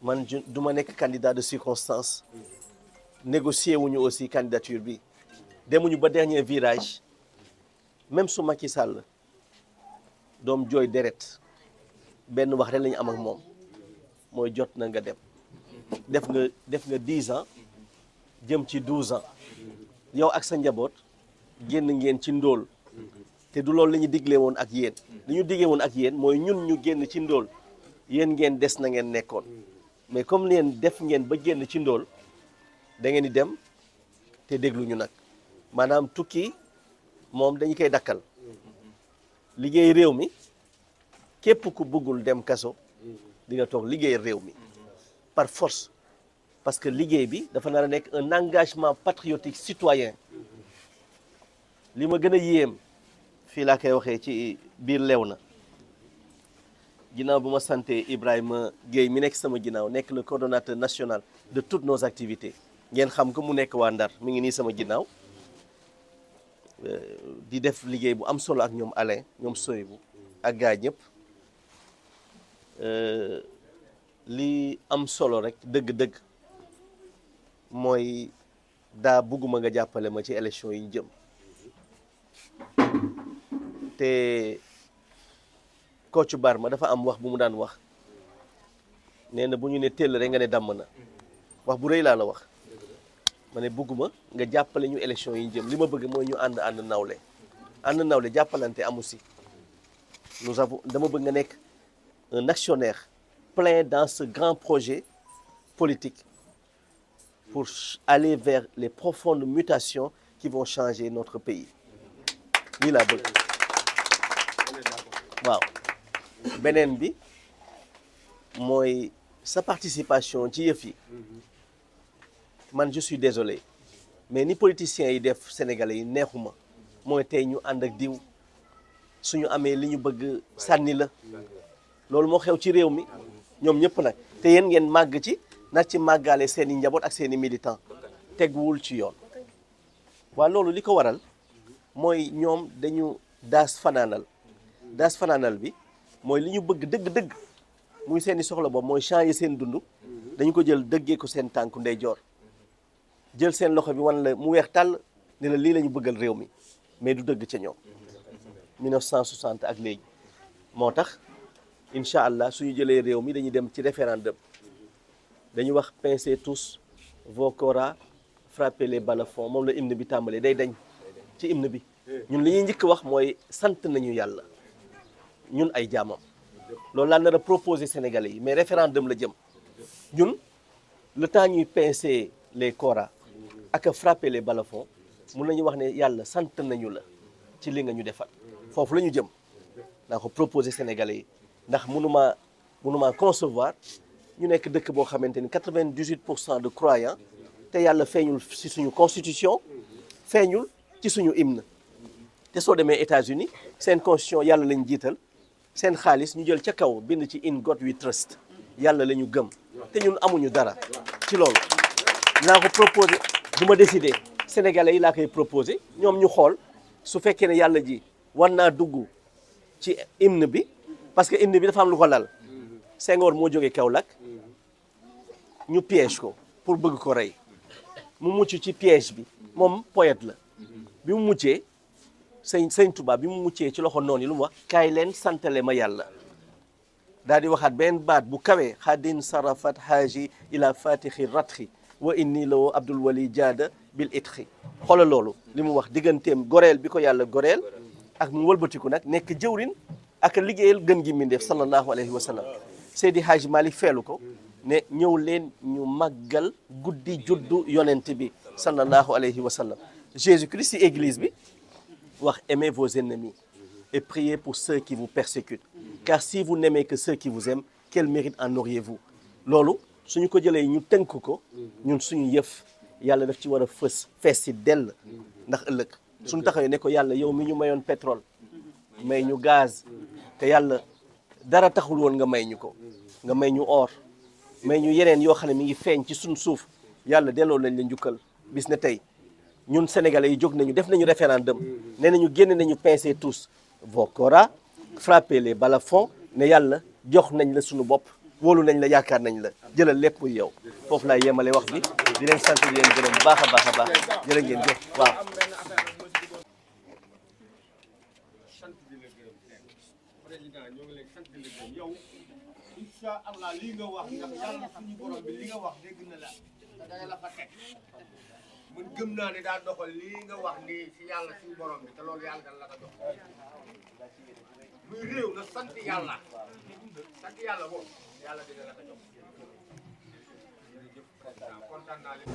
man du ma nekk candidat de circonstance négocier wuñu aussi candidature bi demuñu ba dernier village même su ci sàll doom jooy deret benn wax rek la ñu am ak moom mooy jot na nga dem def nga def nga dix ans jëm ci douze ans yow ak sa njaboot génn ngeen ci ndóol te du loolu la ñu digle woon ak yéen li ñu diglee woon ak yéen mooy ñun ñu génn ci ndóol yéen ngeen des na ngeen nekkoon mais comme neen def ngeen ba génn ci ndool da ngeen di dem te déglu ñu nag maanaam tukki moom dañu koy dakkal liggéey réew mi képp ku buggul dem kaso dinga toog liggéey réew mi par force parce que liggéey bi dafa nar a nekk un engagement patriotique citoyen li ma gën a yéem fii laa koy waxee ci biir lew na ginnaaw bu ma sante Ibrahima géey mi nekk sama ginnaaw nekk le coordonnateur national de toutes nos activités ngeen xam ko mu nekk waa Ndar mi ngi nii sama ginnaaw euh, di def liggéey bu am solo ak ñoom Alain ñoom Soyibu ak gaa ñëpp euh, li am solo rek dëgg-dëgg mooy daa bugguma nga jàppale ma ci élection yi ñu jëm te Kocc Barma dafa am wax bu mu daan wax nee na bu ñu ne teel rek nga ne dàmm na wax bu rëy laa la wax ma ne bëgguma nga jàppale ñu élection yi ñu jëm li ma bëgg mooy ñu ànd ànd nawle ànd nawle jàppalante amu si dama bëgg nga nekk un actionnaire plein dans ce grand projet politique pour aller vers les profondes mutations qui vont changer notre pays lii laa bëgg waaw beneen bi mooy sa participation ci yëf yi man je suis désolé mais ni politiciens yi def sénégalais yi neexuma mooy tey ñu ànd ak diw suñu amee li ñu bëgg sànni la loolu moo xew ci réew mi ñoom ñëpp nag te yéen ngeen màgg ci nag ci màggaale seen i njaboot ak seen i militant teguwul ci yoon waa loolu li ko waral mooy ñoom dañu daas fanaanal daas fanaanal bi mooy li ñu bëgg dëgg-dëgg muy seeni soxla boobu mooy changer seen dund dañu ko jël dëggee ko seen tànku ndeyjoor jël seen loxo bi wan la mu weex tàll ne la lii lañu ñu bëggal réew mi mais du dëgg ca ñoom 1960 ak léegi moo tax incha allah suñu jëlee réew mi dañuy dem ci référendum dañuy wax pincez tous vos koras frappez les balafons moom la hymne bi tàmbalee day dañ ci hymne bi ñun li ñuy njëkk wax mooy sant nañu yàlla ñun ay jaamam loolu laa nar a proposer Sénégalais yi mais référendum la jëm ñun le temps ñuy pincer les koras ak a frapper les balafons mun nañu wax ne yàlla sant nañu la ci li nga ñu defal foofu la ñu jëm ndax ko proposer Sénégalais yi ndax mënuma mënuma concevoir ñu nekk dëkk boo xamante ni quatre vingt dix pour cent de croyants te yàlla feeñul ci suñu constitution feeñul ci suñu hymne te soo demee États-Unis seen constitution yàlla lañ jiital seen xaalis ñu jël ca kaw bind ci in God we trust yàlla la ñu gëm te ñun amuñu dara ci loolu naa ko proposé du ma décidé sénégalais yi laa koy proposé ñoom ñu xool su fekkee ne yàlla ji war naa dugg ci hymne bi parce que hymne bi dafa am lu ko lal Senghor moo jógee Kaolack ñu piège ko pour bëgg ko rey mu mucc ci piège bi moom poyet la bi mu muccee sëñ sëñ Touba bi mu muccee ci loxo noonu lu mu wax kaay leen santale ma yàlla daal di waxaat benn baat bu kawee xadin sarafat haaji ila fatixi ratxi wa inni la wo abdul wali jaada bi itxi xoola loolu li mu wax digganteem goreel bi ko yàlla goreel ak mu wëlbatiku nag nekk jëwrin ak liggéeyal gën gi mbindeef sallallahu alayhi wa sallam Seydi Haaji Malick feelu ko ne ñëw leen ñu màggal guddi juddu yonent bi sallallahu alayhi wa sallam Jésus Christ ci bi wax aimez vos ennemis et priez pour ceux qui vous persécutent car si vous n'aimez que ceux qui vous aiment quel mérite en auriez-vous loolu suñu ko jëlee ñu tënk ko ñun suñu yëf yàlla daf ci war a fës fees si dell ndax ëllëg suñu taxawee ne ko yàlla yow mi ñu mayoon pétrole may ñu gaz te yàlla dara taxul woon nga may ñu ko nga may ñu or may ñu yeneen yoo xam ne mi ngi feeñ ci suñu suuf yàlla delloo lañu la njukkal bis na tey ñun sénégalais yi jóg nañu def nañu référendum nee nañu génn nañu pincez tous vos koras frappez bala balafons ne yàlla jox nañ la suñu bopp wóolu nañ la yaakaar nañ la jëlal lépp yow foofu laay yemale wax bi di leen sant di leen gërëm baax a baax a baax jërë ngeen jëf waaw. man gëm naa ne daa doxal lii nga wax nii si yàlla si borom bi te loolu yàlla la ko jox muy réew na sant yàlla sant yàlla boobu yàlla dina la ko jox jërëjëf président kontaan naa leen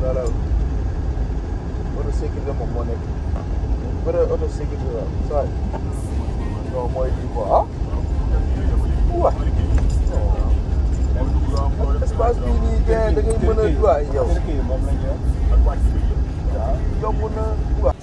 voilà oto sécurité moom moo nekk bëre oto sécurité la saa yi non mooy lii quoi ah waaw espace bi nii gën da ngay mën a waay yow yomb na waaw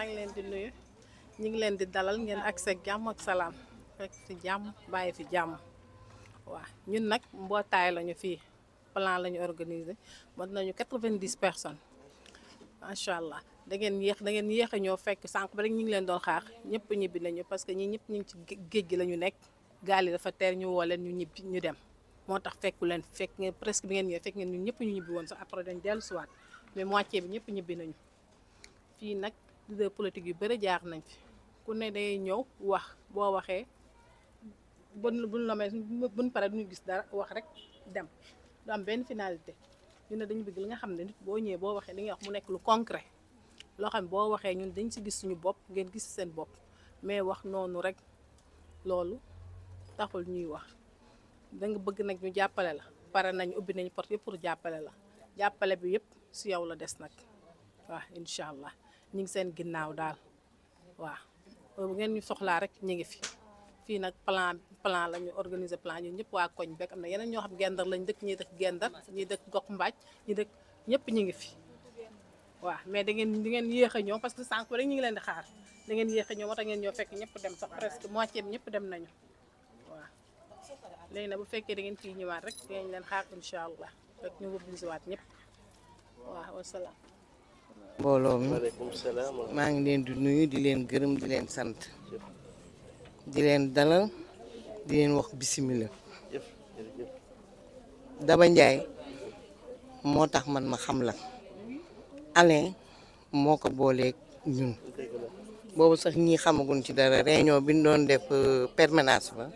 maa ngi leen di nuyu ñu ngi leen di dalal ngeen ak sa jàmm ak salaam rek fi jàmm bàyyi fi jàmm waaw ñun nag mbootaay lañu fii plan lañu organiser mën nañu quatre-vingt-dix personnes macha da ngeen yéex da ngeen yéex a ñoo fekk sànq ba rek ñu ngi leen doon xaar ñëpp ñibbi nañu parce que ñi ñu ngi ci géej gi la ñu nekk gaal yi dafa teer ñu woo leen ñu ñibbi ñu dem moo tax fekku leen fekk ngeen presque bi ngeen ñëwee fekk ngeen ñun ñëpp ñu ñibbi woon sax après dañ dellu siwaat mais moitié bi ñëpp ñibbi nañu fii nag leader politique yu bëri jaar nañ fi ku ne day ñëw wax boo waxee bon buñ la may buñ pare duñu gis dara wax rek dem du am benn finalité ñu ne dañu bëgg li nga xam ne nit boo ñëwee boo waxee li nga wax mu nekk lu concret loo xam ne boo waxee ñu dañ si gis suñu bopp ngeen gis seen bopp mais wax noonu rek loolu taxul ñuy wax danga bëgg nag ñu jàppale la pare nañ ubbi nañ porte yëpp pour jàppale la jàppale bi yëpp si yow la des nag waaw incha ñu ngi seen ginnaaw daal waaw bu ngeen ñu soxlaa rek ñu ngi fi fii nag plan plan la ñu organiser plan ñu ñëpp waa koñ beeg am na yeneen ñoo xam gendar lañ dëkk ñuy dëkk gendar ñuy dëkk gox mbaaj ñuy dëkk ñëpp ñu ngi fi waaw mais da ngeen di ngeen yéex a ñëw parce que sànq rek ngi leen di xaar ngeen a ñëw moo tax ngeen ñoo fekk ñëpp dem sax presque moitié bi ñëpp dem nañu waaw léegi nag bu fekkee da ngeen fii ñëwaat rek dinañ leen xaar incha allah rek ñu mobiliser waat ñëpp waaw wasalaam mbooloo mi maa ngi leen di nuyu di leen gërëm di leen sant di leen dalal di leen wax bisimila Daba Ndiaye moo tax man ma xam la Alain moo ko booleek ñun boobu sax ñi xamagun ci dara réunion bi ñu doon def euh, permanence ba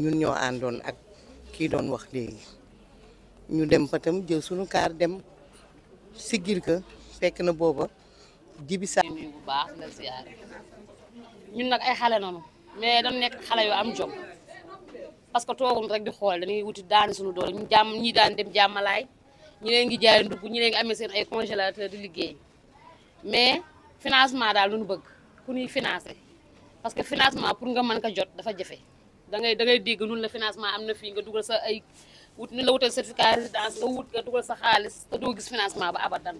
ñun ñoo àndoon ak kii doon wax léegi ñu dem fa tam jël kaar dem siggir ka fekk na booba jibi sa bu baax la ziar ñun nag ay xale nanu mais dañu nekk xale yoo am jom parce que toogum rek di xool dañuy wuti daani suñu doole ñu jàmm ñi daan dem jàmmalaay ñi leen ngi jaay ndugg ñi leen ngi amee seen ay congélateur di liggéey mais financement daal lu ñu bëgg ku ñuy financer parce que financement pour nga mën ko jot dafa jafe da ngay da ngay dégg nun la financement am na fii nga dugal sa ay wut nu la wutal certificat résidence nga wut nga dugal sa xaalis te doo gis financement ba abadan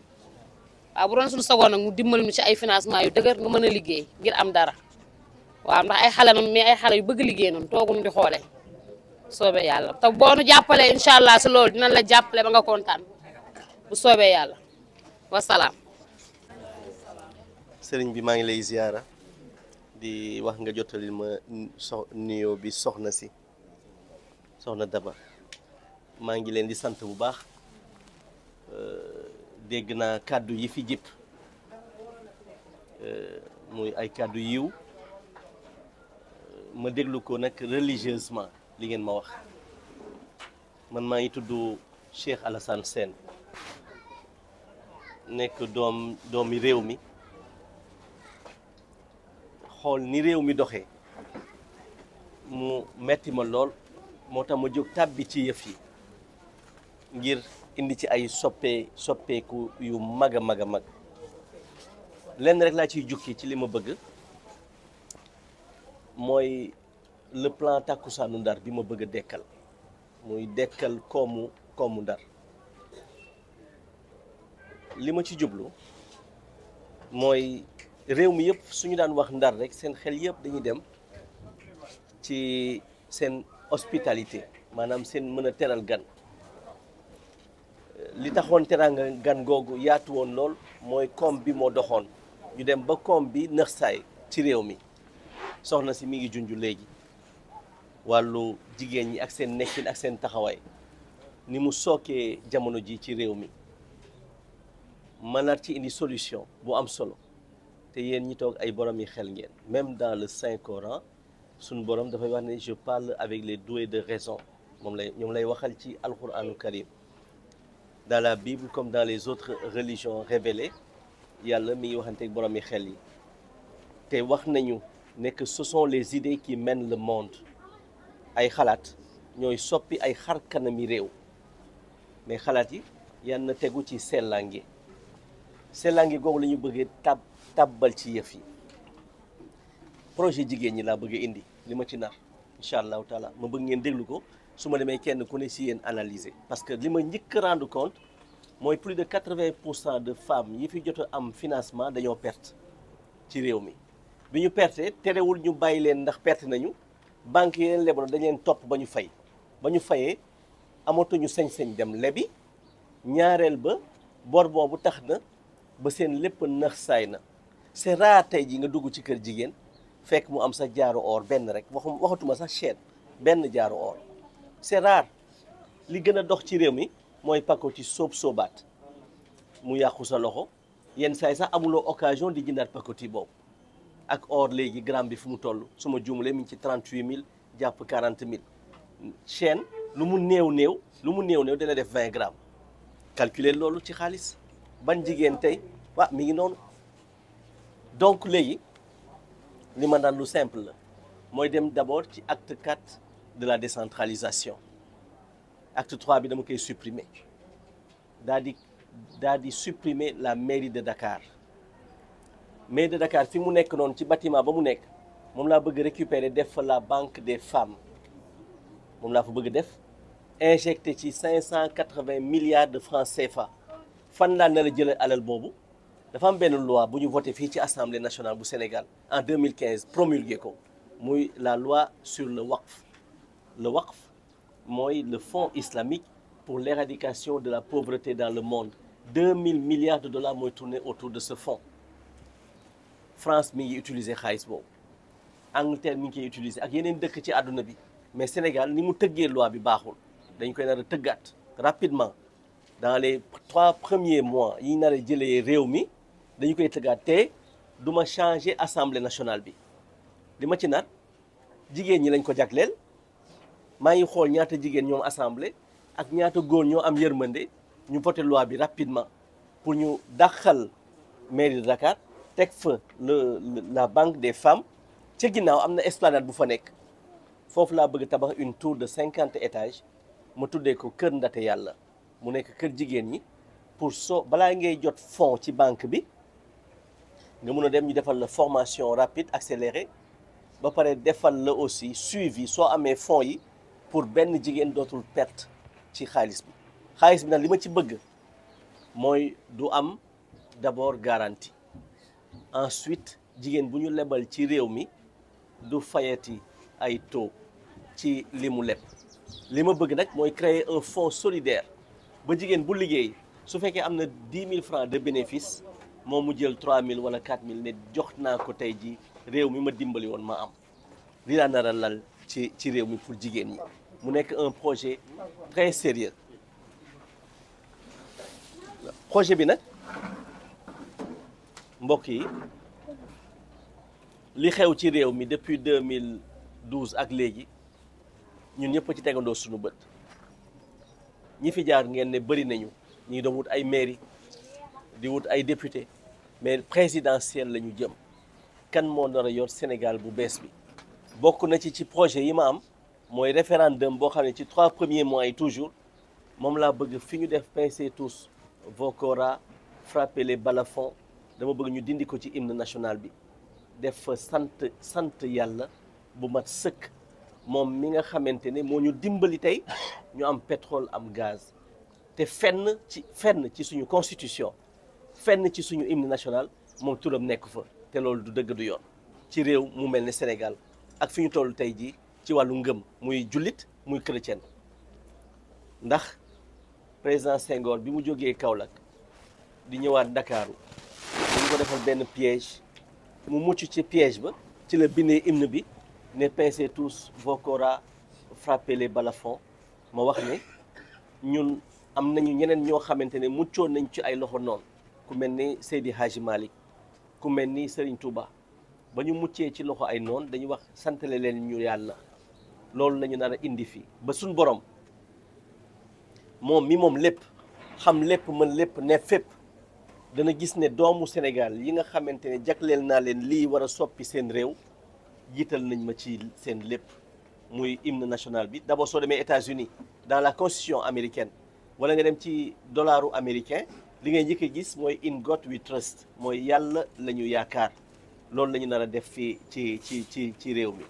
waaw bu doon suñu sagoon nag mu dimbali ñu ci ay financement yu dëgër nga mën a liggéey ngir am dara waa ndax ay xale mais ay xale yu bëgg liggéey noonu toogum di xoolee soobee yàlla te boo nu jàppalee incha allah si loolu dinañ la jàppale ba nga bu soobee yàlla wasalaam. sëriñ bi maa ngi lay ziyaara di wax nga jottali ma so nuyoo bi soxna si soxna Daba maa ngi leen di sant bu baax. Euh, dégg naa kàddu yi fi jip euh, muy ay kàddu yiw euh, ma déglu ko nag religieusement li ngeen ma wax man maa ngi tudd Cheikh Alassane nekk doom doomi réew mi xool ni réew mi doxee mu metti ma lool moo tax ma jóg tàbbi ci yëf yi ngir indi ci ay soppee soppeeku yu mag a mag a mag lenn rek laa ciy jukki ci li ma bëgg mooy le plan tàkkusaanu ndar bi ma bëgg a dekkal muy dekkal koomu koomu ndar li ma ci jublu mooy réew mi yëpp suñu daan wax ndar rek seen xel yëpp dañuy dem ci seen hospitalité maanaam seen mën a teral gan li taxoon teraanga gan googu yaatu woon lool mooy koom bi moo doxoon ñu dem ba koom bi nëx saay ci réew mi soxna si mi ngi junj léegi wàllu jigéen ñi ak seen nekkin ak seen taxawaay ni mu sookee jamono ji ci réew mi mënaat ci indi solution bu am solo te yéen ñi toog ay borom yi xel ngeen même dans le cinq Coran suñu borom dafay wax ne je parle avec les doués de raison moom lay ñoom lay waxal ci alquranu karim dans la Bible comme dans les autres religions révélées yàlla mi ngi waxante ak borom yi xel yi te wax nañu nekk que ce sont les idées qui mènent le monde ay xalaat ñooy soppi ay xar kanami réew mais xalaat yi yan na tegu ci sellangi sellangi googu lañu ñu bëggee tab ci yëf yi projet jigéen ñi laa bëgg indi li ma ci nar incha allahu taala ma bëgg ngeen déglu ko. su ma demee kenn ku ne si yéen analyser parce que li ma njëkk rendre compte mooy plus de quatre-vingt pour cent de femmes yi fi jot am financement dañoo perte ci réew mi bi ñu perte terewul ñu bàyyi leen ndax perte nañu banque yi leen lebaloon dañ leen topp ba ñu fay ba ñu fayee amatuñu sañ-sañ dem lebi ñaareel ba bor boobu tax na ba seen lépp nax saay na c'est rare tey ji nga dugg ci kër jigéen fekk mu am sa jaaru or benn rek waxum waxatuma sax chaîne benn jaaru c'est rare li gën a dox ci réew mi mooy pakoti soob soobaat mu yàqu sa loxo yenn saay sax amuloo occasion di jëndaat pakoti boobu ak or léegi gramme bi fu mu toll su ma juumlee mi ci trente huit mille jàpp quarante mille chaîne lu mu néew néew lu mu néew néew dina def vingt grammes calculer loolu ci xaalis ban jigéen tey waa mi ngi noonu donc léegi li ma daan lu simple la mooy dem d'abord ci acte 4 de la décentralisation acte 3 bi dama koy supprimer daal di daal di supprimer la mairie de Dakar mairie de Dakar fi mu nekk noonu ci batiment ba mu nekk moom laa bëgg récupérer def fa la banque des femmes moom laa fa bëgg def injecté ci cinq cent quatre-vingts milliards de francs fa fan laa nar la jëlee alal boobu dafa am benn loi bu ñu voté fii ci assemblée nationale bu Sénégal en 2015 promulgué ko muy la loi sur le waqf le waqf mooy le fonds islamique pour l'éradication de la pauvreté dans le monde deux mille milliards de dollars mooy tourné autour de ce fonds France mi ngi utiliser xaalis boobu Angleterre mi ngi koy utiliser ak yeneen dëkk ci àdduna bi mais Sénégal ni mu tëggee loi bi baaxul dañ koy nar a tëggaat rapidement dans les trois premiers mois yi nar a jëlee réew mi dañu koy tëggaat te du ma changer assemblée nationale bi li ma ci nar jigéen ñi lañ ko jagleel. maa ngi xool ñaata jigéen ñoom assemblée ak ñaata góor ñoo am yërmande ñu voté loi bi rapidement pour ñu daxal mairie de Dakar teg fa la banque des femmes ca ginnaaw am na esplanade bu fa nekk foofu laa bëgg tabax une tour de cinquante étages ma tuddee ko kër ndate yàlla mu nekk kër jigéen ñi pour soo balaa ngay jot fonds ci banque bi nga mun a dem ñu defal la formation rapide accélérée ba pare defal la aussi suivi soo amee fonds yi pour benn jigéen dootul perte ci xaalis bi xaalis bi nag li ma ci bëgg mooy du am d'abord garantie ensuite jigéen bu ñu lebal ci réew mi du fayati ay taux ci li mu leb li ma bëgg nag mooy créer un fonds solidaire ba jigéen bu liggéey su fekkee am na dix mille francs de bénéfice moom mu jël trois mille wala quatre mille ne jox naa ko tey ji réew mi ma dimbali woon ma am li laa nar lal ci ci réew mi pour jigéen ñi mu nekk un projet très sérieux projet bi nag mbokk yi li xew ci réew mi depuis mille 2012 ak léegi ñun ñëpp ci tegandoo sunu bët ñi fi jaar ngeen ne bëri nañu ñi doon wut ay mairie di wut ay député mais présidentielle la ñu jëm kan moo nar a yor Sénégal bu bees bi bokk na ci ci projet yi ma am mooy référendum boo xam ne ci trois premiers mois yi toujours moom laa bëgg fi ñu def pincez tous vos koras frappez les balafons dama bëgg ñu dindi ko ci hymne national bi def fa sant sant yàlla bu mat sëkk moom mi nga xamante ne moo ñu dimbali tey ñu am pétrole am gaz te fenn ci fenn ci suñu constitution fenn ci suñu hymne national moom turam nekk fa te loolu du dëgg du yoon ci réew mu mel ne Sénégal ak fi ñu toll tey jii ci wàllu ngëm muy jullit muy chrétien ndax président Senghor bi mu jógee Kaolack di ñëwaat Ndakaaru dañu ko defal benn piège mu mucc ci piège ba ci la binne hymne bi ne pincez tous vos koras frappez les balafons ma wax ne ñun am nañu ñeneen ñoo xamante ne muccoon nañ ci ay loxo noonu ku mel ni Seydi Hadji ku mel ni seriñ Touba. ba ñu muccee ci loxo ay noon dañuy wax santale leen ñu yàlla loolu lañu ñu indi fii ba suñ borom moom mi moom lépp xam lépp mën lépp ne fépp dana gis ne doomu Sénégal yi nga xamante ne jagleel naa leen lii war a soppi seen réew jiital nañ ma ci seen lépp muy hymne national bi d'abord soo demee États-Unis dans la constitution américaine wala nga dem ci dollaru américain li ngay njëkk a gis mooy in God we trust mooy yàlla la ñu yaakaar loolu lañu ñu a def fii ci ci ci ci réew mi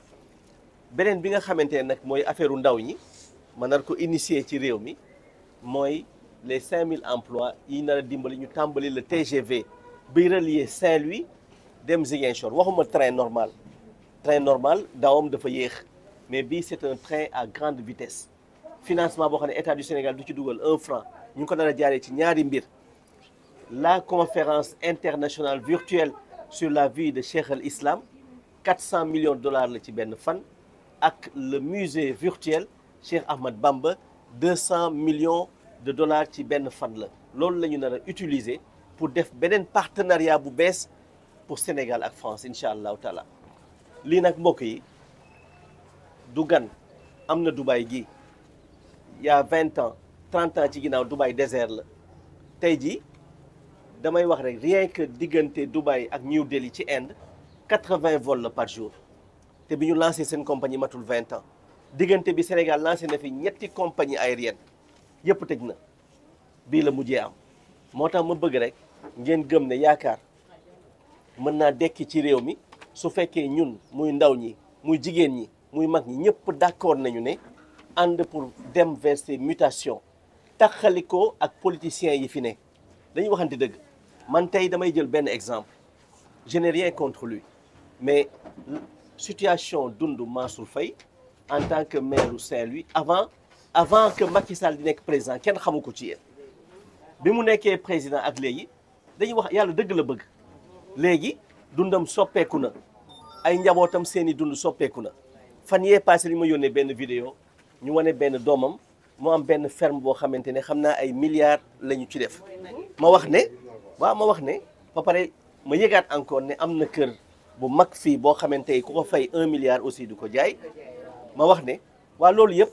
beneen bi nga xamante ne nag mooy affaire ndaw ñi ma nar ko initier ci réew mi mooy les 5000 emplois yi nar a dimbali ñu tàmbali le TGV bi relier Saint-Louis dem Ziguinchor waxuma train normal train normal dawam dafa yéex mais bii c'est un train à grande vitesse financement boo xam ne état du Sénégal du ci dugal un franc ñu ngi ko nar a jaaree ci ñaari mbir la conférence internationale virtuelle. sur la vie de Cheikh al Islam 400 millions de dollars la ci benn fan ak le musée virtuel Cheikh Ahmad Bamba 200 millions de dollars ci benn fan la loolu la ñu nar utiliser pour def beneen partenariat bu bees pour Sénégal ak France incha allahu taala lii nag mbokk yi du gan am na Dubaï gi y a 20 ans 30 ans ci ginnaaw Dubaï désert la tey jii. damay wax rek rien que diggante Dubaï ak New Delhi ci Inde quatre vingt vols la par jour te bi ñu lancé seen compagnie matul vingt ans diggante bi Sénégal lancé na fi ñetti compagnie aérienne yëpp tëj na bii la mujjee am moo tax ma bëgg rek ngeen gëm ne yaakaar mën naa dekki ci réew mi su fekkee ñun muy ndaw ñi muy jigéen ñi muy mag ñi ñëpp d'accord nañu ne ànd pour dem vers ces mutations taxali ko ak politiciens yi fi ne dañuy waxante dëgg man tey damay jël benn exemple je n'ai rien contre lui mais situation dund Mansour Faye en tant que maire u Saint-Louis avant avant que Macky Sall di nekk président kenn xamu ko ci yéen bi mu nekkee président ak léegi dañuy wax yàlla dëgg la bëgg léegi dundam soppeeku na ay njabootam seeni dund soppeeku na fan yee passé li ma yónnee benn vidéo ñu wane benn doomam mu am benn ferme boo xamante ne xam naa ay milliards la ñu ci def ma wax ne waaw ma wax ne ba pare ma yegaat encore ne am na kër bu mag fii boo xamante ni ku ko fay un milliard aussi du ko jaay ma wax ne waa loolu yëpp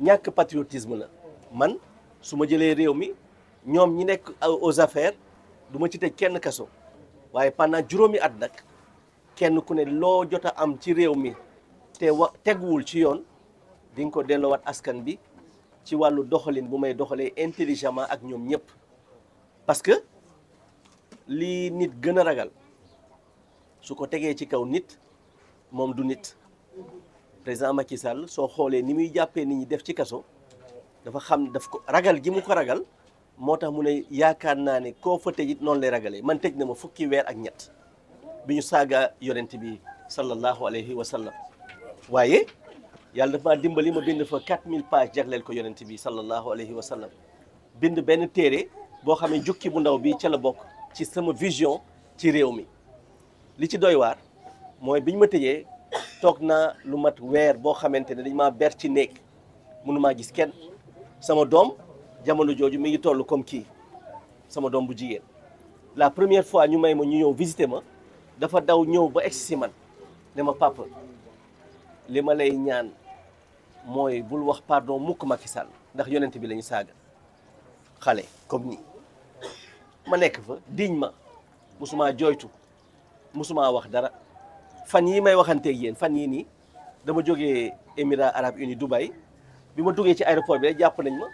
ñàkk patriotisme la man su ma jëlee réew mi ñoom ñi nekk aux affaires du ma ci tëj kenn kaso waaye pannaa juróomi at nag kenn ku ne loo jot a am ci réew mi te wa teguwul ci yoon di nga ko delloowaat askan bi ci wàllu doxalin bu may doxalee intelligemment ak ñoom ñëpp lii nit gën a ragal su ko tegee ci kaw nit moom du nit président Macky Sall soo xoolee ni muy jàppee ni ñi def ci kaso dafa xam daf ko ragal gi mu ko ragal moo tax mu ne yaakaar naa ne koo fa tëj it noonu lay ragalee man tëj na ma fukki weer ak ñett bi ñu saaga yonent bi sallallahu alayhi wa sallam waaye yàlla dafa dimbali ma bind fa mille pages jagleel ko yonent bi sallallahu alayhi wa sallam bind benn téere boo xam ne jukki bu ndaw bi ca la bokk ci sama vision ci réew mi li ci doy waar mooy biñ ma tëjee toog naa lu mat weer boo xamante ne dañ maa ber ci néeg maa gis kenn sama doom jamono jooju mi ngi toll comme kii sama doom bu jigéen la première fois ñu may ma ñu ñëw visiter ma dafa daw ñëw ba egsi si man ne ma papa li ma lay ñaan mooy bul wax pardon mukk Macky Sall ndax yonent bi la ñu saaga xale comme nii ma nekk fa diñ ma musuma jooytu musuma wax dara fan yi may waxanteeg yéen fan yii nii dama jógee Émirats Arabes Unis Dubaï bi ma duggee ci aéroport bi rek jàpp nañ ma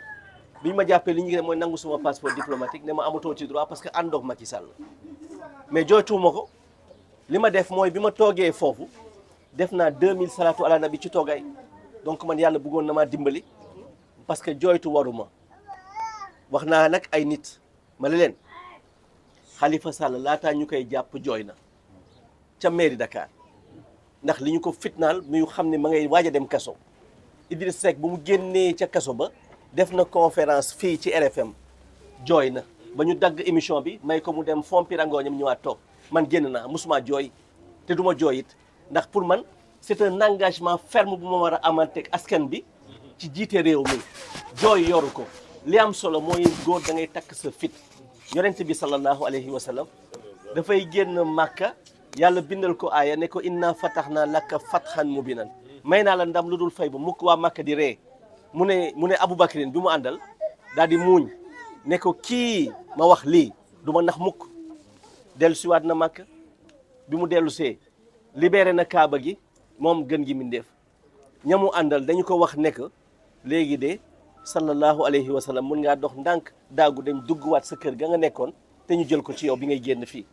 biñ ma jàppee li ñu def mooy nangu suma passeport diplomatique ne ma amatoo ci droit parce que àndoog Macky Sall mais jooytuwuma ko li ma def mooy bi ma toogee foofu def naa 2000 salatu ala nabi ci toogaay donc man yàlla bëggoon na maa dimbali parce que jooytu waruma wax naa nag ay nit ma ne leen. xalifa Sall laataa ñu koy jàpp jooy na ca mairie Dakar ndax li ñu ko fitnaal muy xam ne ma ngay waaj a dem kaso Idriss Seck ba mu génnee ca kaso ba def na conférence fii ci RFM jooy na ba ñu dagg émission bi may ko mu dem fompi rangooñam ñëwaat toog man génn naa musuma jooy te duma ma jooy it ndax pour man c'est un engagement ferme bu ma war a amanteeg askan bi ci jiite réew mi jooy yoru ko li am solo mooy góor da ngay takk sa fit yonent bi sallallahu alayhi wa sallam dafay génn màkka yàlla bindal ko aaya ne ko inna fataxna laka fatxan mubinan may naa la ndam lu dul fay ba mukk waa màkka di ree mu ne mu ne Aboubacrin bi mu àndal daal di muuñ ne ko kii ma wax lii duma ma mukk dellu siwaat na màkk bi mu dellusee see libéré na kaaba gi moom gën gi mindeef ñamu àndal dañu ko wax ne léegi de sallallahu alayhi wa sallam mun ngaa dox ndànk daagu dem duggwaat sa kër ga nga nekkoon te ñu jël ko ci yow bi ngay génn fii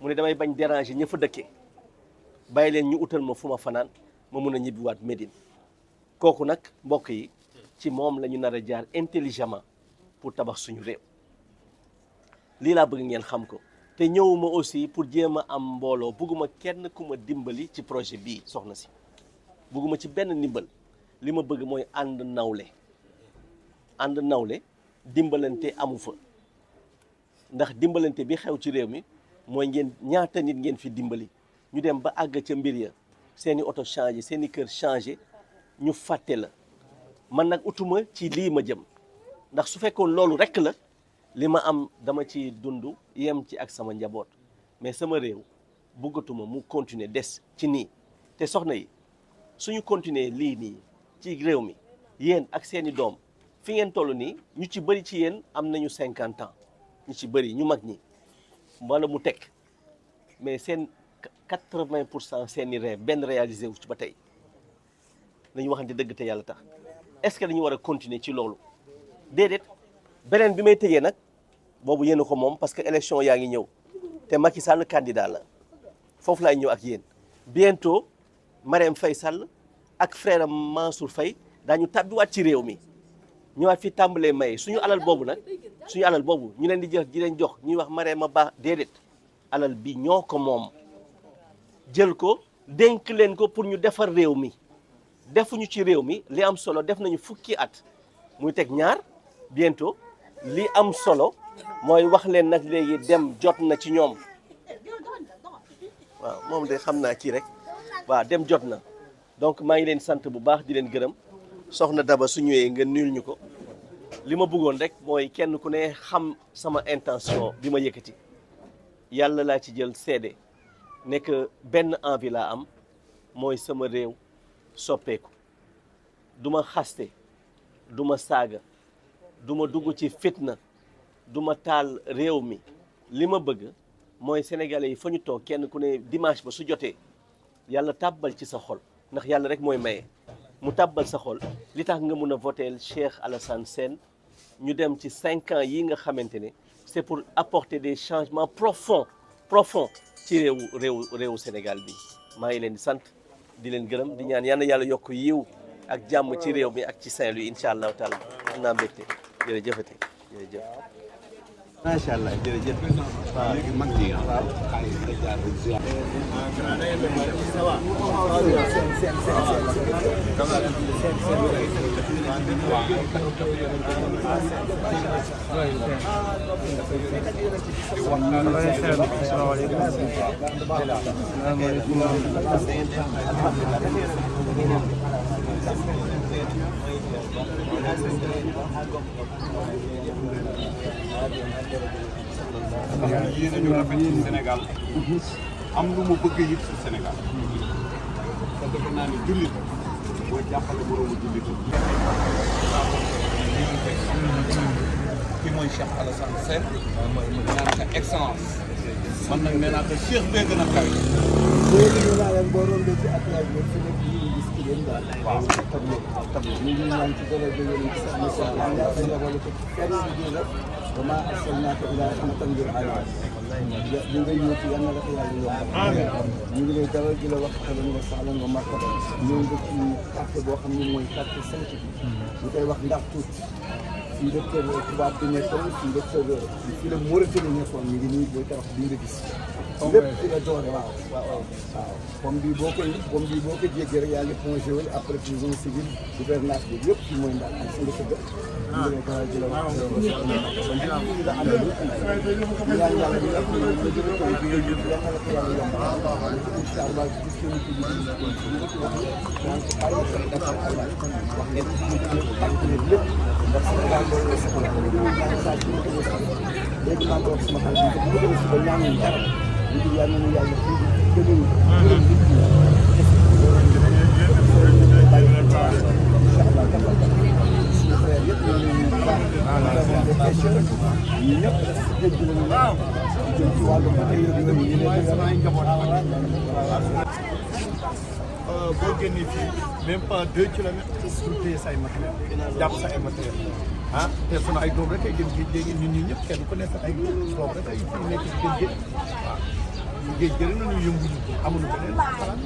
mu ne damay bañ déranger ña fa dëkkee bàyyi leen ñu utal ma fu ma fanaan ma mun a ñibbiwaat Médine kooku nag mbokk yi ci moom lañu nar a jaar intelligement pour tabax suñu réew lii laa bëgg ngeen xam ko te ñëwuma aussi pour jéem a am mbooloo bugguma kenn ku ma dimbali ci projet bii soxna si bëgguma ci benn ndimbal li ma bëgg mooy ànd nawle ànd nawle dimbalante amu fa ndax dimbalante bi xew ci réew mi mooy ngeen ñaata nit ngeen fi dimbali ñu dem ba àgg ca mbir ya seeni oto changé seeni kër changé ñu fàtte la man nag utuma ci lii ma jëm ndax su fekkoon loolu rekk la li ma am dama ci dund yem ci ak sama njaboot mais sama réew bëggatuma mu continuer des ci nii te soxna yi suñu continuer lii nii ci réew mi yéen ak seeni doom fi ngeen toll nii ñu ci bëri ci yéen am nañu cinquante ans ñu ci bëri ñu mag ñi wala mu teg mais seen quatre-vingt pour cent seen i rêve benn réalisé wu ci ba tey nañu waxante dëgg te yàlla tax est-ce que dañu war a continuer ci loolu déedéet beneen bi may tëjee nag boobu yéen ko moom parce que élection yaa ngi ñëw te Macky Sall candidat la foofu laay ñëw ak yéen bientôt Marème fay sàll ak frère Mansour Faye daañu tàbbiwaat ci réew mi ñëwaat fi tàmbalee maye suñu alal boobu nag suñu alal boobu ñu leen di jël di leen jox ñuy wax maree ma baax déedéet alal bi ñoo ko moom jël ko dénk leen ko pour ñu defar réew mi defuñu ci réew mi li am solo def nañu fukki at muy teg ñaar biento li am solo mooy wax leen nag léegi dem jot na ci ñoom waaw moom de xam naa kii rek waaw dem jot na donc maa ngi leen sant bu baax di leen gërëm soxna Daba su ñëwee nga nuyul ñu ko li ma bëggoon rek mooy kenn ku ne xam sama intention bi ma yëkkati yàlla laa ci jël seede nekk benn envie laa am mooy sama réew soppeeku duma xaste duma saaga duma dugg ci fitna du ma taal réew mi li ma bëgg mooy sénégalais yi fa ñu toog kenn ku ne dimanche ba su jotee yàlla tàbbal ci sa xol ndax yàlla rek mooy maye. mu tàbbal sa xool li tax nga mun a voteel Cheikh Alassane Sène ñu dem ci cinq ans yi nga xamante ne c'est pour apporter des changements profonds profonds ci réewu réewu réewu Sénégal bi maa ngi leen di sant di leen gërëm di ñaan yal na yàlla yokk yiw ak jàmm ci réew mi ak ci Saint-Louis incha allahu taala am naa mbégte jërëjëfate jërëjëf macha allah jërëjëf. waaw léegi mag ñi ah. waaw xaaral yi nga jaar rek ziar. waaw. ndax ñu ñu rafet ci Sénégal am lu mu bëgg yit ci Sénégal te naa ne jullit mooy jàppale moroomu jullit mooy Cheikh ka excellence man nag nee naa ko gën a kawe وما أرسلناك إلا رحمة للعالمين ñu ngi ñëw ci yàlla na la ko yàlla yokkal. ñu ngi lay dalal di la wax xalam nga saalan nga martaba ñëw nga ci carte boo xam ne mooy carte sant bi. ñu koy wax ndax tuuti. fii la kër tubaab bi nekkoon fii la kër fii la Mauritanie nekkoon ñu ngi nii booy tabax bi nga gis. lépp fii la doore waaw waaw waaw. pomme bi boo koy pomme bi boo ko jéggee rek yaa ngi plongé wala après prison civile gouvernance bi yëpp fii mooy ndax ak fii la ko def. ah waaw waaw ñu ngi la amee lu am. ñu naan yàlla ñu def ñu ngi jënd tool bi nga jënd yàlla ko yàlla yombal. incha allah gis ngeen ci biir ñu ngi ko wax naan ko ay wax ngeen ci biir lépp ndax léegi maa ngi wax sama xarit bi bu ñu ko ba ñaanuñu dara ñu ngi yàlla nañu yàlla fi gënuñ gënuñ nit ñi bàyyi ko ci waax incha allah defal ko suñu frère yëpp ñoo ngi ñu baax nous avons des questions ñun ñëpp dégg nañu ñu jëm ci wàllu matériel yooyu ñu leen di boo génnee fii même pas deux kilomètres pour téye say matériel jàpp sa ay matériel ah te sunu ay doom rek ay dem géej léegi ñun ñii ñëpp kenn ku nekk ay doom rek ay fi nekk ci géej géej waaw géej gërëm nañu yëngu ñu amuñu beneen xalaat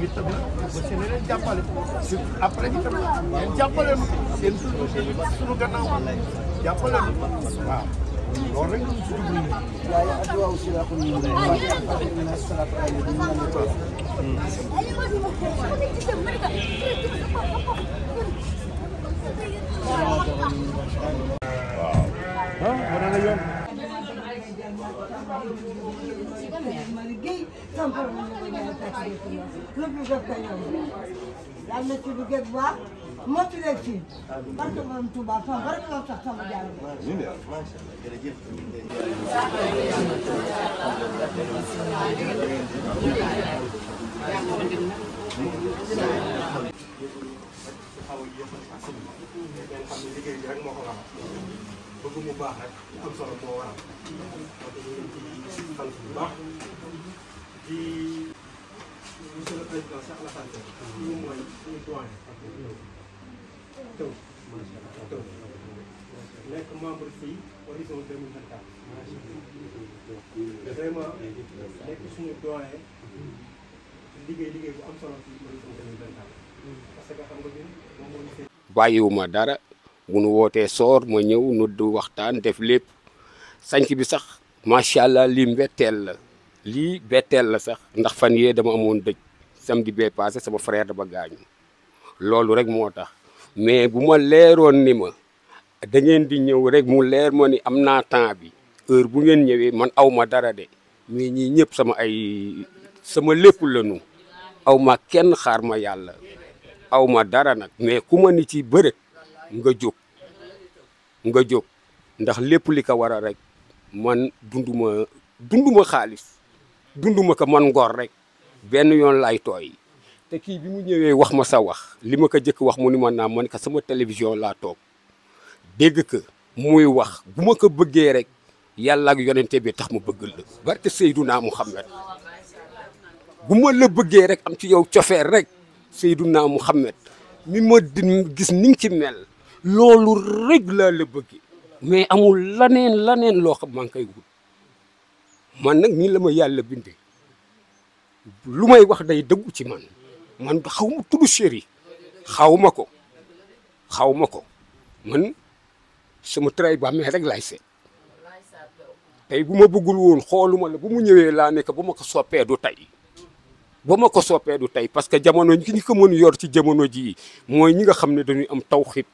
li tamit ba seen leen jàppale surtout après bi tamit ngeen jàppale nu seen sunu sunu gannaaw jàppale nu waaw loolu rek lañ si jublu ñu. waaye ak waaw si laa ko ñu ngi lay waaw ah mën na la yoon daal na ci liggéey bu baax motu leen fii parce que moom Touba fan war nga tax sama jàll. jërëjëf. xaw a yëngal ak xam ne liggéey bi rek moo ko waral bëgg mu baax rek am solo moo waral donc ñu ngi ciy sant bu baax di monsieur le président Cheikh Alassane Diop ñu mooy suñu doyen taw taw nekk membre fii horizon 2024 vraiment nekk suñu doyen liggéey liggéey bu am solo fii horizon 2024 parce que xam nga ñun ma dara bu nu wootee soor ma ñëw du waxtaan def lépp sanc bi sax macha allah lii mbetteel la lii betteel la sax ndax fan yee dama amoon dëj samedi bee passé sama frère dama gaañu loolu rek moo tax mais bu ma leeroon ni ma dangeen di ñëw rek mu leer ma ni am naa temps bi heure bu ngeen ñëwee man aw ma dara de mais ñii ñëpp sama ay sama lekku lanu aw ma kenn xaar ma yàlla awma dara nag mais ku ma ni ci bëre nga jóg nga jóg ndax lépp li ko war a rek man dunduma dunduma xaalis dunduma ko man ngor rek benn yoon laay tooy te kii bi mu ñëwee wax ma sa wax li ma ko jëkk wax mu ni man naa man ka sama télévision laa toog dégg ko muy wax bu ma ko bëggee rek yàlla ak yonente bi tax ma bëgg la barke naa mu bu ma la bëggee rek am ci yow cofeer rek Seydina Muhammad mi ma di gis ni nga ci mel loolu rek laa la bëgg mais amul laneen laneen loo xam maa ngi koy wut man nag nii la ma yàlla bindee lu may wax day dëggu ci man man xaw ma tudd chéri xaw ma ko xaw ma ko man sama tray ba amee rek laay seet tey bu ma bëggul woon ma la bu mu ñëwee laa nekk bu ma ko soppee du tey ba ma ko soppee du tey parce que jamono ñi ñi ko mën yor ci jamono jii mooy ñi nga xam ne dañuy am tawxiit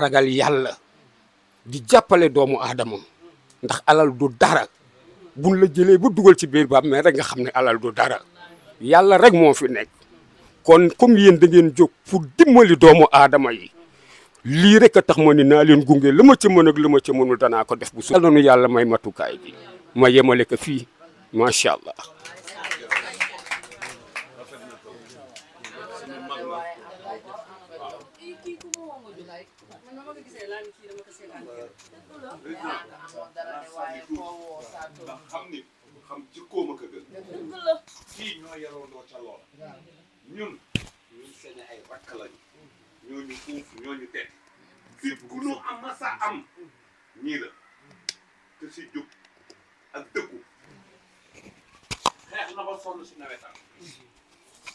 ragal yàlla di jàppale doomu aadamam ndax alal du dara buñ la jëlee ba dugal ci biir baam mais rek nga xam ne alal du dara yàlla rek moo fi nekk kon comme yéen da ngeen jóg pour dimbali doomu aadama yi lii rek a tax ma ni naa leen gunge la ma ci mën ak li ma ci mënul danaa ko def bu su yàlla may matukaay bi ma yemale ko fii macha allah fii ñoo yarandoo ca loola ñun ñun seen ay rakk lañu ñooñu uuf ñooñu teg fit ku nu amasa am ñii la si jóg ak dëkku xeex na ba sonn si nawetaan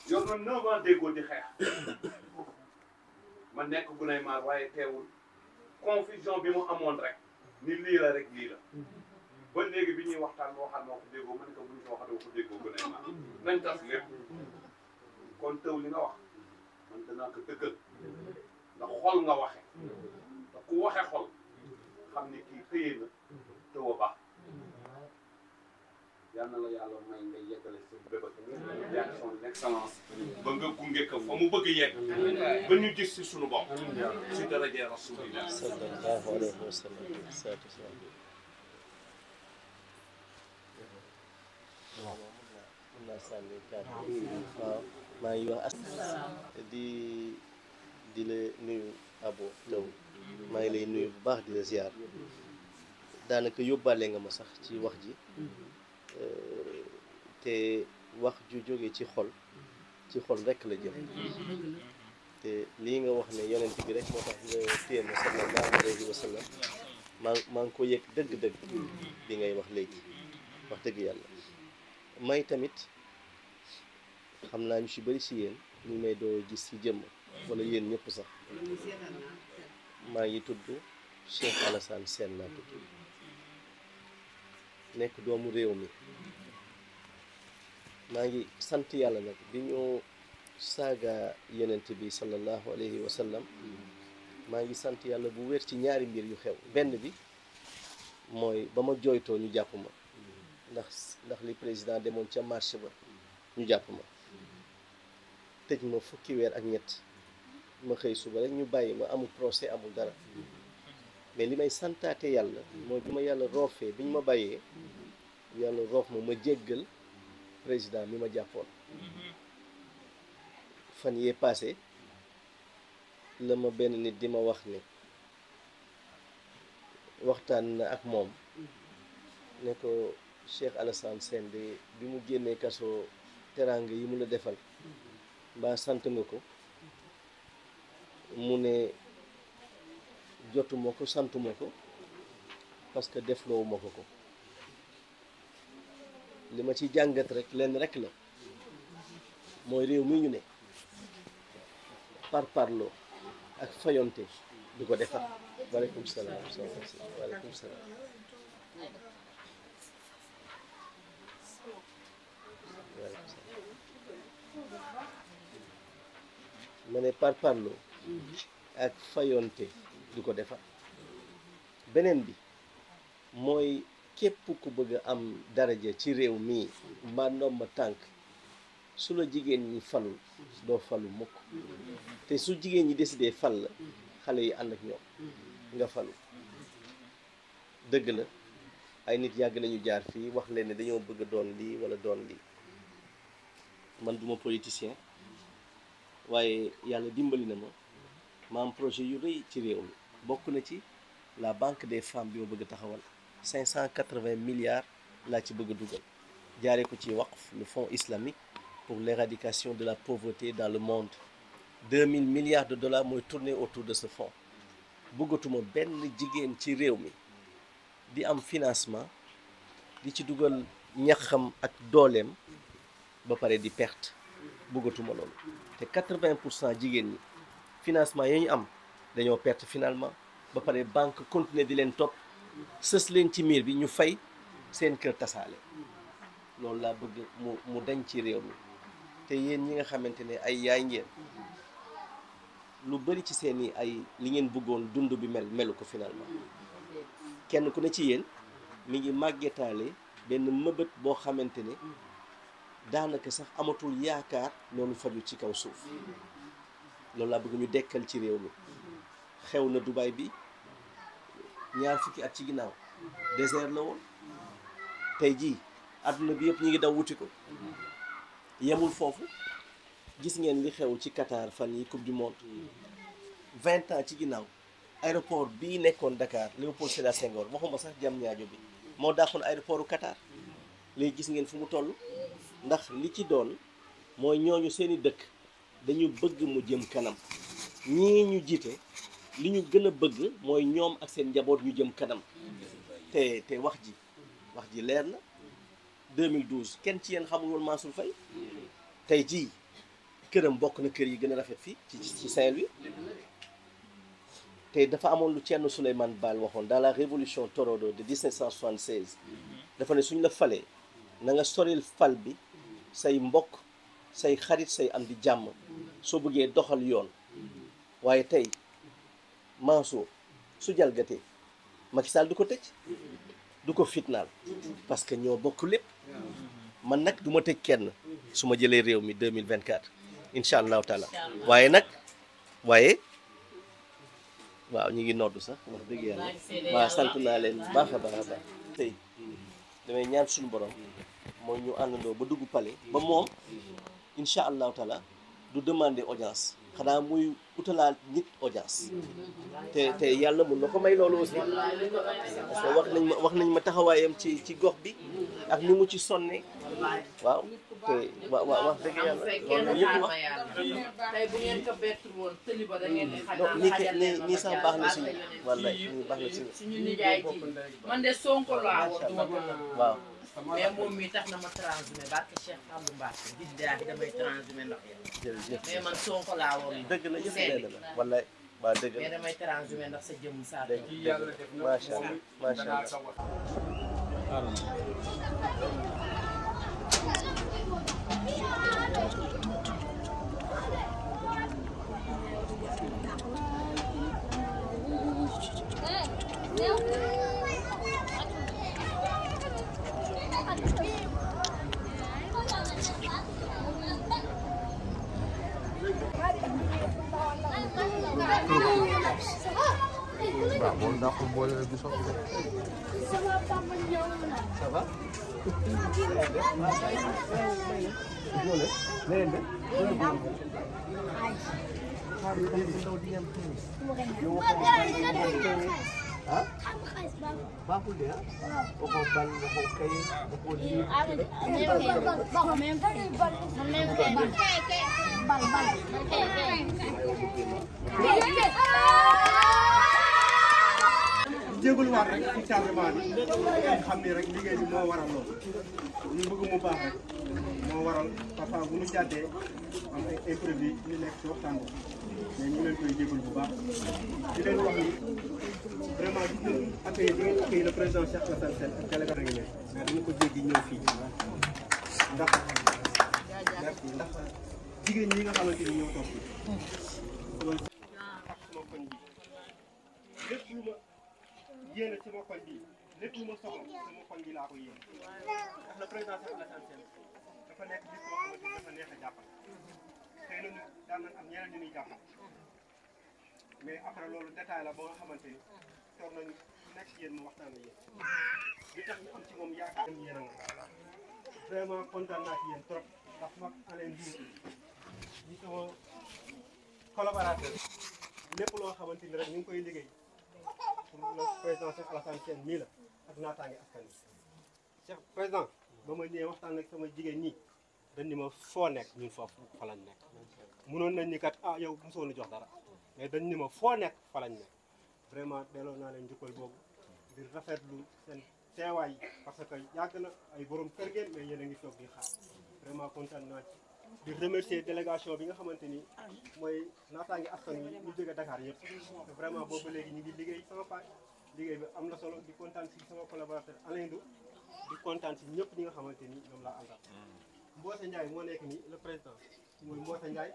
yor na neuf ans déggoo di xeex ma nekk gunay maar waaye teewul confusion bi mu amoon rek ni lii rek lii la ba léegi bi ñuy waxtaan waxal moo ko déggoo ma ne ko bu ñu ko waxal moo déggoo gën a maanaam nañ tas lépp kon taw li nga wax man danaa ko dëggal ndax xol nga waxe te ku waxe xol xam ne kii xëyee na taw a baax yal na la yàlla may ngay yeggale sa bébët yaa son excellence ba nga gunge ko fa mu bëgg yegg ba ñu gis si sunu bopp si daraja rasulillah sallallahu alayhi wa sànni kàddu maa ngi wax di di la nuyu abo taw maa ngi lay nuyu bu baax di la ziar daanaka yóbbaale nga ma sax ci wax ji eh, te wax ju jóge ci xol ci xol rekk la jëm te lii nga wax ne yonent bi rek moo tax nga téye ma maa maa ngi ko yëg dëgg-dëgg bi ngay wax léegi wax dëgg yàlla may tamit xam naa ñu si bari si yéen ñu may doo gis si jëmm wala yéen ñëpp sax maa ngi tudd Cheikh Alassane Sène laa tudd nekk doomu réew mi maa ngi sant yàlla nag bi ñu saaga yonent bi sallallahu alayhi wa sallam maa ngi sant yàlla bu wér ci ñaari mbir yu xew benn bi mooy ba ma jooytoo ñu jàpp ma ndax ndax li président demoon ca marché ba ñu jàpp ma tëj ma fukki weer ak ñett ma xëy suba rek ñu bàyyi ma amul procès amul dara mais li may santaate yàlla mooy bi ma yàlla roofee bi ñu ma bàyyee yàlla roof ma ma jéggal président mi ma jàppoon fan yee passé la ma benn nit di ma wax ne waxtaan na ak moom ne ko Cheikh Alassane Sène bi mu génnee kaso teraanga yi mu la defal mbaa sant na ko mu ne jotuma ko santuma ko parce que defloowuma ko ko li ma ci jàngat rek lenn rek la mooy réew mu ñu ne par parloo ak fayonte du ko defar waaleykum salaam waaleykum salaam ma ne par parlo ak fayonte du ko defar beneen bi mooy képp ku bëgg a am daraja ci réew mii mbaa ndomba tànk su la jigéen ñi falul doo falu mukk te su jigéen ñi décidé fal la xale yi ànd ak ñoom nga falu dëgg la ay nit yàgg nañu jaar fii wax leen ne dañoo bëgg doon lii walla doon lii man duma politicien waaye yàlla dimbali na ma ma projet yu rëy ci réew mi bokk na ci la banque des femmes bi ma bëgg a taxawal 580 milliards laa ci bëgg dugal jaaree ko ci waqf le fonds islamique pour l'éradication de la pauvreté dans le monde 2000 milliards de dollars mooy tourner autour de ce fonds bëggatuma benn jigéen ci réew mi di am financement di ci dugal ñaxam ak dooleem ba pare di perte bëggatuma loolu te quatre-vingt pour cent jigéen ñi financement yi ñu am dañoo perte finalement ba pare banque continuer di leen topp sës leen ci miir bi ñu fay seen kër tasaale loolu laa bëgg mu mu dañ ci réew mi te yéen ñi nga xamante ne ay yaay ngeen lu bëri ci seen i ay li ngeen bëggoon dund bi mel melu ko finalement kenn ku ne ci yéen mi ngi màggetaale benn mëbët boo xamante ne daanaka sax amatul yaakaar loolu faju ci kaw suuf loolu laa bëgg ñu dekkal ci réew mi xew na Dubaï bi ñaar fukki at ci ginnaaw désert la woon tey jii adduna bi yëpp ñu ngi daw wuti ko yemul foofu gis ngeen li xew ci Qatar fan yi coupe du monde vingt ans ci ginnaaw aéroport bi nekkoon Dakar Léopold Sédar Senghor waxuma sax jam ñaajo bi moo daaxoon aéroportu Qatar léegi gis ngeen fu mu toll ndax li ci doon mooy ñooñu seeni dëkk dañu bëgg mu jëm kanam ñii ñu jiite li ñu gën a bëgg mooy ñoom ak seen njaboot yu jëm kanam te te wax ji wax ji leer na 2012 kenn ci yéen xamul woon Mansour Faye tey jii këram bokk na kër yi gën a rafet fii ci ci Saint-Louis te dafa amoon lu Thierno Souleymane Baal waxoon dans la révolution Torodo de 1776 dafa ne suñ la falee na nga soril fal bi say mbokk say xarit say am di jàmm soo bëggee doxal yoon waaye tey Mansour su jalgatee Macky Sall du ko tëj du ko fitnaal parce que ñoo bokk lépp man nag du ma tëj kenn su ma jëlee réew mi mille vingt 2024 incha allahu taala waaye nag waaye waaw ñu ngi noddu sax wax dëgg yàlla sant naa leen baax a baax a baax tey damay ñaan suñu borom mooy ñu àndandoo ba dugg palais ba moom incha allahu taala du demander audience xanaa muy utalaal nit audience te te yàlla mun na ko may loolu aussi parce que wax nañ ma wax nañ ma taxawaayam ci ci gox bi ak ni mu ci sonne waaw te wa wa wax dëgg yàlla loolu yëpp wax nii kay nii nii sax baax na si ñu wallaay nii baax na si waaw mais moom mi tax na ma transhumé barke Cheikh Fallou Mbacké gis daal damay transhumé ndox ya jërëjëf mais man Sonko laa woon dëgg la yëpp dëgg la wallaay waa dëgg la mais damay transhumé ndax sa jëmm saa dëgg macha allah macha du soxla. ça va. ah. baaxul de ah. waxoo bal waxoo kay waxoo lii. bal bal. jégaluwaat rek ci changement bi ngeen xam moo waral loolu ñu bëgg mu baax moo waral parfois bu ñu jàddee am ay bi mais wax ni vraiment gis nañu accueil bi ngeen accueil le président Cheikh Alassane Sène yi ko jéggi ñëw fii ndax ndax jigéen ñi nga xamante ni ñoo toog fii lépp lu yéene sama xol bi lépp lu ma soxla sama xol bi laa ko yéene ndax le président dafa nekk bis boo xamante ni dafa neex loolu détail la ba xamante ni toog nañu nekk si yéen mu tax ñu am ci moom yaakaar lépp loo xamante ni rek ñu ngi koy liggéey. pour le président Cheikh Alassane Sène mii la ak naataange askan wi Cheikh président ba ma ñëwee waxtaan ak sama jigéen ñi dañ ni ma foo nekk ñun foofu fa lañ nekk mënoon nañ ni kat ah yow mosoo ñu jox dara mais dañ ni ma foo nekk fa lañ nekk vraiment delloo naa leen njukkal boobu di rafetlu seen teewaay parce que yàgg na ay borom kër ngeen mais yéen a ngi toog di xaar vraiment kontaan naa ci di remercier délégation bi nga xamante ni mooy ngi askan yi ñu jóge Dakar yëpp vraiment boobu léegi ñu ngi liggéey sama pàcc liggéey bi am na solo di kontaan si sama collaborateur Alain Dou di kontaan si ñëpp ñi nga xamante ni ñoom laa àndal Mbose Ndiaye moo nekk ni le président muy Mbose Ndiaye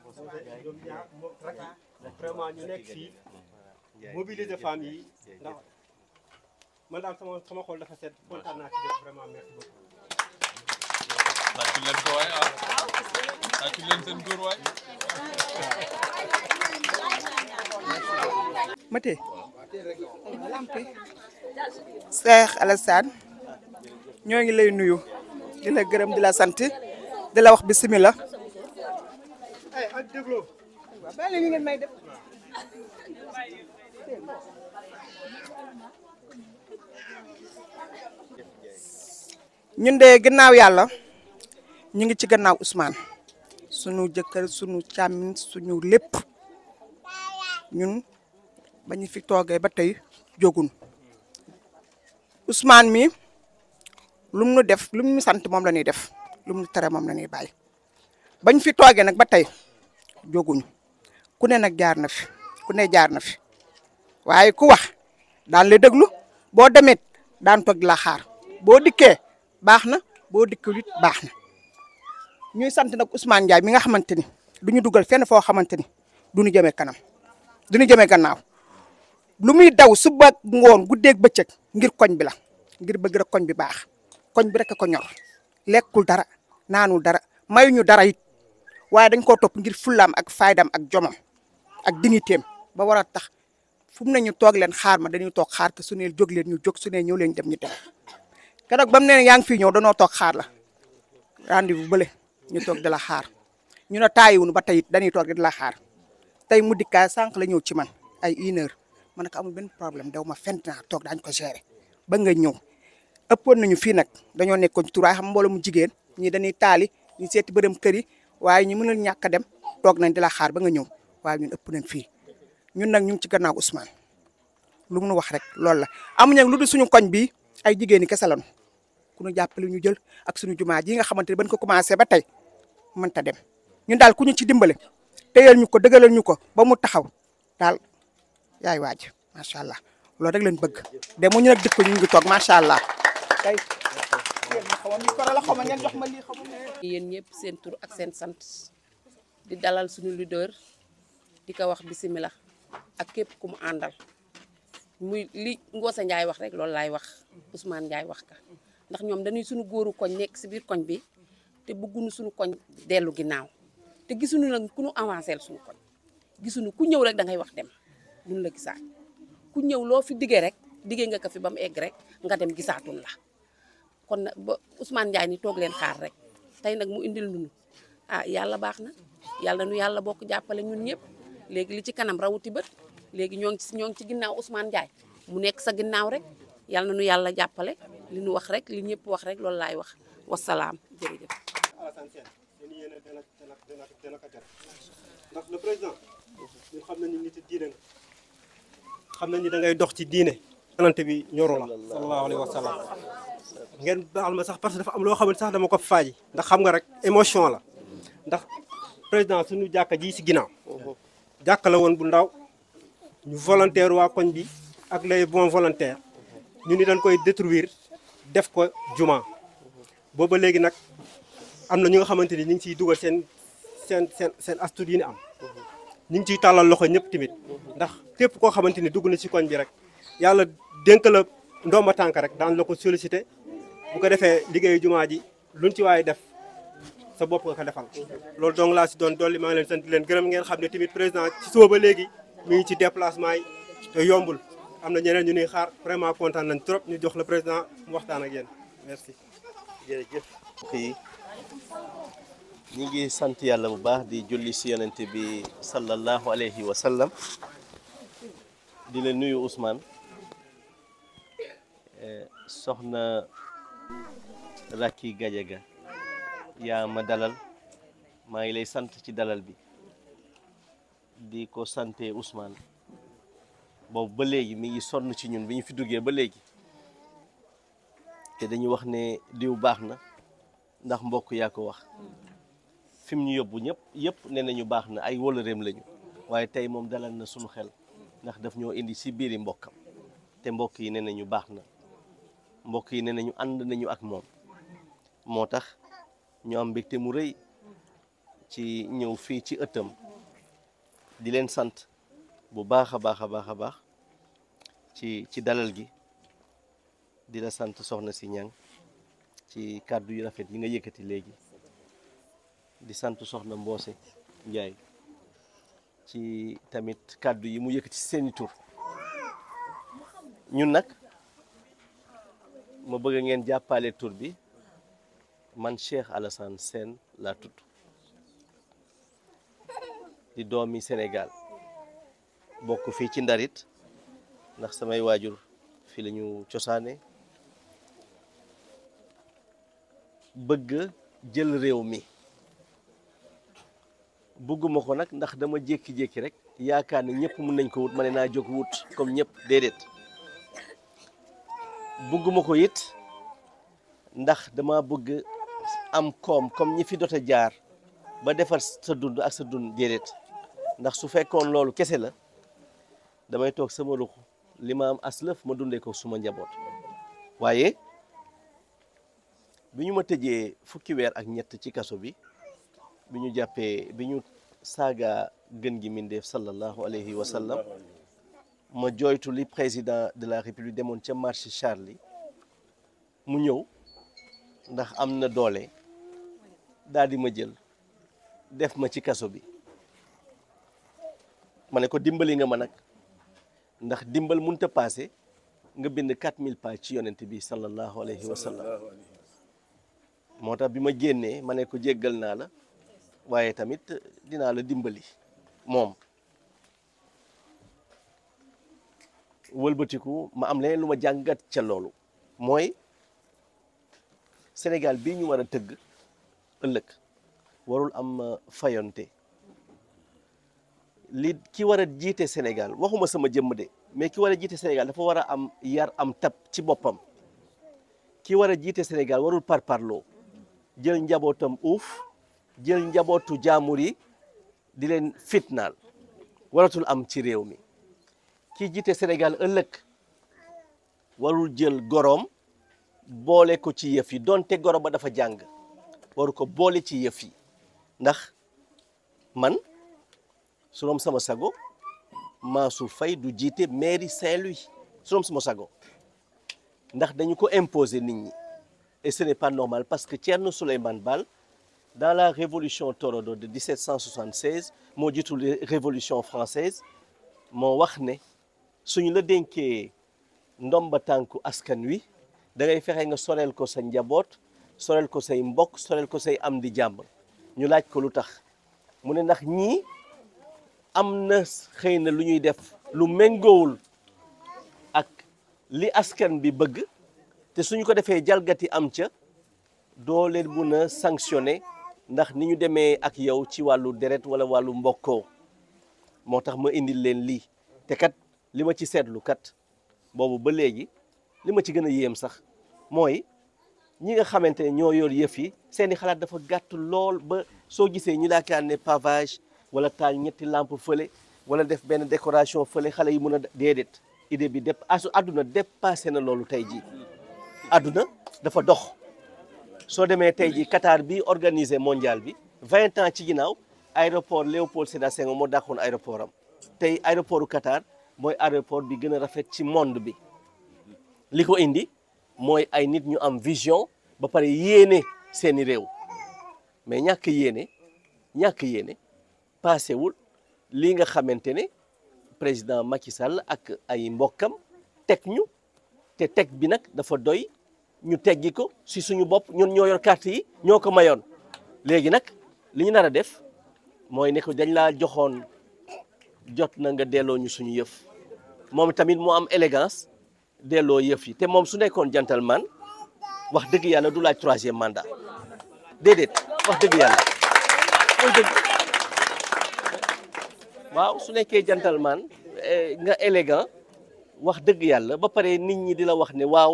Mbose ñoom ñaar moo rak yi vraiment ñu nekk fii mobiliser femmes yi ndax man daal sama sama xol dafa set kontaan naa ci def vraiment merci beaucoup tàccu ah. Mate Cheikh Alassane ñoo ngi lay nuyu dina la gërëm di la sant di la wax ñun de ginnaaw yàlla. ñu ngi ci gannaaw Ousmane sunu jëkkër sunu càmmiñ suñu lépp ñun ba fi toogee ba tey jógun Ousmane mi lum nu def lum nu sant moom la ñuy def lum nu tere moom la ñuy bàyyi bañ fi toogee nag ba tey jóguñu ku ne nag jaar na fi ku ne jaar na fi waaye ku wax daan lay déglu boo demit daan toog laxaar boo dikkee baax na boo dikkul baax na ñuy sant nag Ousmane Ndiaye mi nga xamante ni du ñu dugal fenn foo xamante ni du ñu jëmee kanam du ñu jëmee gannaaw lu muy daw suba ngoon guddeeg bëccëg ngir koñ bi la ngir bëgg rek koñ bi baax koñ bi rek ko ñor lekkul dara naanul dara mayuñu dara it waaye dañ koo topp ngir fullaam ak faydam ak jomam ak dignitéem ba war a tax fu mu ne ñu toog leen xaar ma dañuy toog xaar te jóg leen ñu jóg ñëw leen dem ñu dem keroog ba ne yaa ngi fii ñëw danoo toog xaar la rendez bële. ñu toog di la xaar ñu ne taayiwunu ba tey it dañuy toog di la xaar tey mu dikkaay sànq la ñëw ci man ay une ma ne ko amul benn problème daw ma fent toog daañu ko gérer ba nga ñëw. ëppoon nañu fii nag dañoo nekkoon ci tur waaye mu jigéen ñii dañuy taali ñu seeti bërëm kër yi waaye ñu mënul ñàkk dem toog nañ di xaar ba nga ñëw waaye ñun ëpp nañ fii ñun nag ñu ngi ci gannaaw Ousmane lu mu nu wax rek loolu la amuñu lu dul suñu koñ bi ay jigéen ñi kese lañu ku ñu jàppale ñu jël ak suñu jumaa ji nga xamante ne bañ ko commencé ba tey manta dem ñun daal ku ñu ci dimbale téyal ñu ko dëggalal ñu ko ba mu taxaw daal yaay waaj macha allah loolu rek lañ bëgg demuñu nag dëkk ñu ngi toog macha allah. tey yéen ñëpp seen tur ak seen sant di dalal suñu leader di ko wax bisimilah ak képp ku mu àndal muy li Ngosa Ndiaye wax rek loolu laay wax Ousmane Ndiaye wax ka ndax ñoom dañuy suñu góoru koñ nekk si biir koñ bi te bëgguñu suñu koñ dellu ginnaaw te gisuñu nag ku ñu avancé suñu koñ gisuñu ku ñëw rek da ngay wax dem duñu la gisaat ku ñëw loo fi diggee rek diggee nga ko fi ba mu egg rek nga dem gisaatun la kon nag ba usmaan Ndiaye ni toog leen xaar rek tey nag mu indil lu ah yàlla baax na yàlla nu yàlla bokk jàppale ñun ñëpp léegi li ci kanam rawuti bët léegi ñoo ngi ci ñoo ngi ci ginnaaw Ousmane Ndiaye mu nekk sa ginnaaw rek yàlla na nu yàlla jàppale li nu wax rek li ñëpp wax rek loolu laay wax wasalaam jërëjëf. Alassane Sène xam nañu nañu da ngay dox ci diine. yonante bi ñoru la sallallahu alayhi ma sax parce que dafa am loo xam ne sax dama ko faaji ndax xam nga rek émotion la ndax président suñu jàkka ji si ginaaw jàkka la woon bu ndaw ñu volontaire waa koñ bi ak les bons volontaires ñu nii dañ koy détruire def ko juma booba léegi nag am na ñu nga xamante ni ñu ngi ciy dugal seen seen seen seen astuce yi ni am ñu ngi ciy tàllal loxo ñëpp tamit ndax képp koo xamante ni dugg na si koñ bi rek yàlla dénk la ndomba tànk rek daan la ko sollicité bu ko defee liggéey jumaa ji luñ ci waaye def sa bopp nga ko defal loolu donc laa si doon dolli maa ngi leen sant leen gërëm ngeen xam ne tamit président ci suba ba léegi mi ngi ci déplacement yi yombul am na ñeneen ñu nuy xaar vraiment kontaan nañ trop ñu jox la président mu waxtaan ak yéen merci. jërëjëf mbokk yi ngi sant yàlla bu baax di julli si yonent bi sallallahu alayhi wa sallam di la nuyu Ousmane eh, soxna Racky Gadiaga yaa ma dalal maa ngi lay sant ci dalal bi di ko sante Ousmane. boobu ba léegi mi ngi sonn ci ñun bi ñu fi duggee ba léegi te dañu wax ne diw baax na ndax mbokk yaa ko wax fi ñu yóbbu ñëpp yëpp nee nañu baax na ay wóllëreem lañu waaye tey moom dalal na sunu xel ndax daf ñoo indi si biiri mbokkam te mbokk yi ne nañu baax na mbokk yi ne nañu ànd nañu ak moom moo tax ñu am mbégte mu rëy ci ñëw fii ci ëttam di leen sant bu baax a baax a baax a baax ci ci dalal gi di la sant soxna si ñang ci kàddu yu rafet yi nga yëkkati léegi di sant soxna mboose njaay ci tamit kàddu yi mu yëkkati seeni tur ñun nag ma bëgg ngeen jàppale tur bi man Cheikh Alassane Sène laa tudd di doomi Sénégal bokk fii ci ndarit ndax samay waajur fii lañu cosaane bëgg jël réew mi bëgguma ko nag ndax dama jékki-jékki rek yaakaar ne ñëpp mën nañ ko wut ma ne naa jóg wut kom ñëpp déedéet bugguma ko it ndax dama bëgg am koom kom ñi fi dote jaar ba defar sa dund ak sa dund déedéet ndax su fekkoon loolu kese la damay toog sama ruq li ma am aslëf ma dundee ko suma njaboot waaye bi ñu ma tëjee fukki weer ak ñett ci kaso bi bi ñu jàppee bi ñu saaga gën gi mindeef sallallahu alayhi wa ma jooytu li président de la république demoon ca marché Charlie mu ñëw ndax am na doole daal di ma jël def ma ci kaso bi ma ne ko dimbali nga ma nag ndax dimbal munta paase nga bind mille pages ci yonent bi sallallahu alayhi wa sallam moo tax bi ma génnee ma ne ko jéggal naa la waaye tamit dinaa la dimbali moom wëlbatiku ma am leneen lu ma jàngat ca loolu mooy Sénégal bii ñu war a tëgg ëllëg warul am fayonte lii ki war a jiite Sénégal waxuma sama jëmm de mais ki war a jiite Sénégal dafa war a am yar am tab ci boppam ki war a jiite Sénégal warul parparloo jël njabootam uuf jël njabootu jaamur yi di leen fitnaal waratul am ci réew mi ki jiite Sénégal ëllëg warul jël goroom boole ko ci yëf yi donte goro ba dafa jàng waru ko boole ci yëf yi ndax man suroom sama sago Mansour fay du jiite mairie Saint-Louis suroom sama sago ndax dañu ko imposer nit ñi et ce n'est pas normal parce que Thierno Souleymane Baal dans la révolution Torodo de 1776 moo jiitu révolution française moo wax ne suñu la dénkee ndomba tànku askan wi dangay ngay fexe nga soreel ko sa njaboot soreel ko say mbokk soreel ko say am di jàmm ñu laaj ko lu tax mu ne ndax ñii am na xëy na lu ñuy def lu méngoowul ak li askan bi bëgg te suñu ko defee jalgati am ca doo leen mun a sanctionné ndax ni ñu demee ak yow ci wàllu deret wala wàllu mbokkoo moo tax ma indil leen lii te kat li ma ci seetlu kat boobu ba léegi li ma ci gën a yéem sax mooy ñi nga xamante ne ñoo yor yëf yi seeni xalaat dafa gàtt lool ba soo gisee ñu laakaan ne pavage wala taal ñetti lampe fële wala def benn décoration fële xale yi mën a déedéet idée bi dép asu àdduna dépassé na loolu tey jii àdduna dafa dox soo demee tey jii Qatar bi organisé mondial bi vingt ans ci ginnaaw aéroport Léopold Sédar Senghor moo dàqoon aéroport am tey aéroportu Qatar mooy aéroport bi gën a rafet ci monde bi li ko indi mooy ay nit ñu am vision ba pare yéene seeni réew mais ñàkk yéene ñàkk yéene paasewul lii nga xamante ne président Macky Sall ak ay mbokkam teg ñu te teg bi nag dafa doy ñu teggi ko si suñu bopp ñun ñoo yor carte yi ñoo ko mayoon léegi nag li ñu nar a def mooy ne dañ laa joxoon jot na nga delloo ñu suñu yëf moom tamit mu am élégance delloo yëf yi te moom su nekkoon gentleman wax dëgg yàlla du laaj troisième mandat déedéet wax dëgg yàlla waaw su nekkee gentleman eh, nga élégant wax dëgg yàlla ba pare nit ñi di la wax ne waaw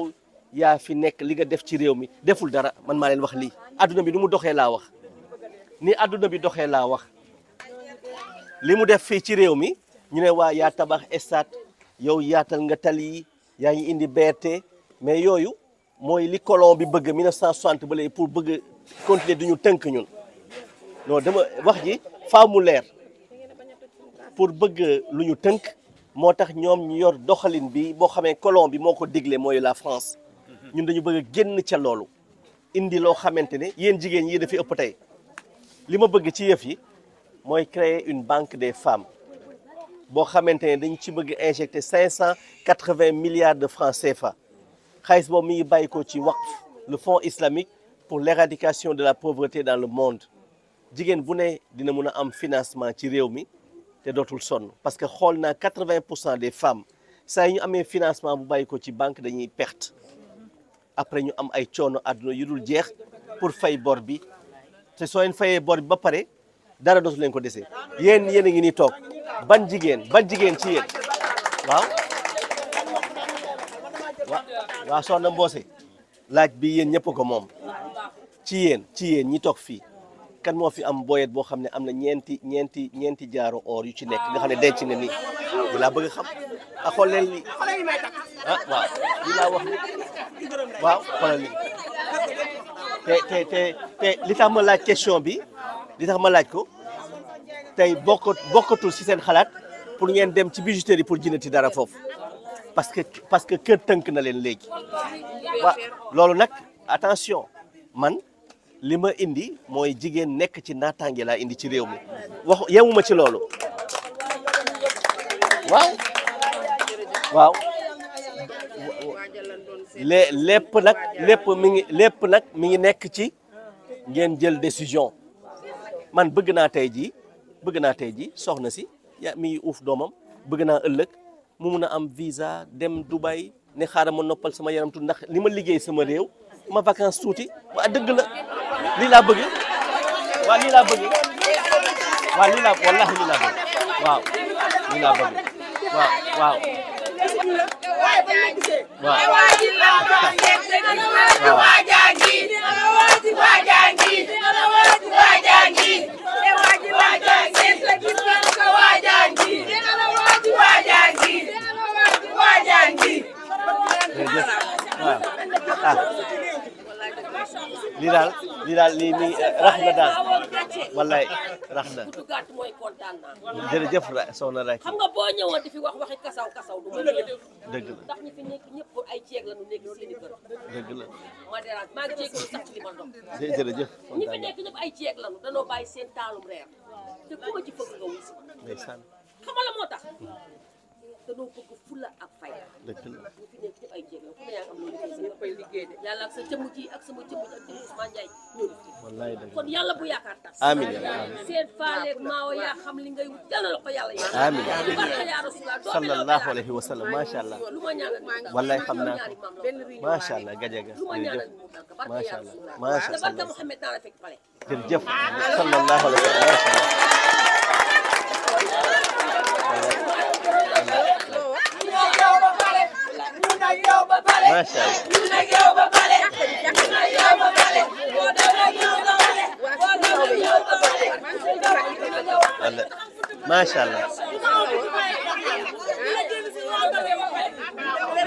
yaa fi nekk li nga def ci réew mi deful dara man maa leen wax lii adduna bi ni mu doxee laa wax ni adduna bi doxee laa wax li mu def fii ci réew mi ñu ne waa yaa tabax estat yow yaatal nga tali yaa ngi indi berte mais yooyu mooy li colon bi bëgg 1960 ba léegi pour bëgg continuer du ñu tënk ñun non dama wax ji faamu leer pour bëgg lu ñu tënk moo tax ñoom ñu yor doxalin bi boo xamee colon bi moo ko digle mooy la France ñun dañu bëgg a génn ca loolu indi loo xamante ne yéen jigéen yi dafi ëpp tey li ma bëgg ci yëf yi mooy créer une banque des femmes boo xamante ne dañu ci bëgg injecté cinq cent quatre-vingts milliards de francs fa xaalis boobu mi bàyyi ko ci wax le fonds islamique pour l'éradication de la pauvreté dans le monde jigéen bu ne dina mun a am financement ci réew mi te dootul sonn parce que xool naa quatre-vingt pour cent des femmes saa yi ñu amee financement bu bàyyi ko ci banque dañuy perte après ñu am ay coono àdduna yu dul jeex pour fay bor bi te soo leen fayee bor bi ba pare dara dootu leen ko desee yéen yéen a ngi ni toog ban jigéen ban jigéen ci yéen waaw waaw soxna Mboose laaj bi yéen ñëpp ko moom ci yéen ci yéen ñi toog fii kan moo fi am boyet boo xam ne am na ñeenti ñeenti ñeenti jaaro or yu ci nekk nga xam ne denc na nii di laa bëgg xam a ah, xool leen li ah, waaw di laa te te te li tax ma laaj question bi li tax ma laaj ko tey bokk bokkatul ci seen xalaat pour ngeen dem ci bijouterie pour jëndati dara foofu parce que parce que kër tënk na leen léegi waaw loolu nag attention man li ma indi mooy jigéen nekk ci naataange laa indi ci réew mi wax yemuma ci loolu waaw waaw lée lépp nag lépp mi ngi lépp nag mi ngi nekk ci ngeen jël décision man bëgg naa tey ji bëgg naa tey jii soxna si ya mi uuf doomam bëgg naa ëllëg mu mun a am visa dem Dubai ne xaaral ma noppal sama yaram tuuti ndax li ma liggéey sama réew ma vacances tuuti waa dëgg la lii laa bëgg waaw lii laa bëgg waaw lii laa wallaahi lii laa bëgg waaw lii laa bëgg waaw waaw. waaw waaw. wallaay rax na bu gàtt mooy kontaan naa. jërëjëf soxna Racky. nga boo ñëwoon di fi wax waxi kasaw kasaw du ma dëgg la ndax ñi fi nekk ñëpp ay ceeb la ñu nekk seen i kër. reer te ku ma ci fëgg nga wuyu si. la moo tax. danoo bëgg fulla ak fay. dëgg la ñu fi nekk ñëpp ay jéego ku ne yaa ngi am loolu liggéey ñu koy liggéey de. yàlla ak sa cëmm ji ak sama cëmm ji ak cëmm Ousmane Ndiaye ñooñu. wallaay dëgg kon yàlla bu yaakaar tas. amiin amiin seen faaleeg maawa yaa xam li ngay wut yàlla la ko yàlla yàlla. amiin amiin barka yaa rasulallah. sallallahu alayhi wa sallam macha allah. lu ma ñaanal maa ngi wallaay xam naa ko macha allah gajaga jërëjëf macha allah macha allah. barka Mouhamed naa la fekk pale. jërëjëf sallallahu alayhi wa sallam yow ba allah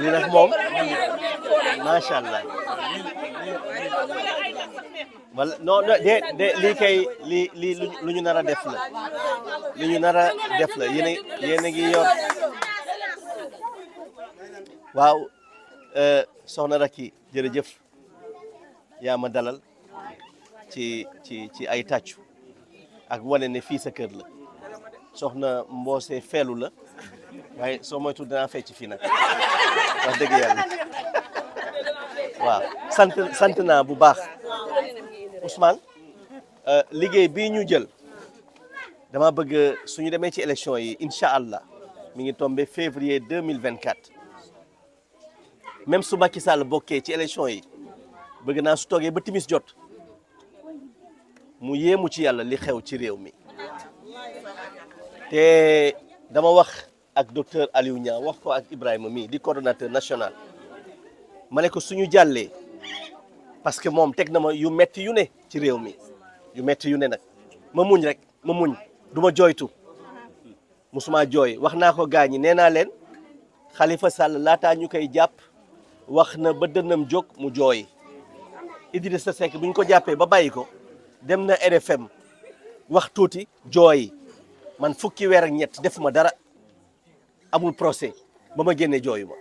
ñu nag moom macha allah. wala non li de de lii lu ñu nar a def la lu ñu nar a def la yéen a ngi yor waaw Eh, soxna Racky jërëjëf yaa dalal ci ci ci ay tàccu ak wane ne fii sa kër la soxna Mboose feelu la waaye soo moytu danaa fecc fii nag wax dëgg yàlla waaw sant sant naa bu baax Ousmane eh, liggéey bii ñu jël dama bëgg suñu demee ci élection yi incha allah mi ngi tombé février 2024 même su Macky Sall bokkee ci élection yi bëgg naa su toogee ba timis jot mu yéemu ci yàlla li xew ci réew mi te dama wax ak docteur Aliou Niang wax ko ak Ibrahima mii di coordonnateur national ma ne ko suñu jàllee parce que moom teg na ma yu metti yu ne ci réew mi yu metti yu ne nag ma muñ rek ma muñ du ma jooytu musuma jooy wax naa ko gaañ ñi nee naa leen Khalifa Sall laataa ñu koy jàpp wax na ba dënnam jóg mu jooy Idrissa Seck bu ñu ko jàppee ba bàyyi ko dem na RFM wax tuuti jooy man fukki weer ak ñett defuma dara amul procès ba ma génne jooyu ma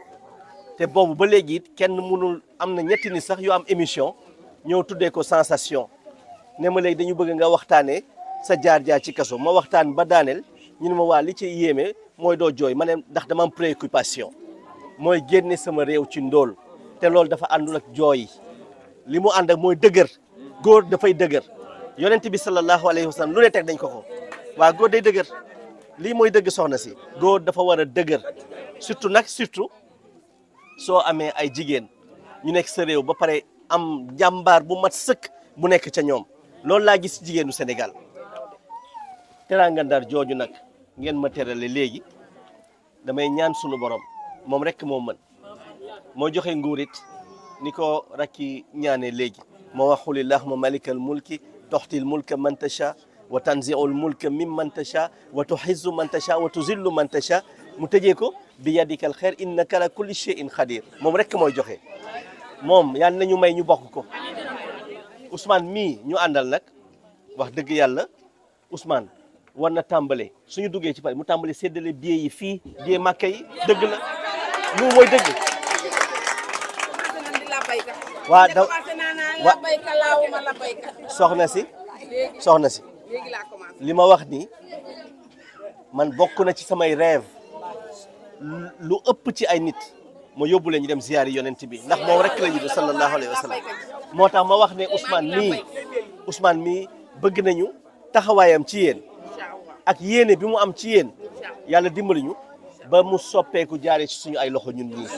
te boobu ba léegi it kenn mënul am na ñetti ni sax yu am émission ñoo tuddee ko sensation ne ma léegi dañu bëgg nga waxtaanee sa jaar-jaar ci kaso ma waxtaan ba daaneel ñu ne ma waa li ci yéeme mooy doo jooy ma ne ndax dama am préoccupation mooy génne sama réew ci ndóol te loolu dafa àndul ak jooy li mu ànd ak mooy dëgër góor dafay dëgër yonent bi sallallahu alayhi wa sallam lu ne teg dañ ko ko waa góor day dëgër lii mooy dëgg soxna si góor dafa war a dëgër surtout nag surtout soo amee ay jigéen ñu nekk sa réew ba pare am jàmbaar bu mat sëkk bu nekk ca ñoom loolu laa gis jigéenu senegal Sénégal teraanga Ndar jooju nag ngeen ma terale léegi damay ñaan sunu borom moom rek moom mën moo joxe nguurit ni ko rakki ñaane léegi moo wax qul allahuma malika al mulki tuxti al mulka man tacha wa tanziu al mulka min man tacha wa tuxizu man tacha mu tëjee ko bi yadika al xeer innaka la kulli cheyin xadir moom rekk mooy joxe moom yal nañu may ñu bokk ko Ousmane mii ñu àndal nag wax dëgg yàlla Ousmane war na tàmbale suñu duggee ci pare mu tàmbale séddale billet yi fii billet Makka yi dëgg la loolu mooy dëgg. soxna si soxna si li ma wax nii man bokk na ci samay rêve lu ëpp ci ay nit ma yóbbu leen ñu dem ziyaari yonent bi ndax moom rek la ñu doon sallallahu wa sallam moo tax ma wax ne Ousmane mi Ousmane mi bëgg nañu taxawaayam ci yeen ak yéene bi mu am ci yéen yàlla dimbaliñu ba mu soppeeku jaare ci suñu ay loxo ñun ñii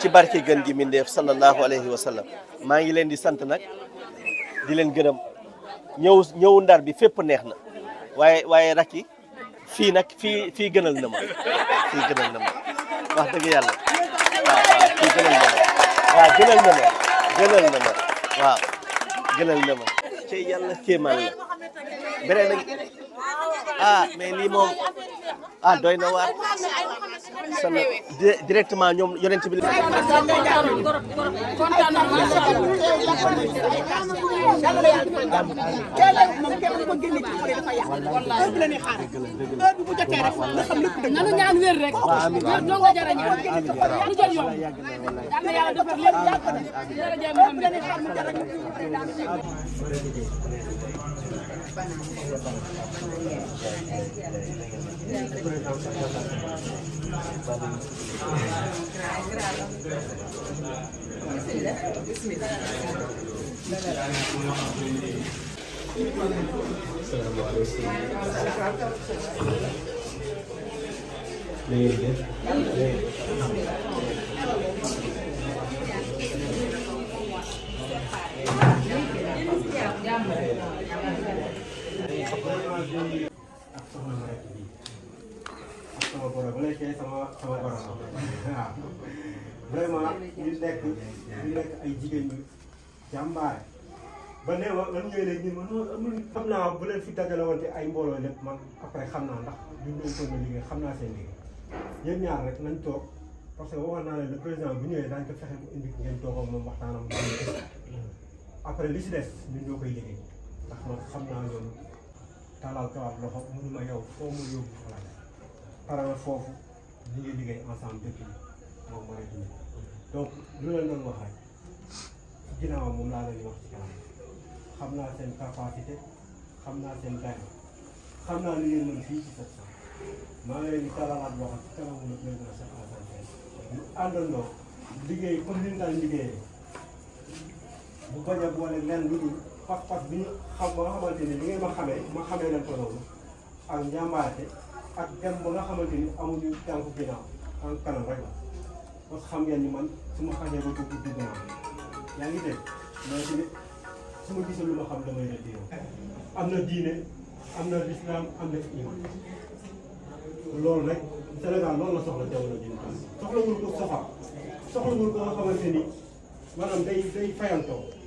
ci barke gën gi mindeef sallallahu alayhi wa maa ngi leen di sant nag di leen gërëm ñëw ñëw ndar bi fépp neex na waaye waaye rakki fii nag fii fii gënal na ma fii wax dëgg yàlla waaw waaw fii gënal na ma waaw gënal na ci yàlla kéemaan la beneen nag ah mais lii moom ah doy waar sallam directement ñoom yonent bi la salaamaaleykum. ak soxna ma rek bi ak sama goro ba lay sama sama goro la waaw vraiment ñu nekk ñu nekk ay jigéen ba nee nii ma non xam naa bu leen fi dajale woon te ay mbooloo lépp man après xam naa ndax ñun ñoo toog na liggéey xam naa seen liggéey yéen ñaar rek nañ toog parce que waxoon naa leen le président bu ñëwee daañu ko fexe bu indi ngeen toogoo moom waxtaanam après li si des ñun ñoo koy liggéey ndax man xam naa loolu talal kawaat loxo mu ni ma yow foo mu yóbbu fa la pare foofu li ngay liggéey ensemble depuis moom ma nekk nii donc lu leen doon wax rek ginnaaw moom laa leen wax ci kanam xam naa seen capacité xam naa seen taille xam naa li ngeen mën fii ci maa leen di talalaat ci kanamu le président Cheikh Alassane Sène ñu liggéey comme ni ñu daan liggéeyee bu bañ a boole lenn lu dul pas-pas bi ñu xam ba nga xamante ni bi ngeen ma xamee ma xamee leen ko noonu ak njàmbaarte ak dem ba nga xamante ni amuñu tànku ginnaaw en kanam rek la parce xam ngeen ni man su ma xasee ba tuuti dugg naa yaa ngi dégg mais tamit su ma gisee lu ma xam damay leen di am na diine am na lislaam am na iman loolu rek Sénégal loolu la soxla jamono ji soxla wul ko soxal soxla wul ko nga xamante ni maanaam day day fayantoo.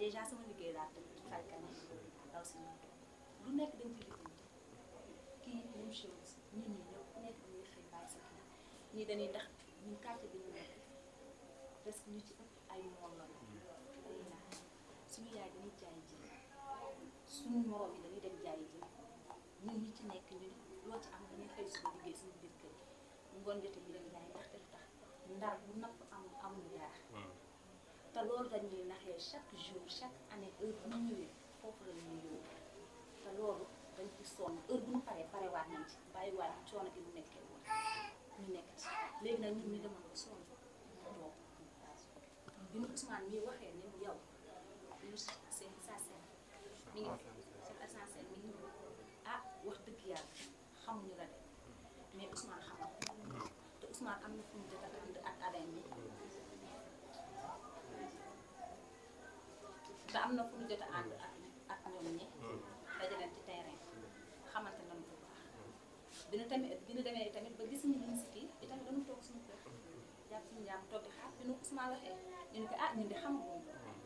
déjà sama liggéey laa tëdd xaykan daw si ñoom lu nekk dañ ci lijjanti dañuy xëy bàyyi sa kii ñii dañuy ndax ñun quartier bi ñu nekk presque ñu ci ëpp ay moom la ay naa suñu yaay dañuy suñu morom yi dañuy dem jaay ji ñun ñi ci nekk ñun loo ci am dañuy xëy suñu liggéey suñu biir kër ngoon jotee ñu dem jaay ndaxte lu tax ndar bu napp amul te loolu dañuy naxee chaque jour chaque année heure bu ñu ñëwee foofu la ñuy yóbbu te loolu dañ ci sonn heure bu ñu paree parewaat nañ ci bàyyiwaat mu nekkee woon ñu nekk ci léegi nag ñun ñu demoon ba sonn toog bi ñu Ousmane mii waxee ni yow ñu seen essentiel mi ngi seen essentiel mi ngi ah wax dëgg yàlla xamuñu la de mais Ousmane xamal te Ousmane am am na fu ñu jot a ànd ak ak ñi dajaleen ci terrain xamante nañu bu baax bi tamit dina ñu demee tamit ba gis ñu liñ si kii itamit dañu suñu kër jàpp suñu ñu Ousmane ko ah ñun di xam moom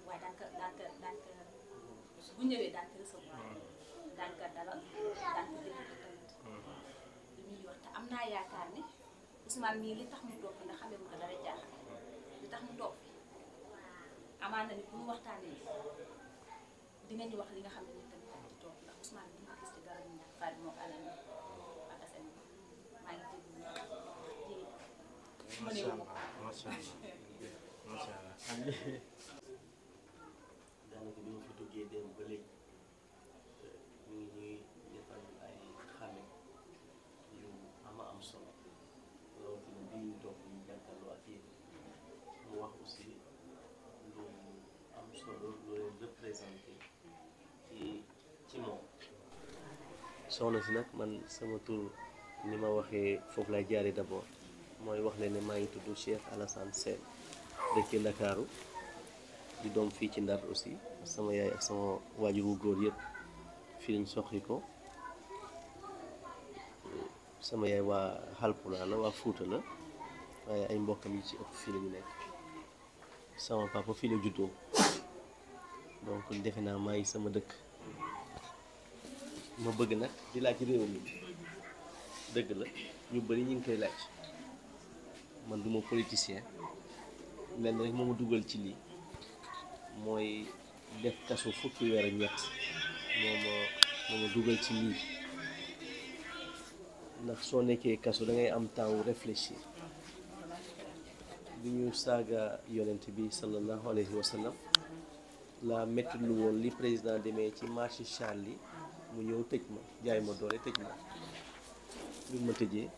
waaye daan ka daan ka daan daan ka recevoir daan tamit li muy wax te am naa yaakaar ne Ousmane mii li tax mu toog nga xamee mu ko dara jaaxal amaan na ni bu ñu waxtaanee dinañu wax li nga xam ne nii tamit dañu toog ndax Ousmane bi ñu gis ci dara ñu ñàkk Fatou moo alal ak Assane maa ngi déglu ñu wax jéeg. macha allah macha allah soxna si nag man sama tur ni ma waxee foofu lay jaare d'abord mooy wax leen ne maa ngi tudd Cheikh Alassane Sène dëkk Ndakaaru di doom fii ci Ndar aussi sama yaay sama waajur wu góor yëpp fii lañ soxi ko sama yaay waa Halpulaar la waa Fuuta la waaye ay mbokkam yi ci ëpp fii la nekk sama papa fii juddoo donc defe naa maa ngi sama dëkk ma bëgg nag di laaj réew mi dëgg la ñu bëri ñu ngi koy laaj man du ma politicien lenn rek moo ma dugal ci lii mooy def kaso fukki weer ak ñett moo ma dugal ci lii ndax soo nekkee kaso da ngay am temps wu réfléchir bi ñu saaga yonent bi sallallahu alayhi wa sallam la métti lu woon li président demee ci marché Charlie mu ñëw tëj ma jaay ma doore tëj ma bi ma tëjee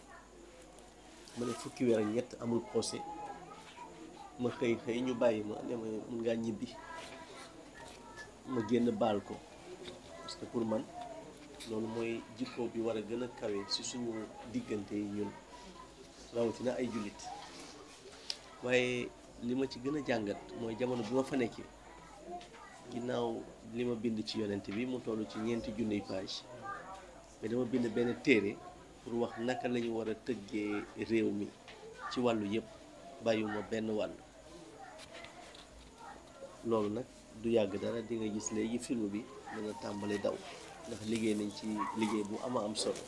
ma ne fukki weer ñett amul procès ma xëy xëy ñu bàyyi ma ne ma mun ngaa ñibbi ma génn baal ko parce que pour man loolu mooy jikko bi war a gën a kawe si suñu diggante yi ñun rawatina ay jullit waaye li ma ci gën a jàngat mooy jamono bi ma fa nekkee ginnaaw li ma bind ci yonent bi mu toll ci ñeenti junniy page bi dama bind benn téere pour wax naka la ñu war a tëggee réew mi ci wàllu yëpp bàyyiwuma benn wàll loolu nag du yàgg dara di nga gis léegi film bi dana tàmbali daw ndax liggéey nañ ci liggéey bu ama am solo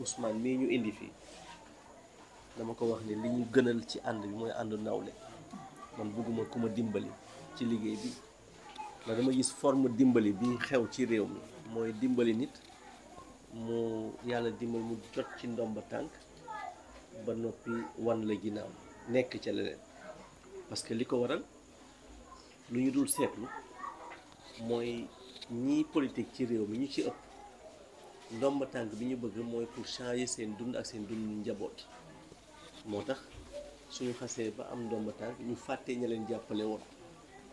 Ousmane mii ñu indi fii dama ko wax ni li ñu gënal ci ànd bi mooy àndu nawle man bëgguma ku ma dimbali ci liggéey bi la dama gis forme dimbali bi xew ci réew mi mooy dimbali nit mu yàlla dimbali mu jot ci ndomba tànk ba noppi wan la ginnaaw nekk ca leneen parce que li ko waral lu ñu dul seetlu mooy ñii politique ci réew mi ñu ci ëpp ndomba tànk bi ñu bëgg mooy pour changer seen dund ak seen dund njaboot moo tax suñu xasee ba am ndomba tànk ñu fàtte ña leen jàppale woon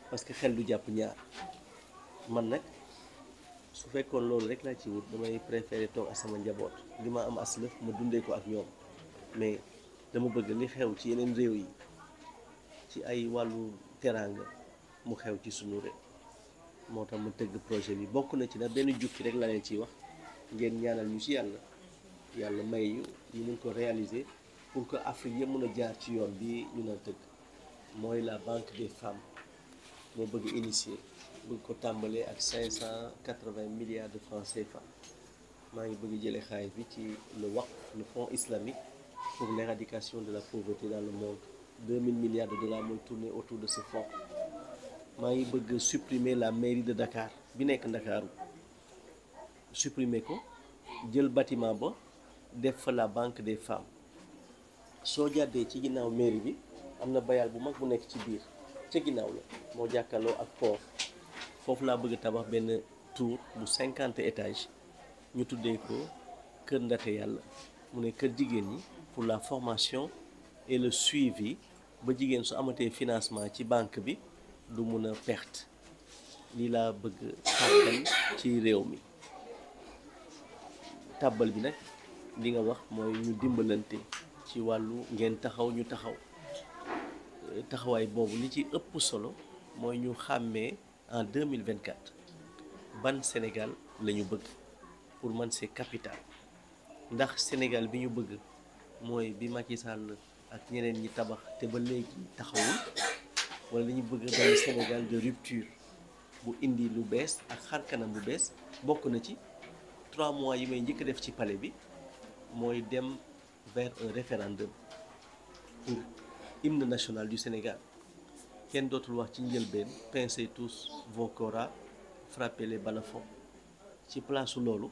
parce que xel du jàpp ñaar man nag su fekkoon loolu rek laa ci wut damay préféré toog ak sama njaboot li ma am aslëf ma dundee ko ak ñoom mais dama bëgg ni xew ci yeneen réew yi ci ay wàllu teraanga mu xew ci suñu réew moo tax ma tëgg projet bi bokk na ci nag benn jukki rek laa leen ciy wax ngeen ñaanal ñu ci yàlla yàlla may ñu ñu mun ko réaliser pour que Afrique yëpp mën a jaar ci yoon bi ñu na tëgg mooy la banque des femmes moo bëgg initier bëgg ko tàmbalee ak cinq cent quatre-vingts milliards de francs CFA maa ngi bëgg jëlee xaalis bi ci le wax le fonds islamique pour l'éradication de la pauvreté dans le monde deux mille milliards de dollars mooy tourner autour de ce fonds maa ngi bëgg supprimer la mairie de Dakar bi nekk Ndakaaru supprimer ko jël bâtiment ba def fa la banque des femmes soo jàddee ci ginnaaw mairie bi am na bayal bu mag bu nekk ci biir ca ginnaaw la moo jàkkaarloo ak port foofu laa bëgg tabax benn tour bu cinquante étages ñu tuddee ko kër Ndaté Yàlla mu ne kër jigéen ñi pour la formation et le suivi ba jigéen su amatee financement ci banque bi du mun a perte lii laa bëgg tàbbal ci réew mi tàbbal bi nag li nga wax mooy ñu dimbalante ci wàllu ngeen taxaw ñu taxaw taxawaay boobu li ci ëpp solo mooy ñu xàmmee en 2024 ban Sénégal lañu bëgg pour man c'est capital ndax Sénégal bi ñu bëgg mooy bi Macky Sall ak ñeneen ñi tabax te ba léegi taxawul wala dañu bëgg benn Sénégal de rupture bu indi lu bees ak xar kanam bu bees bokk na ci trois mois yi may njëkk def ci pale bi mooy dem vers un référendum pour hymne national du Sénégal kenn dootul wax ci njëlbeen pincez tous vos koras frappez les balafons ci place loolu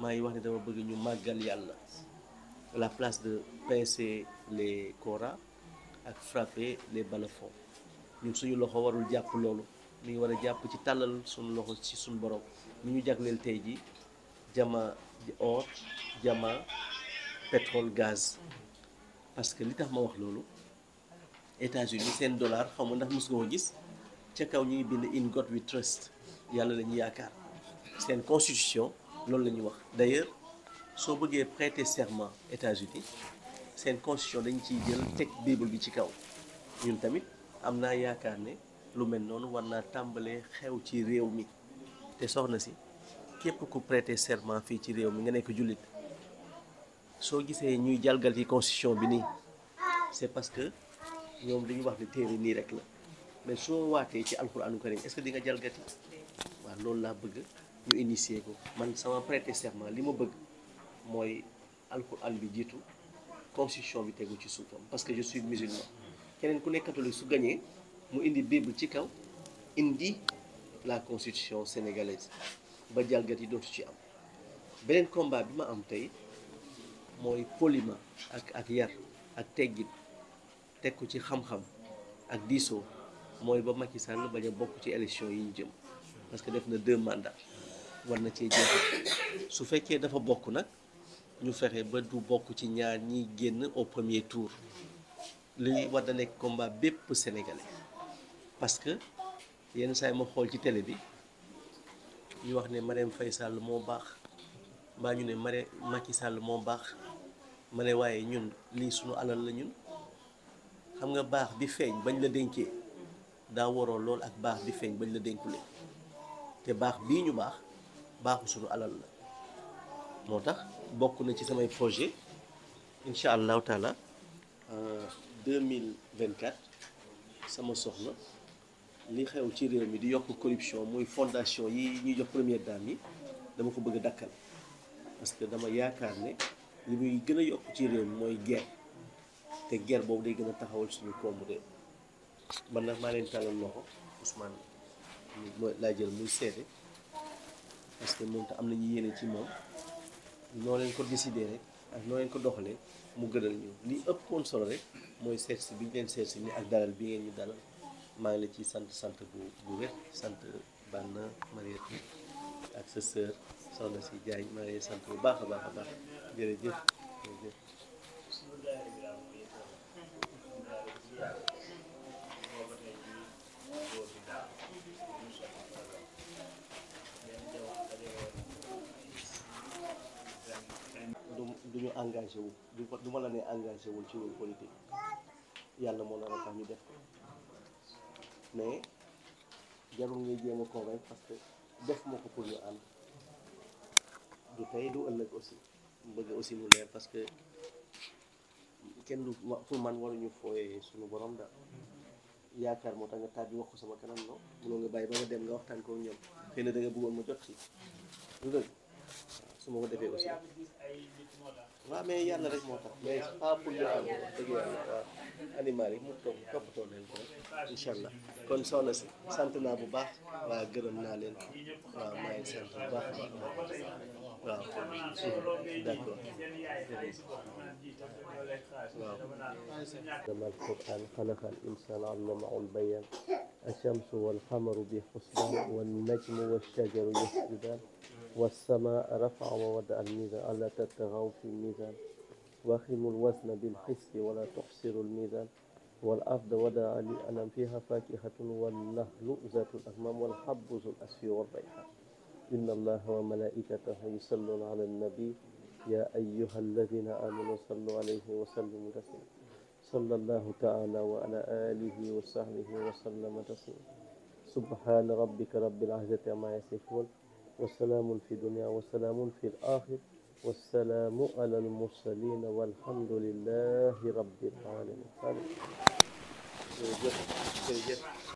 maa ngi wax ne dama bëgg ñu màggal yàlla la place de pincer les koras ak frapper les balafons ñun suñu loxo warul jàpp loolu mi ngi war a jàpp ci tàllal suñu loxo ci suñ borom mi ñu jagleel tey ji jama or jama pétrole gaz parce que li tax ma wax loolu États-Unis seen dollar xaw ma ndax mos nga gis ca kaw ñuy bind in God we trust yàlla lañu yaakaar seen constitution loolu la wax d'ailleurs soo bëggee prêter serment États-Unis seen constitution dañ ciy jël teg bible bi ci kaw ñun tamit am naa yaakaar ne lu mel noonu war naa tàmbalee xew ci réew mi te soxna si képp ku prêter serment fii ci réew mi nga nekk jullit soo gisee ñuy jalgati constitution bi nii c'est parce que ñoom ñu wax ne téere nii rek la mais soo waatee ci alxuraanu karim est que di nga jalgati waaw loolu laa bëgg ñu initier ko man sama prêter serment li ma bëgg mooy alxuraan bi jiitu constitution bi tegu ci suufam parce que je suis musulman keneen ku ne catholique su gañee mu indi bible ci kaw indi la constitution sénégalaise ba yi dootu ci am beneen combat bi ma am tey mooy poliment ak ak yar ak teggit teg ko ci xam-xam ak diisoo mooy ba Macky Sall bañ a bokk ci élection yi ñu jëm parce que def na deux mandats war na cee jeexal su fekkee dafa bokk nag ñu fexe ba du bokk ci ñaar ñiy génn au premier tour li war da nekk combat bépp sénégalais parce que yenn saay yi ma xool ci télé bi ñu wax ne Marème fay sàll moo baax mbaa ñu ne Marème Macky Sall moo baax. ma ne waaye ñun lii suñu alal la ñun xam nga baax bi feeñ bañ la dénkee daa waroo lool ak baax bi feeñ bañ la dénkulee te baax bii ñu baax baaxu suñu alal la moo tax bokk na ci samay projet incha allahu taala 2024 euh, sama soxna li xew ci réew mi di yokk corruption muy fondation yi ñuy jox première dame yi dama ko bëgg dakkal parce que dama yaakaar ne li muy gën a yokk ci réew mooy guerre te guerre boobu day gën a taxawal suñu koom de man nag maa leen tàllal loxo Ousmane laa jël muy seede parce que moom te am ñu yéene ci moom noo leen ko décider rek ak noo leen ko doxalee mu gënal ñu li ëpp koon solo rek mooy seet si bi ñu leen seet si ni ak dalal bi ngeen ñu dalal maa ngi la ci sant sant bu bu wér sant bànn Mariette ak sa sœur soxna si jaay maa ngi sant bu baax a baax a baax jërëjëf du duñu engagé wu du ma la ne engagé wul ci wàllu politique yàlla moo la tax ñu def ko mais jarul ngay jéem a parce que def ma ko pour ñu ànd du tey du ëllëg aussi bëgg aussi mu leer parce que kenn du pour man ñu fooyee suñu borom da yaakaar moo tax nga taat bi wax ko sama kanam non mënoo nga bàyyi ba nga dem nga waxtaan ko ñoom xëy na bëggoon ma jot ci su ma ko defee aussi waaw mais yàlla rek moo tax mais pas pour ñu am dëgg animal yi mu topp toppatoo leen ko incha allah kon soxna si sant naa bu baax waaw gërëm naa leen waaw maa sant bu baax waaw d'accord كما القرآن خلق الإنسان علمه البيان الشمس والقمر بحسبان والنجم والشجر يسجدان والسماء رفع ووضع الميزان ألا تطغوا في الميزان واقيموا الوزن بالقسط ولا تحصروا الميزان والأرض وضع لأنام فيها فاكهة والنخل ذات الأكمام والحب ذو الأسف والريحان إن الله وملائكته يصلون على النبي يا أيها الذين آمنوا صلوا عليه وسلموا تسليما صلى الله تعالى وعلى آله وصحبه وسلم تسليما سبحان ربك رب العزة عما يصفون وسلام في الدنيا وسلام في الآخر والسلام على المرسلين والحمد لله رب العالمين